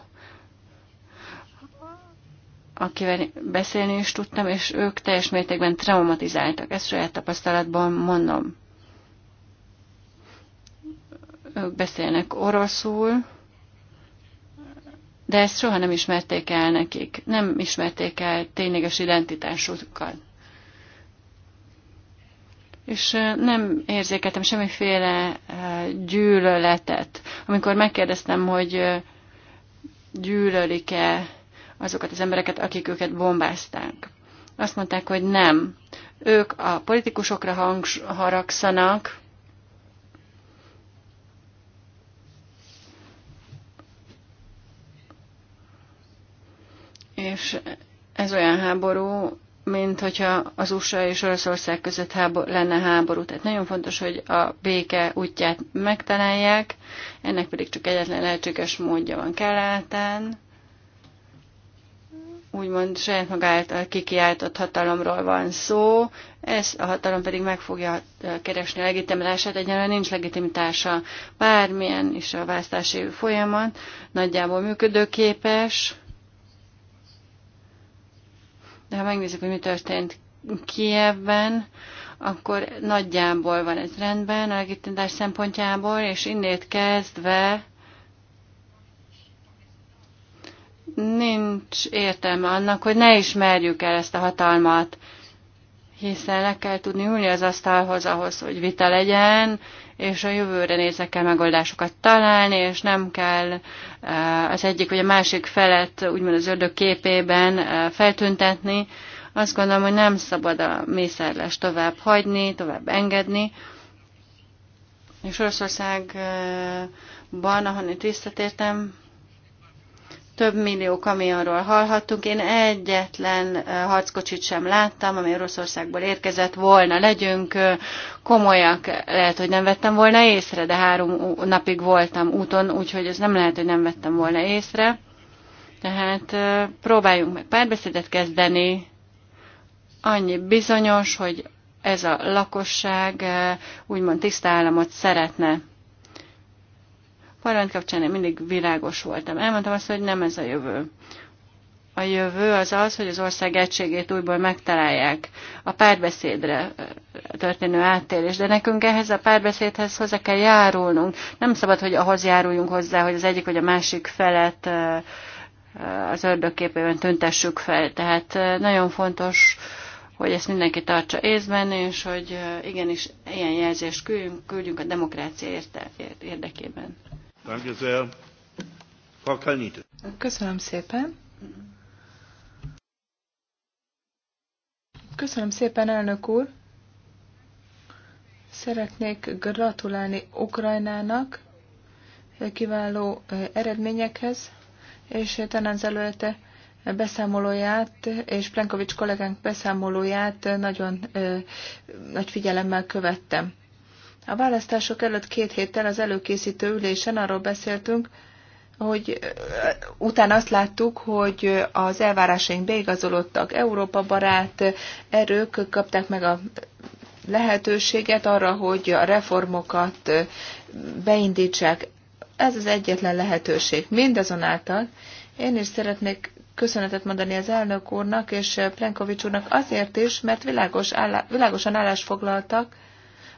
akivel beszélni is tudtam, és ők teljes mértékben traumatizáltak. Ezt saját tapasztalatban mondom. Ők beszélnek oroszul, de ezt soha nem ismerték el nekik. Nem ismerték el tényleges identitásukat. És nem érzékeltem semmiféle gyűlöletet. Amikor megkérdeztem, hogy gyűlölik-e azokat az embereket, akik őket bombázták. Azt mondták, hogy nem. Ők a politikusokra haragszanak, És ez olyan háború, mint hogyha az USA és Oroszország között háború, lenne háború. Tehát nagyon fontos, hogy a béke útját megtalálják, ennek pedig csak egyetlen lehetséges módja van Keleten. Úgymond saját maga által kikiáltott hatalomról van szó, ez a hatalom pedig meg fogja keresni a legitimitását, egyáltalán nincs legitimitása. Bármilyen is a választási folyamat, nagyjából működőképes, de ha megnézzük, hogy mi történt Kievben, akkor nagyjából van ez rendben a legitimitás szempontjából, és innét kezdve nincs értelme annak, hogy ne ismerjük el ezt a hatalmat, hiszen le kell tudni ülni az asztalhoz ahhoz, hogy vita legyen, és a jövőre nézve kell megoldásokat találni, és nem kell eh, az egyik vagy a másik felett, úgymond az ördög képében eh, feltüntetni. Azt gondolom, hogy nem szabad a mészárlás tovább hagyni, tovább engedni. És Oroszországban, ahonnan itt visszatértem, több millió kamionról hallhattunk. Én egyetlen harckocsit sem láttam, ami Oroszországból érkezett volna. Legyünk komolyak, lehet, hogy nem vettem volna észre, de három napig voltam úton, úgyhogy ez nem lehet, hogy nem vettem volna észre. Tehát próbáljunk meg párbeszédet kezdeni. Annyi bizonyos, hogy ez a lakosság úgymond tiszta államot szeretne parlament kapcsán én mindig világos voltam. Elmondtam azt, hogy nem ez a jövő. A jövő az az, hogy az ország egységét újból megtalálják a párbeszédre eh, történő áttérés. De nekünk ehhez a párbeszédhez hozzá kell járulnunk. Nem szabad, hogy ahhoz járuljunk hozzá, hogy az egyik vagy a másik felet eh, eh, az ördögképében tüntessük fel. Tehát nagyon fontos, hogy ezt mindenki tartsa észben, és hogy igenis ilyen jelzést küldjünk, küldjünk a demokrácia érte, érdekében. Köszönöm szépen. Köszönöm szépen, elnök úr. Szeretnék gratulálni Ukrajnának kiváló eh, eredményekhez, és Tanán előtte beszámolóját és Plenkovics kollégánk beszámolóját nagyon ö, eh, nagy figyelemmel követtem. A választások előtt két héttel az előkészítő ülésen arról beszéltünk, hogy utána azt láttuk, hogy az elvárásaink beigazolódtak, Európa barát erők kapták meg a lehetőséget arra, hogy a reformokat beindítsák. Ez az egyetlen lehetőség. Mindazonáltal én is szeretnék köszönetet mondani az elnök úrnak és Plenkovics úrnak azért is, mert világos állá, világosan állásfoglaltak,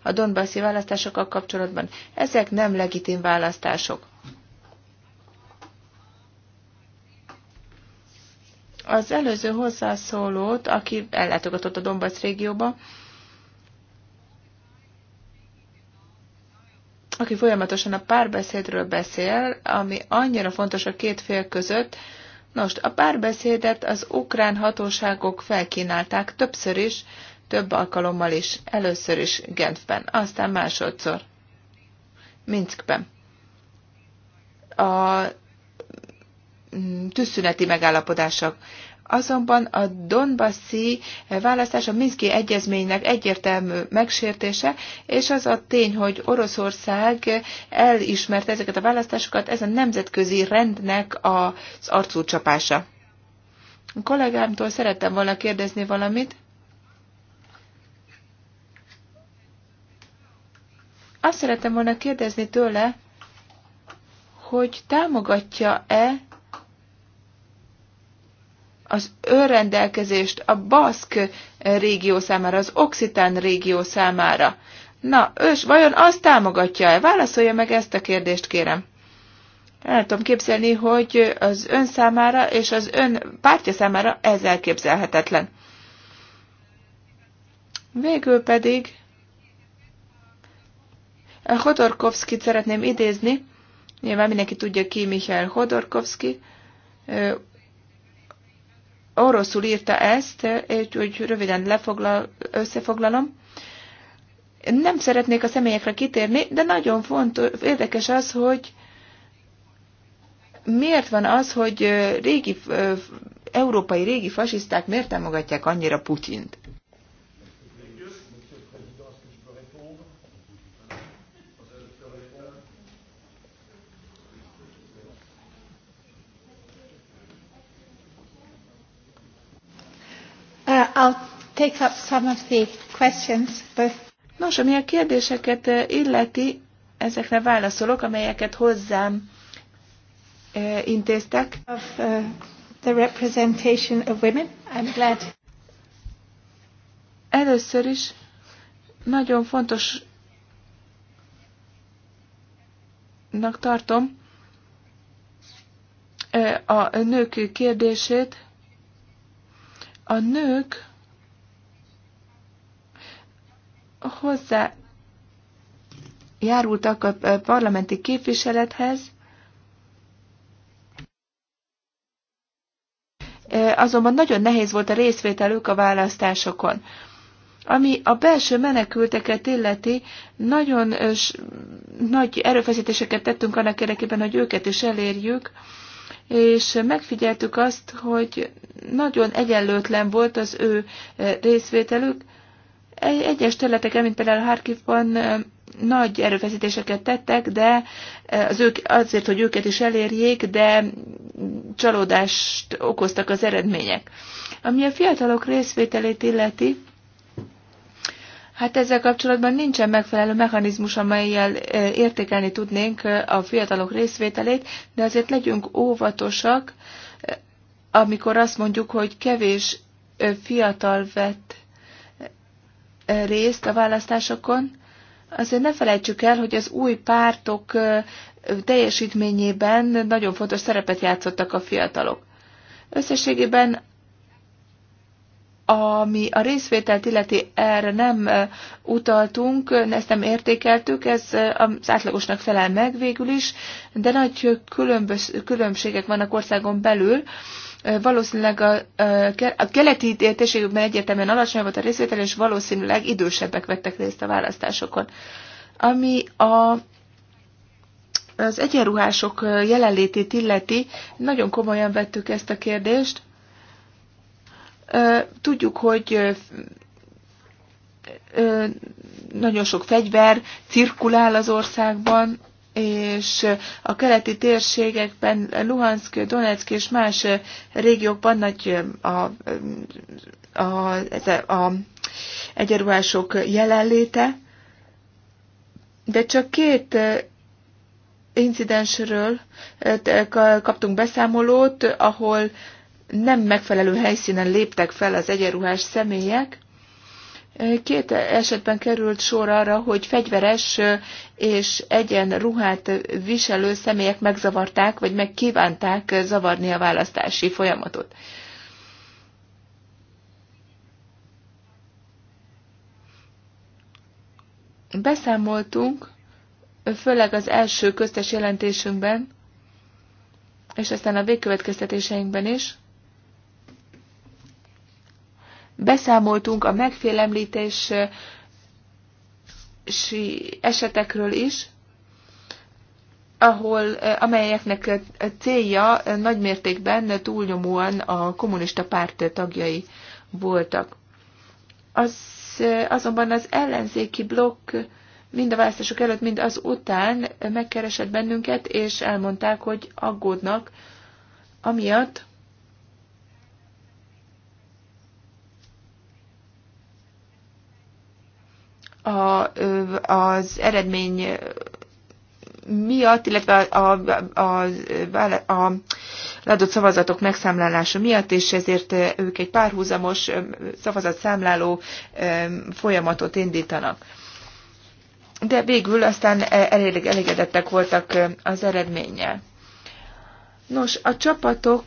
a Donbasszi választásokkal kapcsolatban. Ezek nem legitim választások. Az előző hozzászólót, aki ellátogatott a Donbass régióba, aki folyamatosan a párbeszédről beszél, ami annyira fontos a két fél között, Nos, a párbeszédet az ukrán hatóságok felkínálták többször is, több alkalommal is, először is Genfben, aztán másodszor Minskben. A mm, tűzszüneti megállapodások. Azonban a Donbasszi választás a Minszki Egyezménynek egyértelmű megsértése, és az a tény, hogy Oroszország elismerte ezeket a választásokat, ez a nemzetközi rendnek az csapása. A kollégámtól szerettem volna kérdezni valamit. Azt szeretem volna kérdezni tőle, hogy támogatja-e az önrendelkezést a baszk régió számára, az Occitán régió számára. Na, ős vajon azt támogatja-e? Válaszolja meg ezt a kérdést, kérem. El tudom képzelni, hogy az ön számára és az ön pártja számára ez elképzelhetetlen. Végül pedig Hodorkovszkit szeretném idézni, nyilván mindenki tudja ki Michael Hodorkovszki, oroszul írta ezt, úgy röviden lefoglal, összefoglalom. Nem szeretnék a személyekre kitérni, de nagyon fontos, érdekes az, hogy miért van az, hogy régi, európai régi fasiszták miért támogatják annyira Putyint. I'll take up some of the questions, Nos, ami a kérdéseket eh, illeti, ezekre válaszolok, amelyeket hozzám eh, intéztek. Of, uh, the representation of women. I'm glad. Először is nagyon fontosnak tartom a nők kérdését, a nők hozzá járultak a parlamenti képviselethez, azonban nagyon nehéz volt a részvételük a választásokon. Ami a belső menekülteket illeti, nagyon nagy erőfeszítéseket tettünk annak érdekében, hogy őket is elérjük, és megfigyeltük azt, hogy nagyon egyenlőtlen volt az ő e, részvételük. Egyes területeken, mint például Harkivban e, nagy erőfeszítéseket tettek, de e, az ők, azért, hogy őket is elérjék, de csalódást okoztak az eredmények. Ami a fiatalok részvételét illeti, Hát ezzel kapcsolatban nincsen megfelelő mechanizmus, amelyel értékelni tudnénk a fiatalok részvételét, de azért legyünk óvatosak, amikor azt mondjuk, hogy kevés fiatal vett részt a választásokon, azért ne felejtsük el, hogy az új pártok teljesítményében nagyon fontos szerepet játszottak a fiatalok. Összességében ami a részvételt illeti erre nem utaltunk, ezt nem értékeltük, ez az átlagosnak felel meg végül is, de nagy különbös, különbségek vannak országon belül. Valószínűleg a, a keleti térségükben egyértelműen alacsony volt a részvétel, és valószínűleg idősebbek vettek részt a választásokon. Ami a az egyenruhások jelenlétét illeti, nagyon komolyan vettük ezt a kérdést, Tudjuk, hogy nagyon sok fegyver cirkulál az országban, és a keleti térségekben, Luhansk, Donetsk és más régiókban nagy a, a, a, a egyenruhások jelenléte, de csak két incidensről kaptunk beszámolót, ahol nem megfelelő helyszínen léptek fel az egyenruhás személyek. Két esetben került sor arra, hogy fegyveres és egyen ruhát viselő személyek megzavarták, vagy megkívánták zavarni a választási folyamatot. Beszámoltunk, főleg az első köztes jelentésünkben, és aztán a végkövetkeztetéseinkben is, Beszámoltunk a megfélemlítési esetekről is, ahol, amelyeknek célja nagymértékben túlnyomóan a kommunista párt tagjai voltak. Az, azonban az ellenzéki blokk mind a választások előtt, mind az után megkeresett bennünket, és elmondták, hogy aggódnak, amiatt, a, az eredmény miatt, illetve a, a, a, a, a leadott szavazatok megszámlálása miatt, és ezért ők egy párhuzamos szavazatszámláló folyamatot indítanak. De végül aztán e, elég elégedettek voltak az eredménnyel. Nos, a csapatok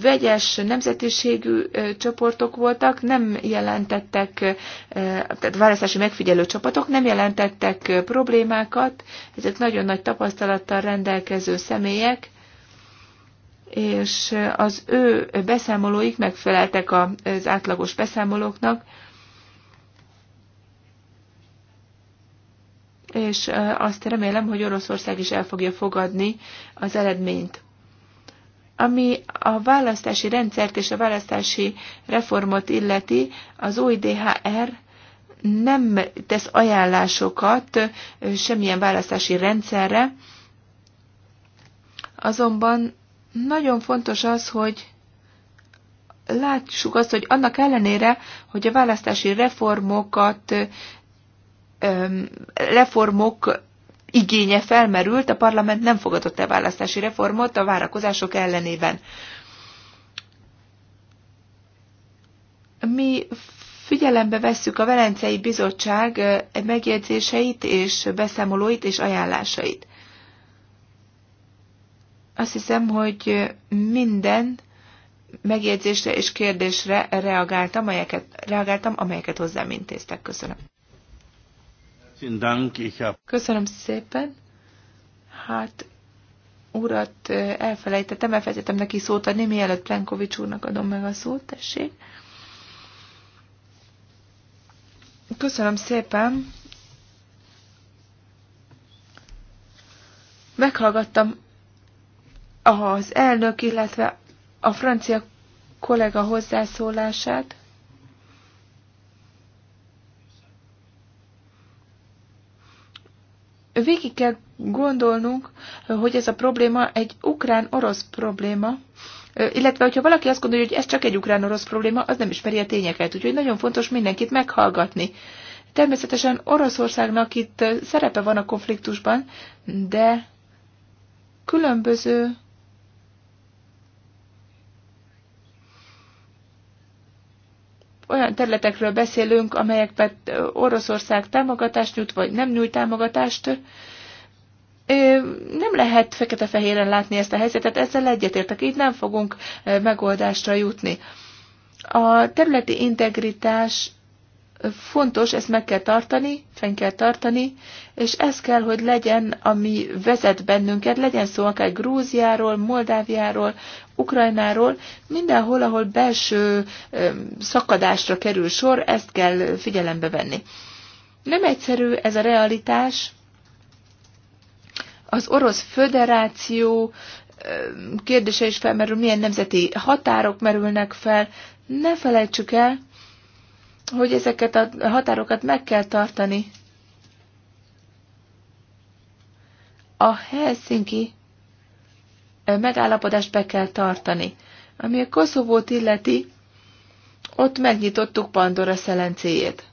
vegyes nemzetiségű csoportok voltak, nem jelentettek, tehát választási megfigyelő csapatok nem jelentettek problémákat, ezek nagyon nagy tapasztalattal rendelkező személyek, és az ő beszámolóik megfeleltek az átlagos beszámolóknak, és azt remélem, hogy Oroszország is el fogja fogadni az eredményt. Ami a választási rendszert és a választási reformot illeti, az új DHR nem tesz ajánlásokat semmilyen választási rendszerre, azonban nagyon fontos az, hogy Látsuk azt, hogy annak ellenére, hogy a választási reformokat reformok igénye felmerült, a parlament nem fogadott el választási reformot a várakozások ellenében. Mi figyelembe vesszük a Velencei Bizottság megjegyzéseit és beszámolóit és ajánlásait. Azt hiszem, hogy minden megjegyzésre és kérdésre reagáltam, amelyeket, reagáltam, amelyeket hozzám intéztek. Köszönöm. Köszönöm szépen. Hát, urat elfelejtettem, elfelejtettem neki szót adni, mielőtt Plenkovics úrnak adom meg a szót, tessék. Köszönöm szépen. Meghallgattam az elnök, illetve a francia kollega hozzászólását. végig kell gondolnunk, hogy ez a probléma egy ukrán-orosz probléma, illetve hogyha valaki azt gondolja, hogy ez csak egy ukrán-orosz probléma, az nem ismeri a tényeket, úgyhogy nagyon fontos mindenkit meghallgatni. Természetesen Oroszországnak itt szerepe van a konfliktusban, de különböző olyan területekről beszélünk, amelyekben Oroszország támogatást nyújt, vagy nem nyújt támogatást, nem lehet fekete-fehéren látni ezt a helyzetet, ezzel egyetértek, így nem fogunk megoldásra jutni. A területi integritás fontos, ezt meg kell tartani, fenn kell tartani, és ez kell, hogy legyen, ami vezet bennünket, legyen szó akár Grúziáról, Moldáviáról, Ukrajnáról, mindenhol, ahol belső szakadásra kerül sor, ezt kell figyelembe venni. Nem egyszerű ez a realitás. Az Orosz Föderáció kérdése is felmerül, milyen nemzeti határok merülnek fel. Ne felejtsük el, hogy ezeket a határokat meg kell tartani. A Helsinki megállapodást be kell tartani. Ami a Koszovót illeti, ott megnyitottuk Pandora szelencéjét.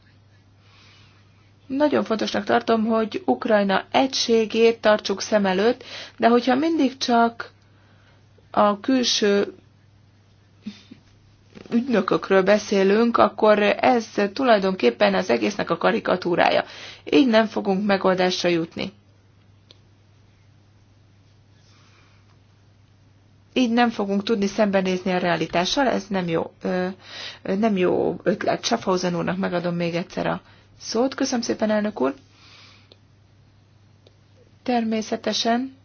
Nagyon fontosnak tartom, hogy Ukrajna egységét tartsuk szem előtt, de hogyha mindig csak a külső ügynökökről beszélünk, akkor ez tulajdonképpen az egésznek a karikatúrája. Így nem fogunk megoldásra jutni. Így nem fogunk tudni szembenézni a realitással, ez nem jó, nem jó ötlet. Schaffhausen úrnak megadom még egyszer a szót. Köszönöm szépen, elnök úr. Természetesen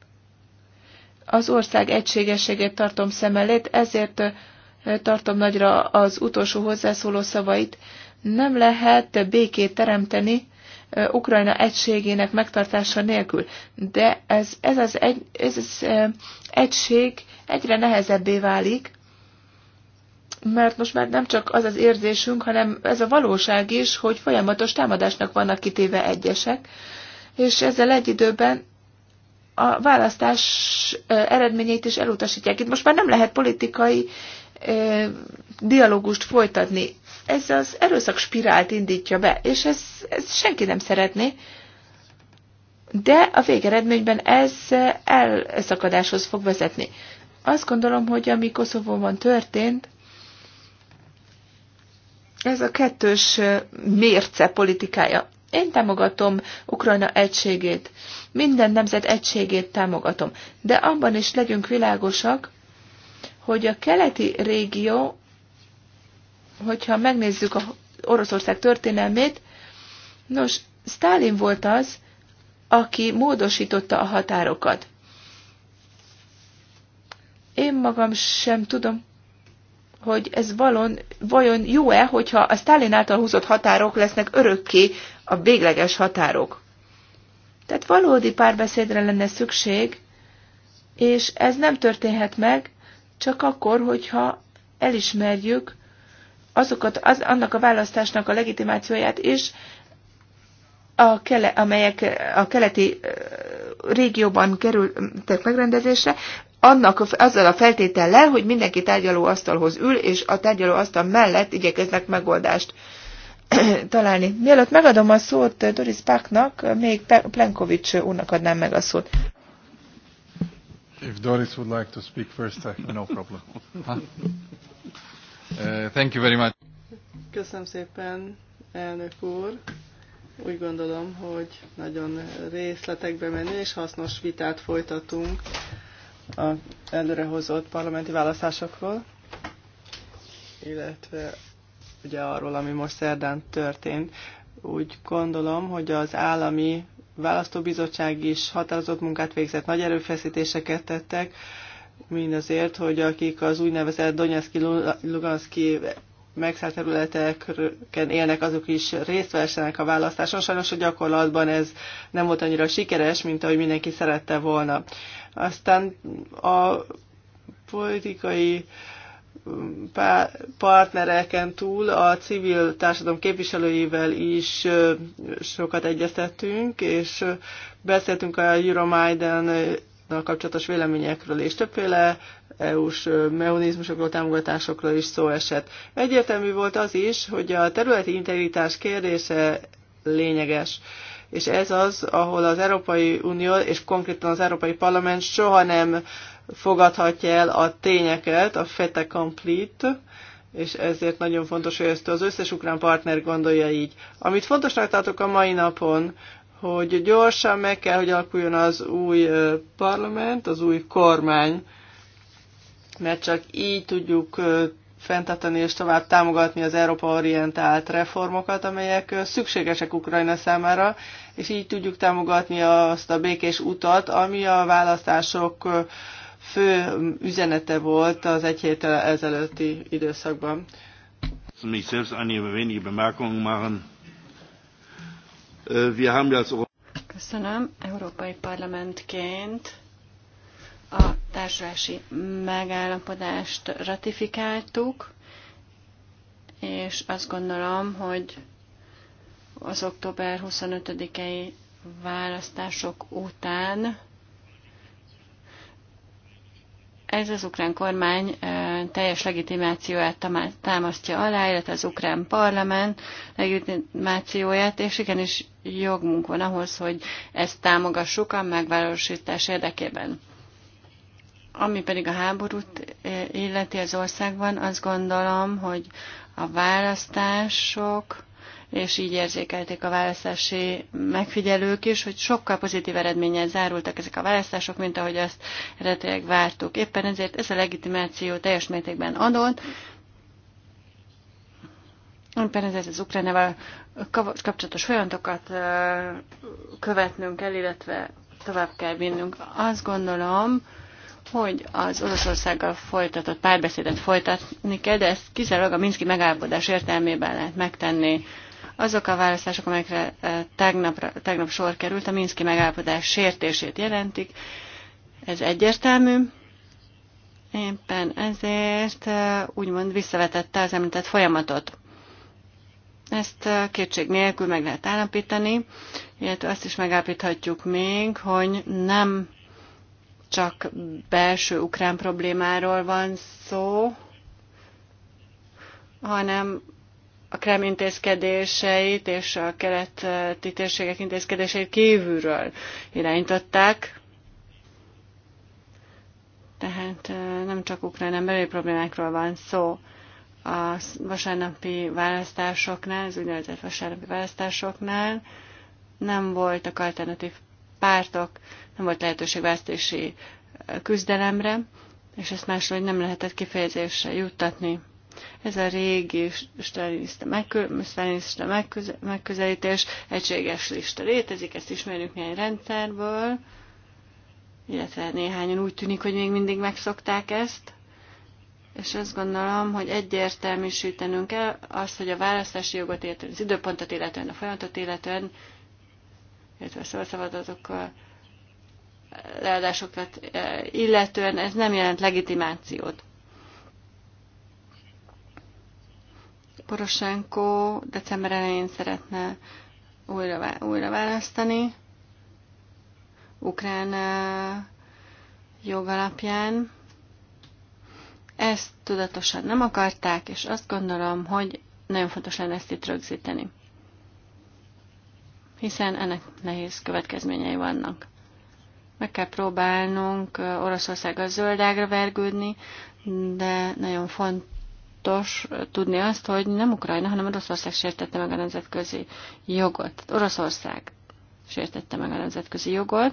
az ország egységességét tartom szem előtt, ezért tartom nagyra az utolsó hozzászóló szavait, nem lehet békét teremteni Ukrajna egységének megtartása nélkül, de ez, ez, az, egy, ez az egység egyre nehezebbé válik, mert most már nem csak az az érzésünk, hanem ez a valóság is, hogy folyamatos támadásnak vannak kitéve egyesek, és ezzel egy időben a választás eredményeit is elutasítják. Itt most már nem lehet politikai dialógust folytatni. Ez az erőszak spirált indítja be, és ez, ez senki nem szeretné, de a végeredményben ez elszakadáshoz fog vezetni. Azt gondolom, hogy ami Koszovóban történt, ez a kettős mérce politikája. Én támogatom Ukrajna egységét, minden nemzet egységét támogatom, de abban is legyünk világosak, hogy a keleti régió, hogyha megnézzük a Oroszország történelmét, nos, Stálin volt az, aki módosította a határokat. Én magam sem tudom, hogy ez valon, vajon jó-e, hogyha a Stálin által húzott határok lesznek örökké a végleges határok. Tehát valódi párbeszédre lenne szükség, és ez nem történhet meg, csak akkor, hogyha elismerjük azokat, az, annak a választásnak a legitimációját is, a kele, amelyek a keleti régióban kerültek megrendezésre, annak azzal a feltétellel, hogy mindenki tárgyalóasztalhoz ül, és a tárgyalóasztal mellett igyekeznek megoldást találni. Mielőtt megadom a szót Doris Páknak, még Plenkovics úrnak adnám meg a szót. If Doris would like to speak first, no problem. Huh? Uh, thank you very much. Köszönöm szépen, elnök úr. Úgy gondolom, hogy nagyon részletekbe menő és hasznos vitát folytatunk a előrehozott parlamenti választásokról, illetve ugye arról, ami most szerdán történt. Úgy gondolom, hogy az állami választóbizottság is határozott munkát végzett, nagy erőfeszítéseket tettek, azért, hogy akik az úgynevezett Donetszki, Luganszki megszállt területeken élnek, azok is részt vessenek a választáson. Sajnos a gyakorlatban ez nem volt annyira sikeres, mint ahogy mindenki szerette volna. Aztán a politikai uh, partnereken túl a civil társadalom képviselőivel is sokat egyeztettünk, és beszéltünk a Euromaidan kapcsolatos véleményekről és többféle EU-s mechanizmusokról, támogatásokról is szó esett. Egyértelmű volt az is, hogy a területi integritás kérdése lényeges és ez az, ahol az Európai Unió és konkrétan az Európai Parlament soha nem fogadhatja el a tényeket, a fete complete, és ezért nagyon fontos, hogy ezt az összes ukrán partner gondolja így. Amit fontosnak tartok a mai napon, hogy gyorsan meg kell, hogy alakuljon az új parlament, az új kormány, mert csak így tudjuk fenntartani és tovább támogatni az Európa-orientált reformokat, amelyek szükségesek Ukrajna számára, és így tudjuk támogatni azt a békés utat, ami a választások fő üzenete volt az egy héttel ezelőtti időszakban. Äh, Köszönöm. Európai Parlamentként a társulási megállapodást ratifikáltuk, és azt gondolom, hogy az október 25-i választások után ez az ukrán kormány teljes legitimációját támasztja alá, illetve az ukrán parlament legitimációját, és igenis jogmunk van ahhoz, hogy ezt támogassuk a megvalósítás érdekében. Ami pedig a háborút illeti az országban, azt gondolom, hogy a választások és így érzékelték a választási megfigyelők is, hogy sokkal pozitív eredménnyel zárultak ezek a választások, mint ahogy azt eredetileg vártuk. Éppen ezért ez a legitimáció teljes mértékben adott, Éppen ezért az Ukránával kapcsolatos folyamatokat követnünk el, illetve tovább kell vinnünk. Azt gondolom, hogy az Oroszországgal folytatott párbeszédet folytatni kell, de ezt kizárólag a Minszki megállapodás értelmében lehet megtenni azok a választások, amelyekre e, tegnap, tegnap sor került, a Minszki megállapodás sértését jelentik. Ez egyértelmű. Éppen ezért e, úgymond visszavetette az említett folyamatot. Ezt e, kétség nélkül meg lehet állapítani, illetve azt is megállapíthatjuk még, hogy nem csak belső ukrán problémáról van szó, hanem a Krem intézkedéseit és a keleti térségek intézkedéseit kívülről irányították. Tehát nem csak ukrán belüli problémákról van szó. A vasárnapi választásoknál, az úgynevezett vasárnapi választásoknál nem voltak alternatív pártok, nem volt lehetőség választási küzdelemre, és ezt máshogy nem lehetett kifejezésre juttatni. Ez a régi stalinista megköz, megközelítés, egységes lista létezik, ezt ismerjük néhány rendszerből, illetve néhányan úgy tűnik, hogy még mindig megszokták ezt. És azt gondolom, hogy egyértelműsítenünk kell azt, hogy a választási jogot illetően, az időpontot illetően, a folyamatot illetően, illetve a szavazatokkal, leadásokat eh, illetően ez nem jelent legitimációt. Poroshenko december elején szeretne újra, újra választani, ukrán eh, jogalapján. Ezt tudatosan nem akarták, és azt gondolom, hogy nagyon fontos lenne ezt itt rögzíteni, hiszen ennek nehéz következményei vannak. Meg kell próbálnunk eh, Oroszország a zöldágra vergődni, de nagyon fontos, fontos tudni azt, hogy nem Ukrajna, hanem Oroszország sértette meg a nemzetközi jogot. Oroszország sértette meg a nemzetközi jogot,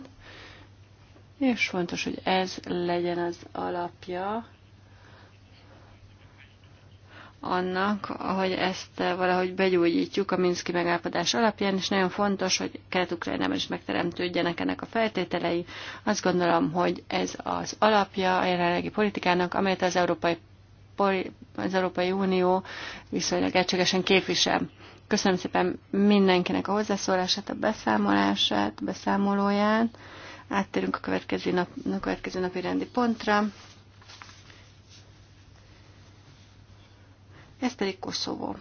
és fontos, hogy ez legyen az alapja annak, hogy ezt valahogy begyógyítjuk a Minszki megállapodás alapján, és nagyon fontos, hogy Kelet-Ukrajnában is megteremtődjenek ennek a feltételei. Azt gondolom, hogy ez az alapja a jelenlegi politikának, amelyet az Európai az Európai Unió viszonylag egységesen képvisel. Köszönöm szépen mindenkinek a hozzászólását, a beszámolását, beszámolóját. Áttérünk a következő, nap, a következő napi rendi pontra. Ez pedig Koszovó.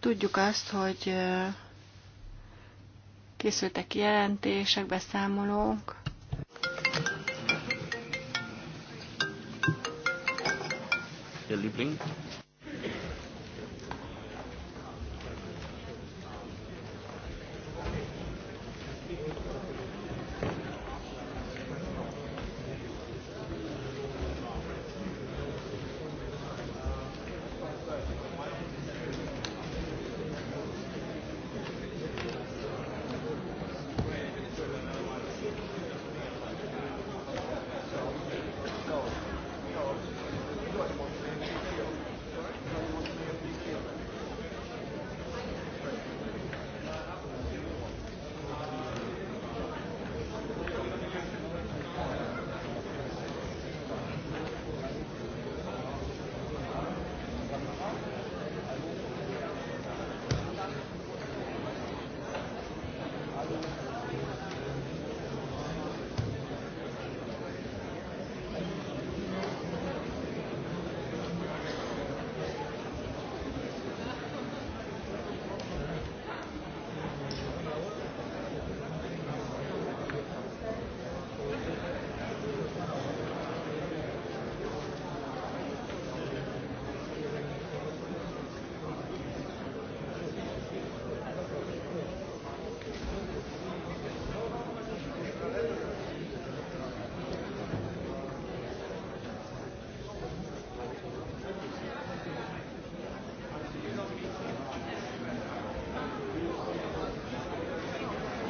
Tudjuk azt, hogy készültek jelentések, beszámolók Ihr Liebling.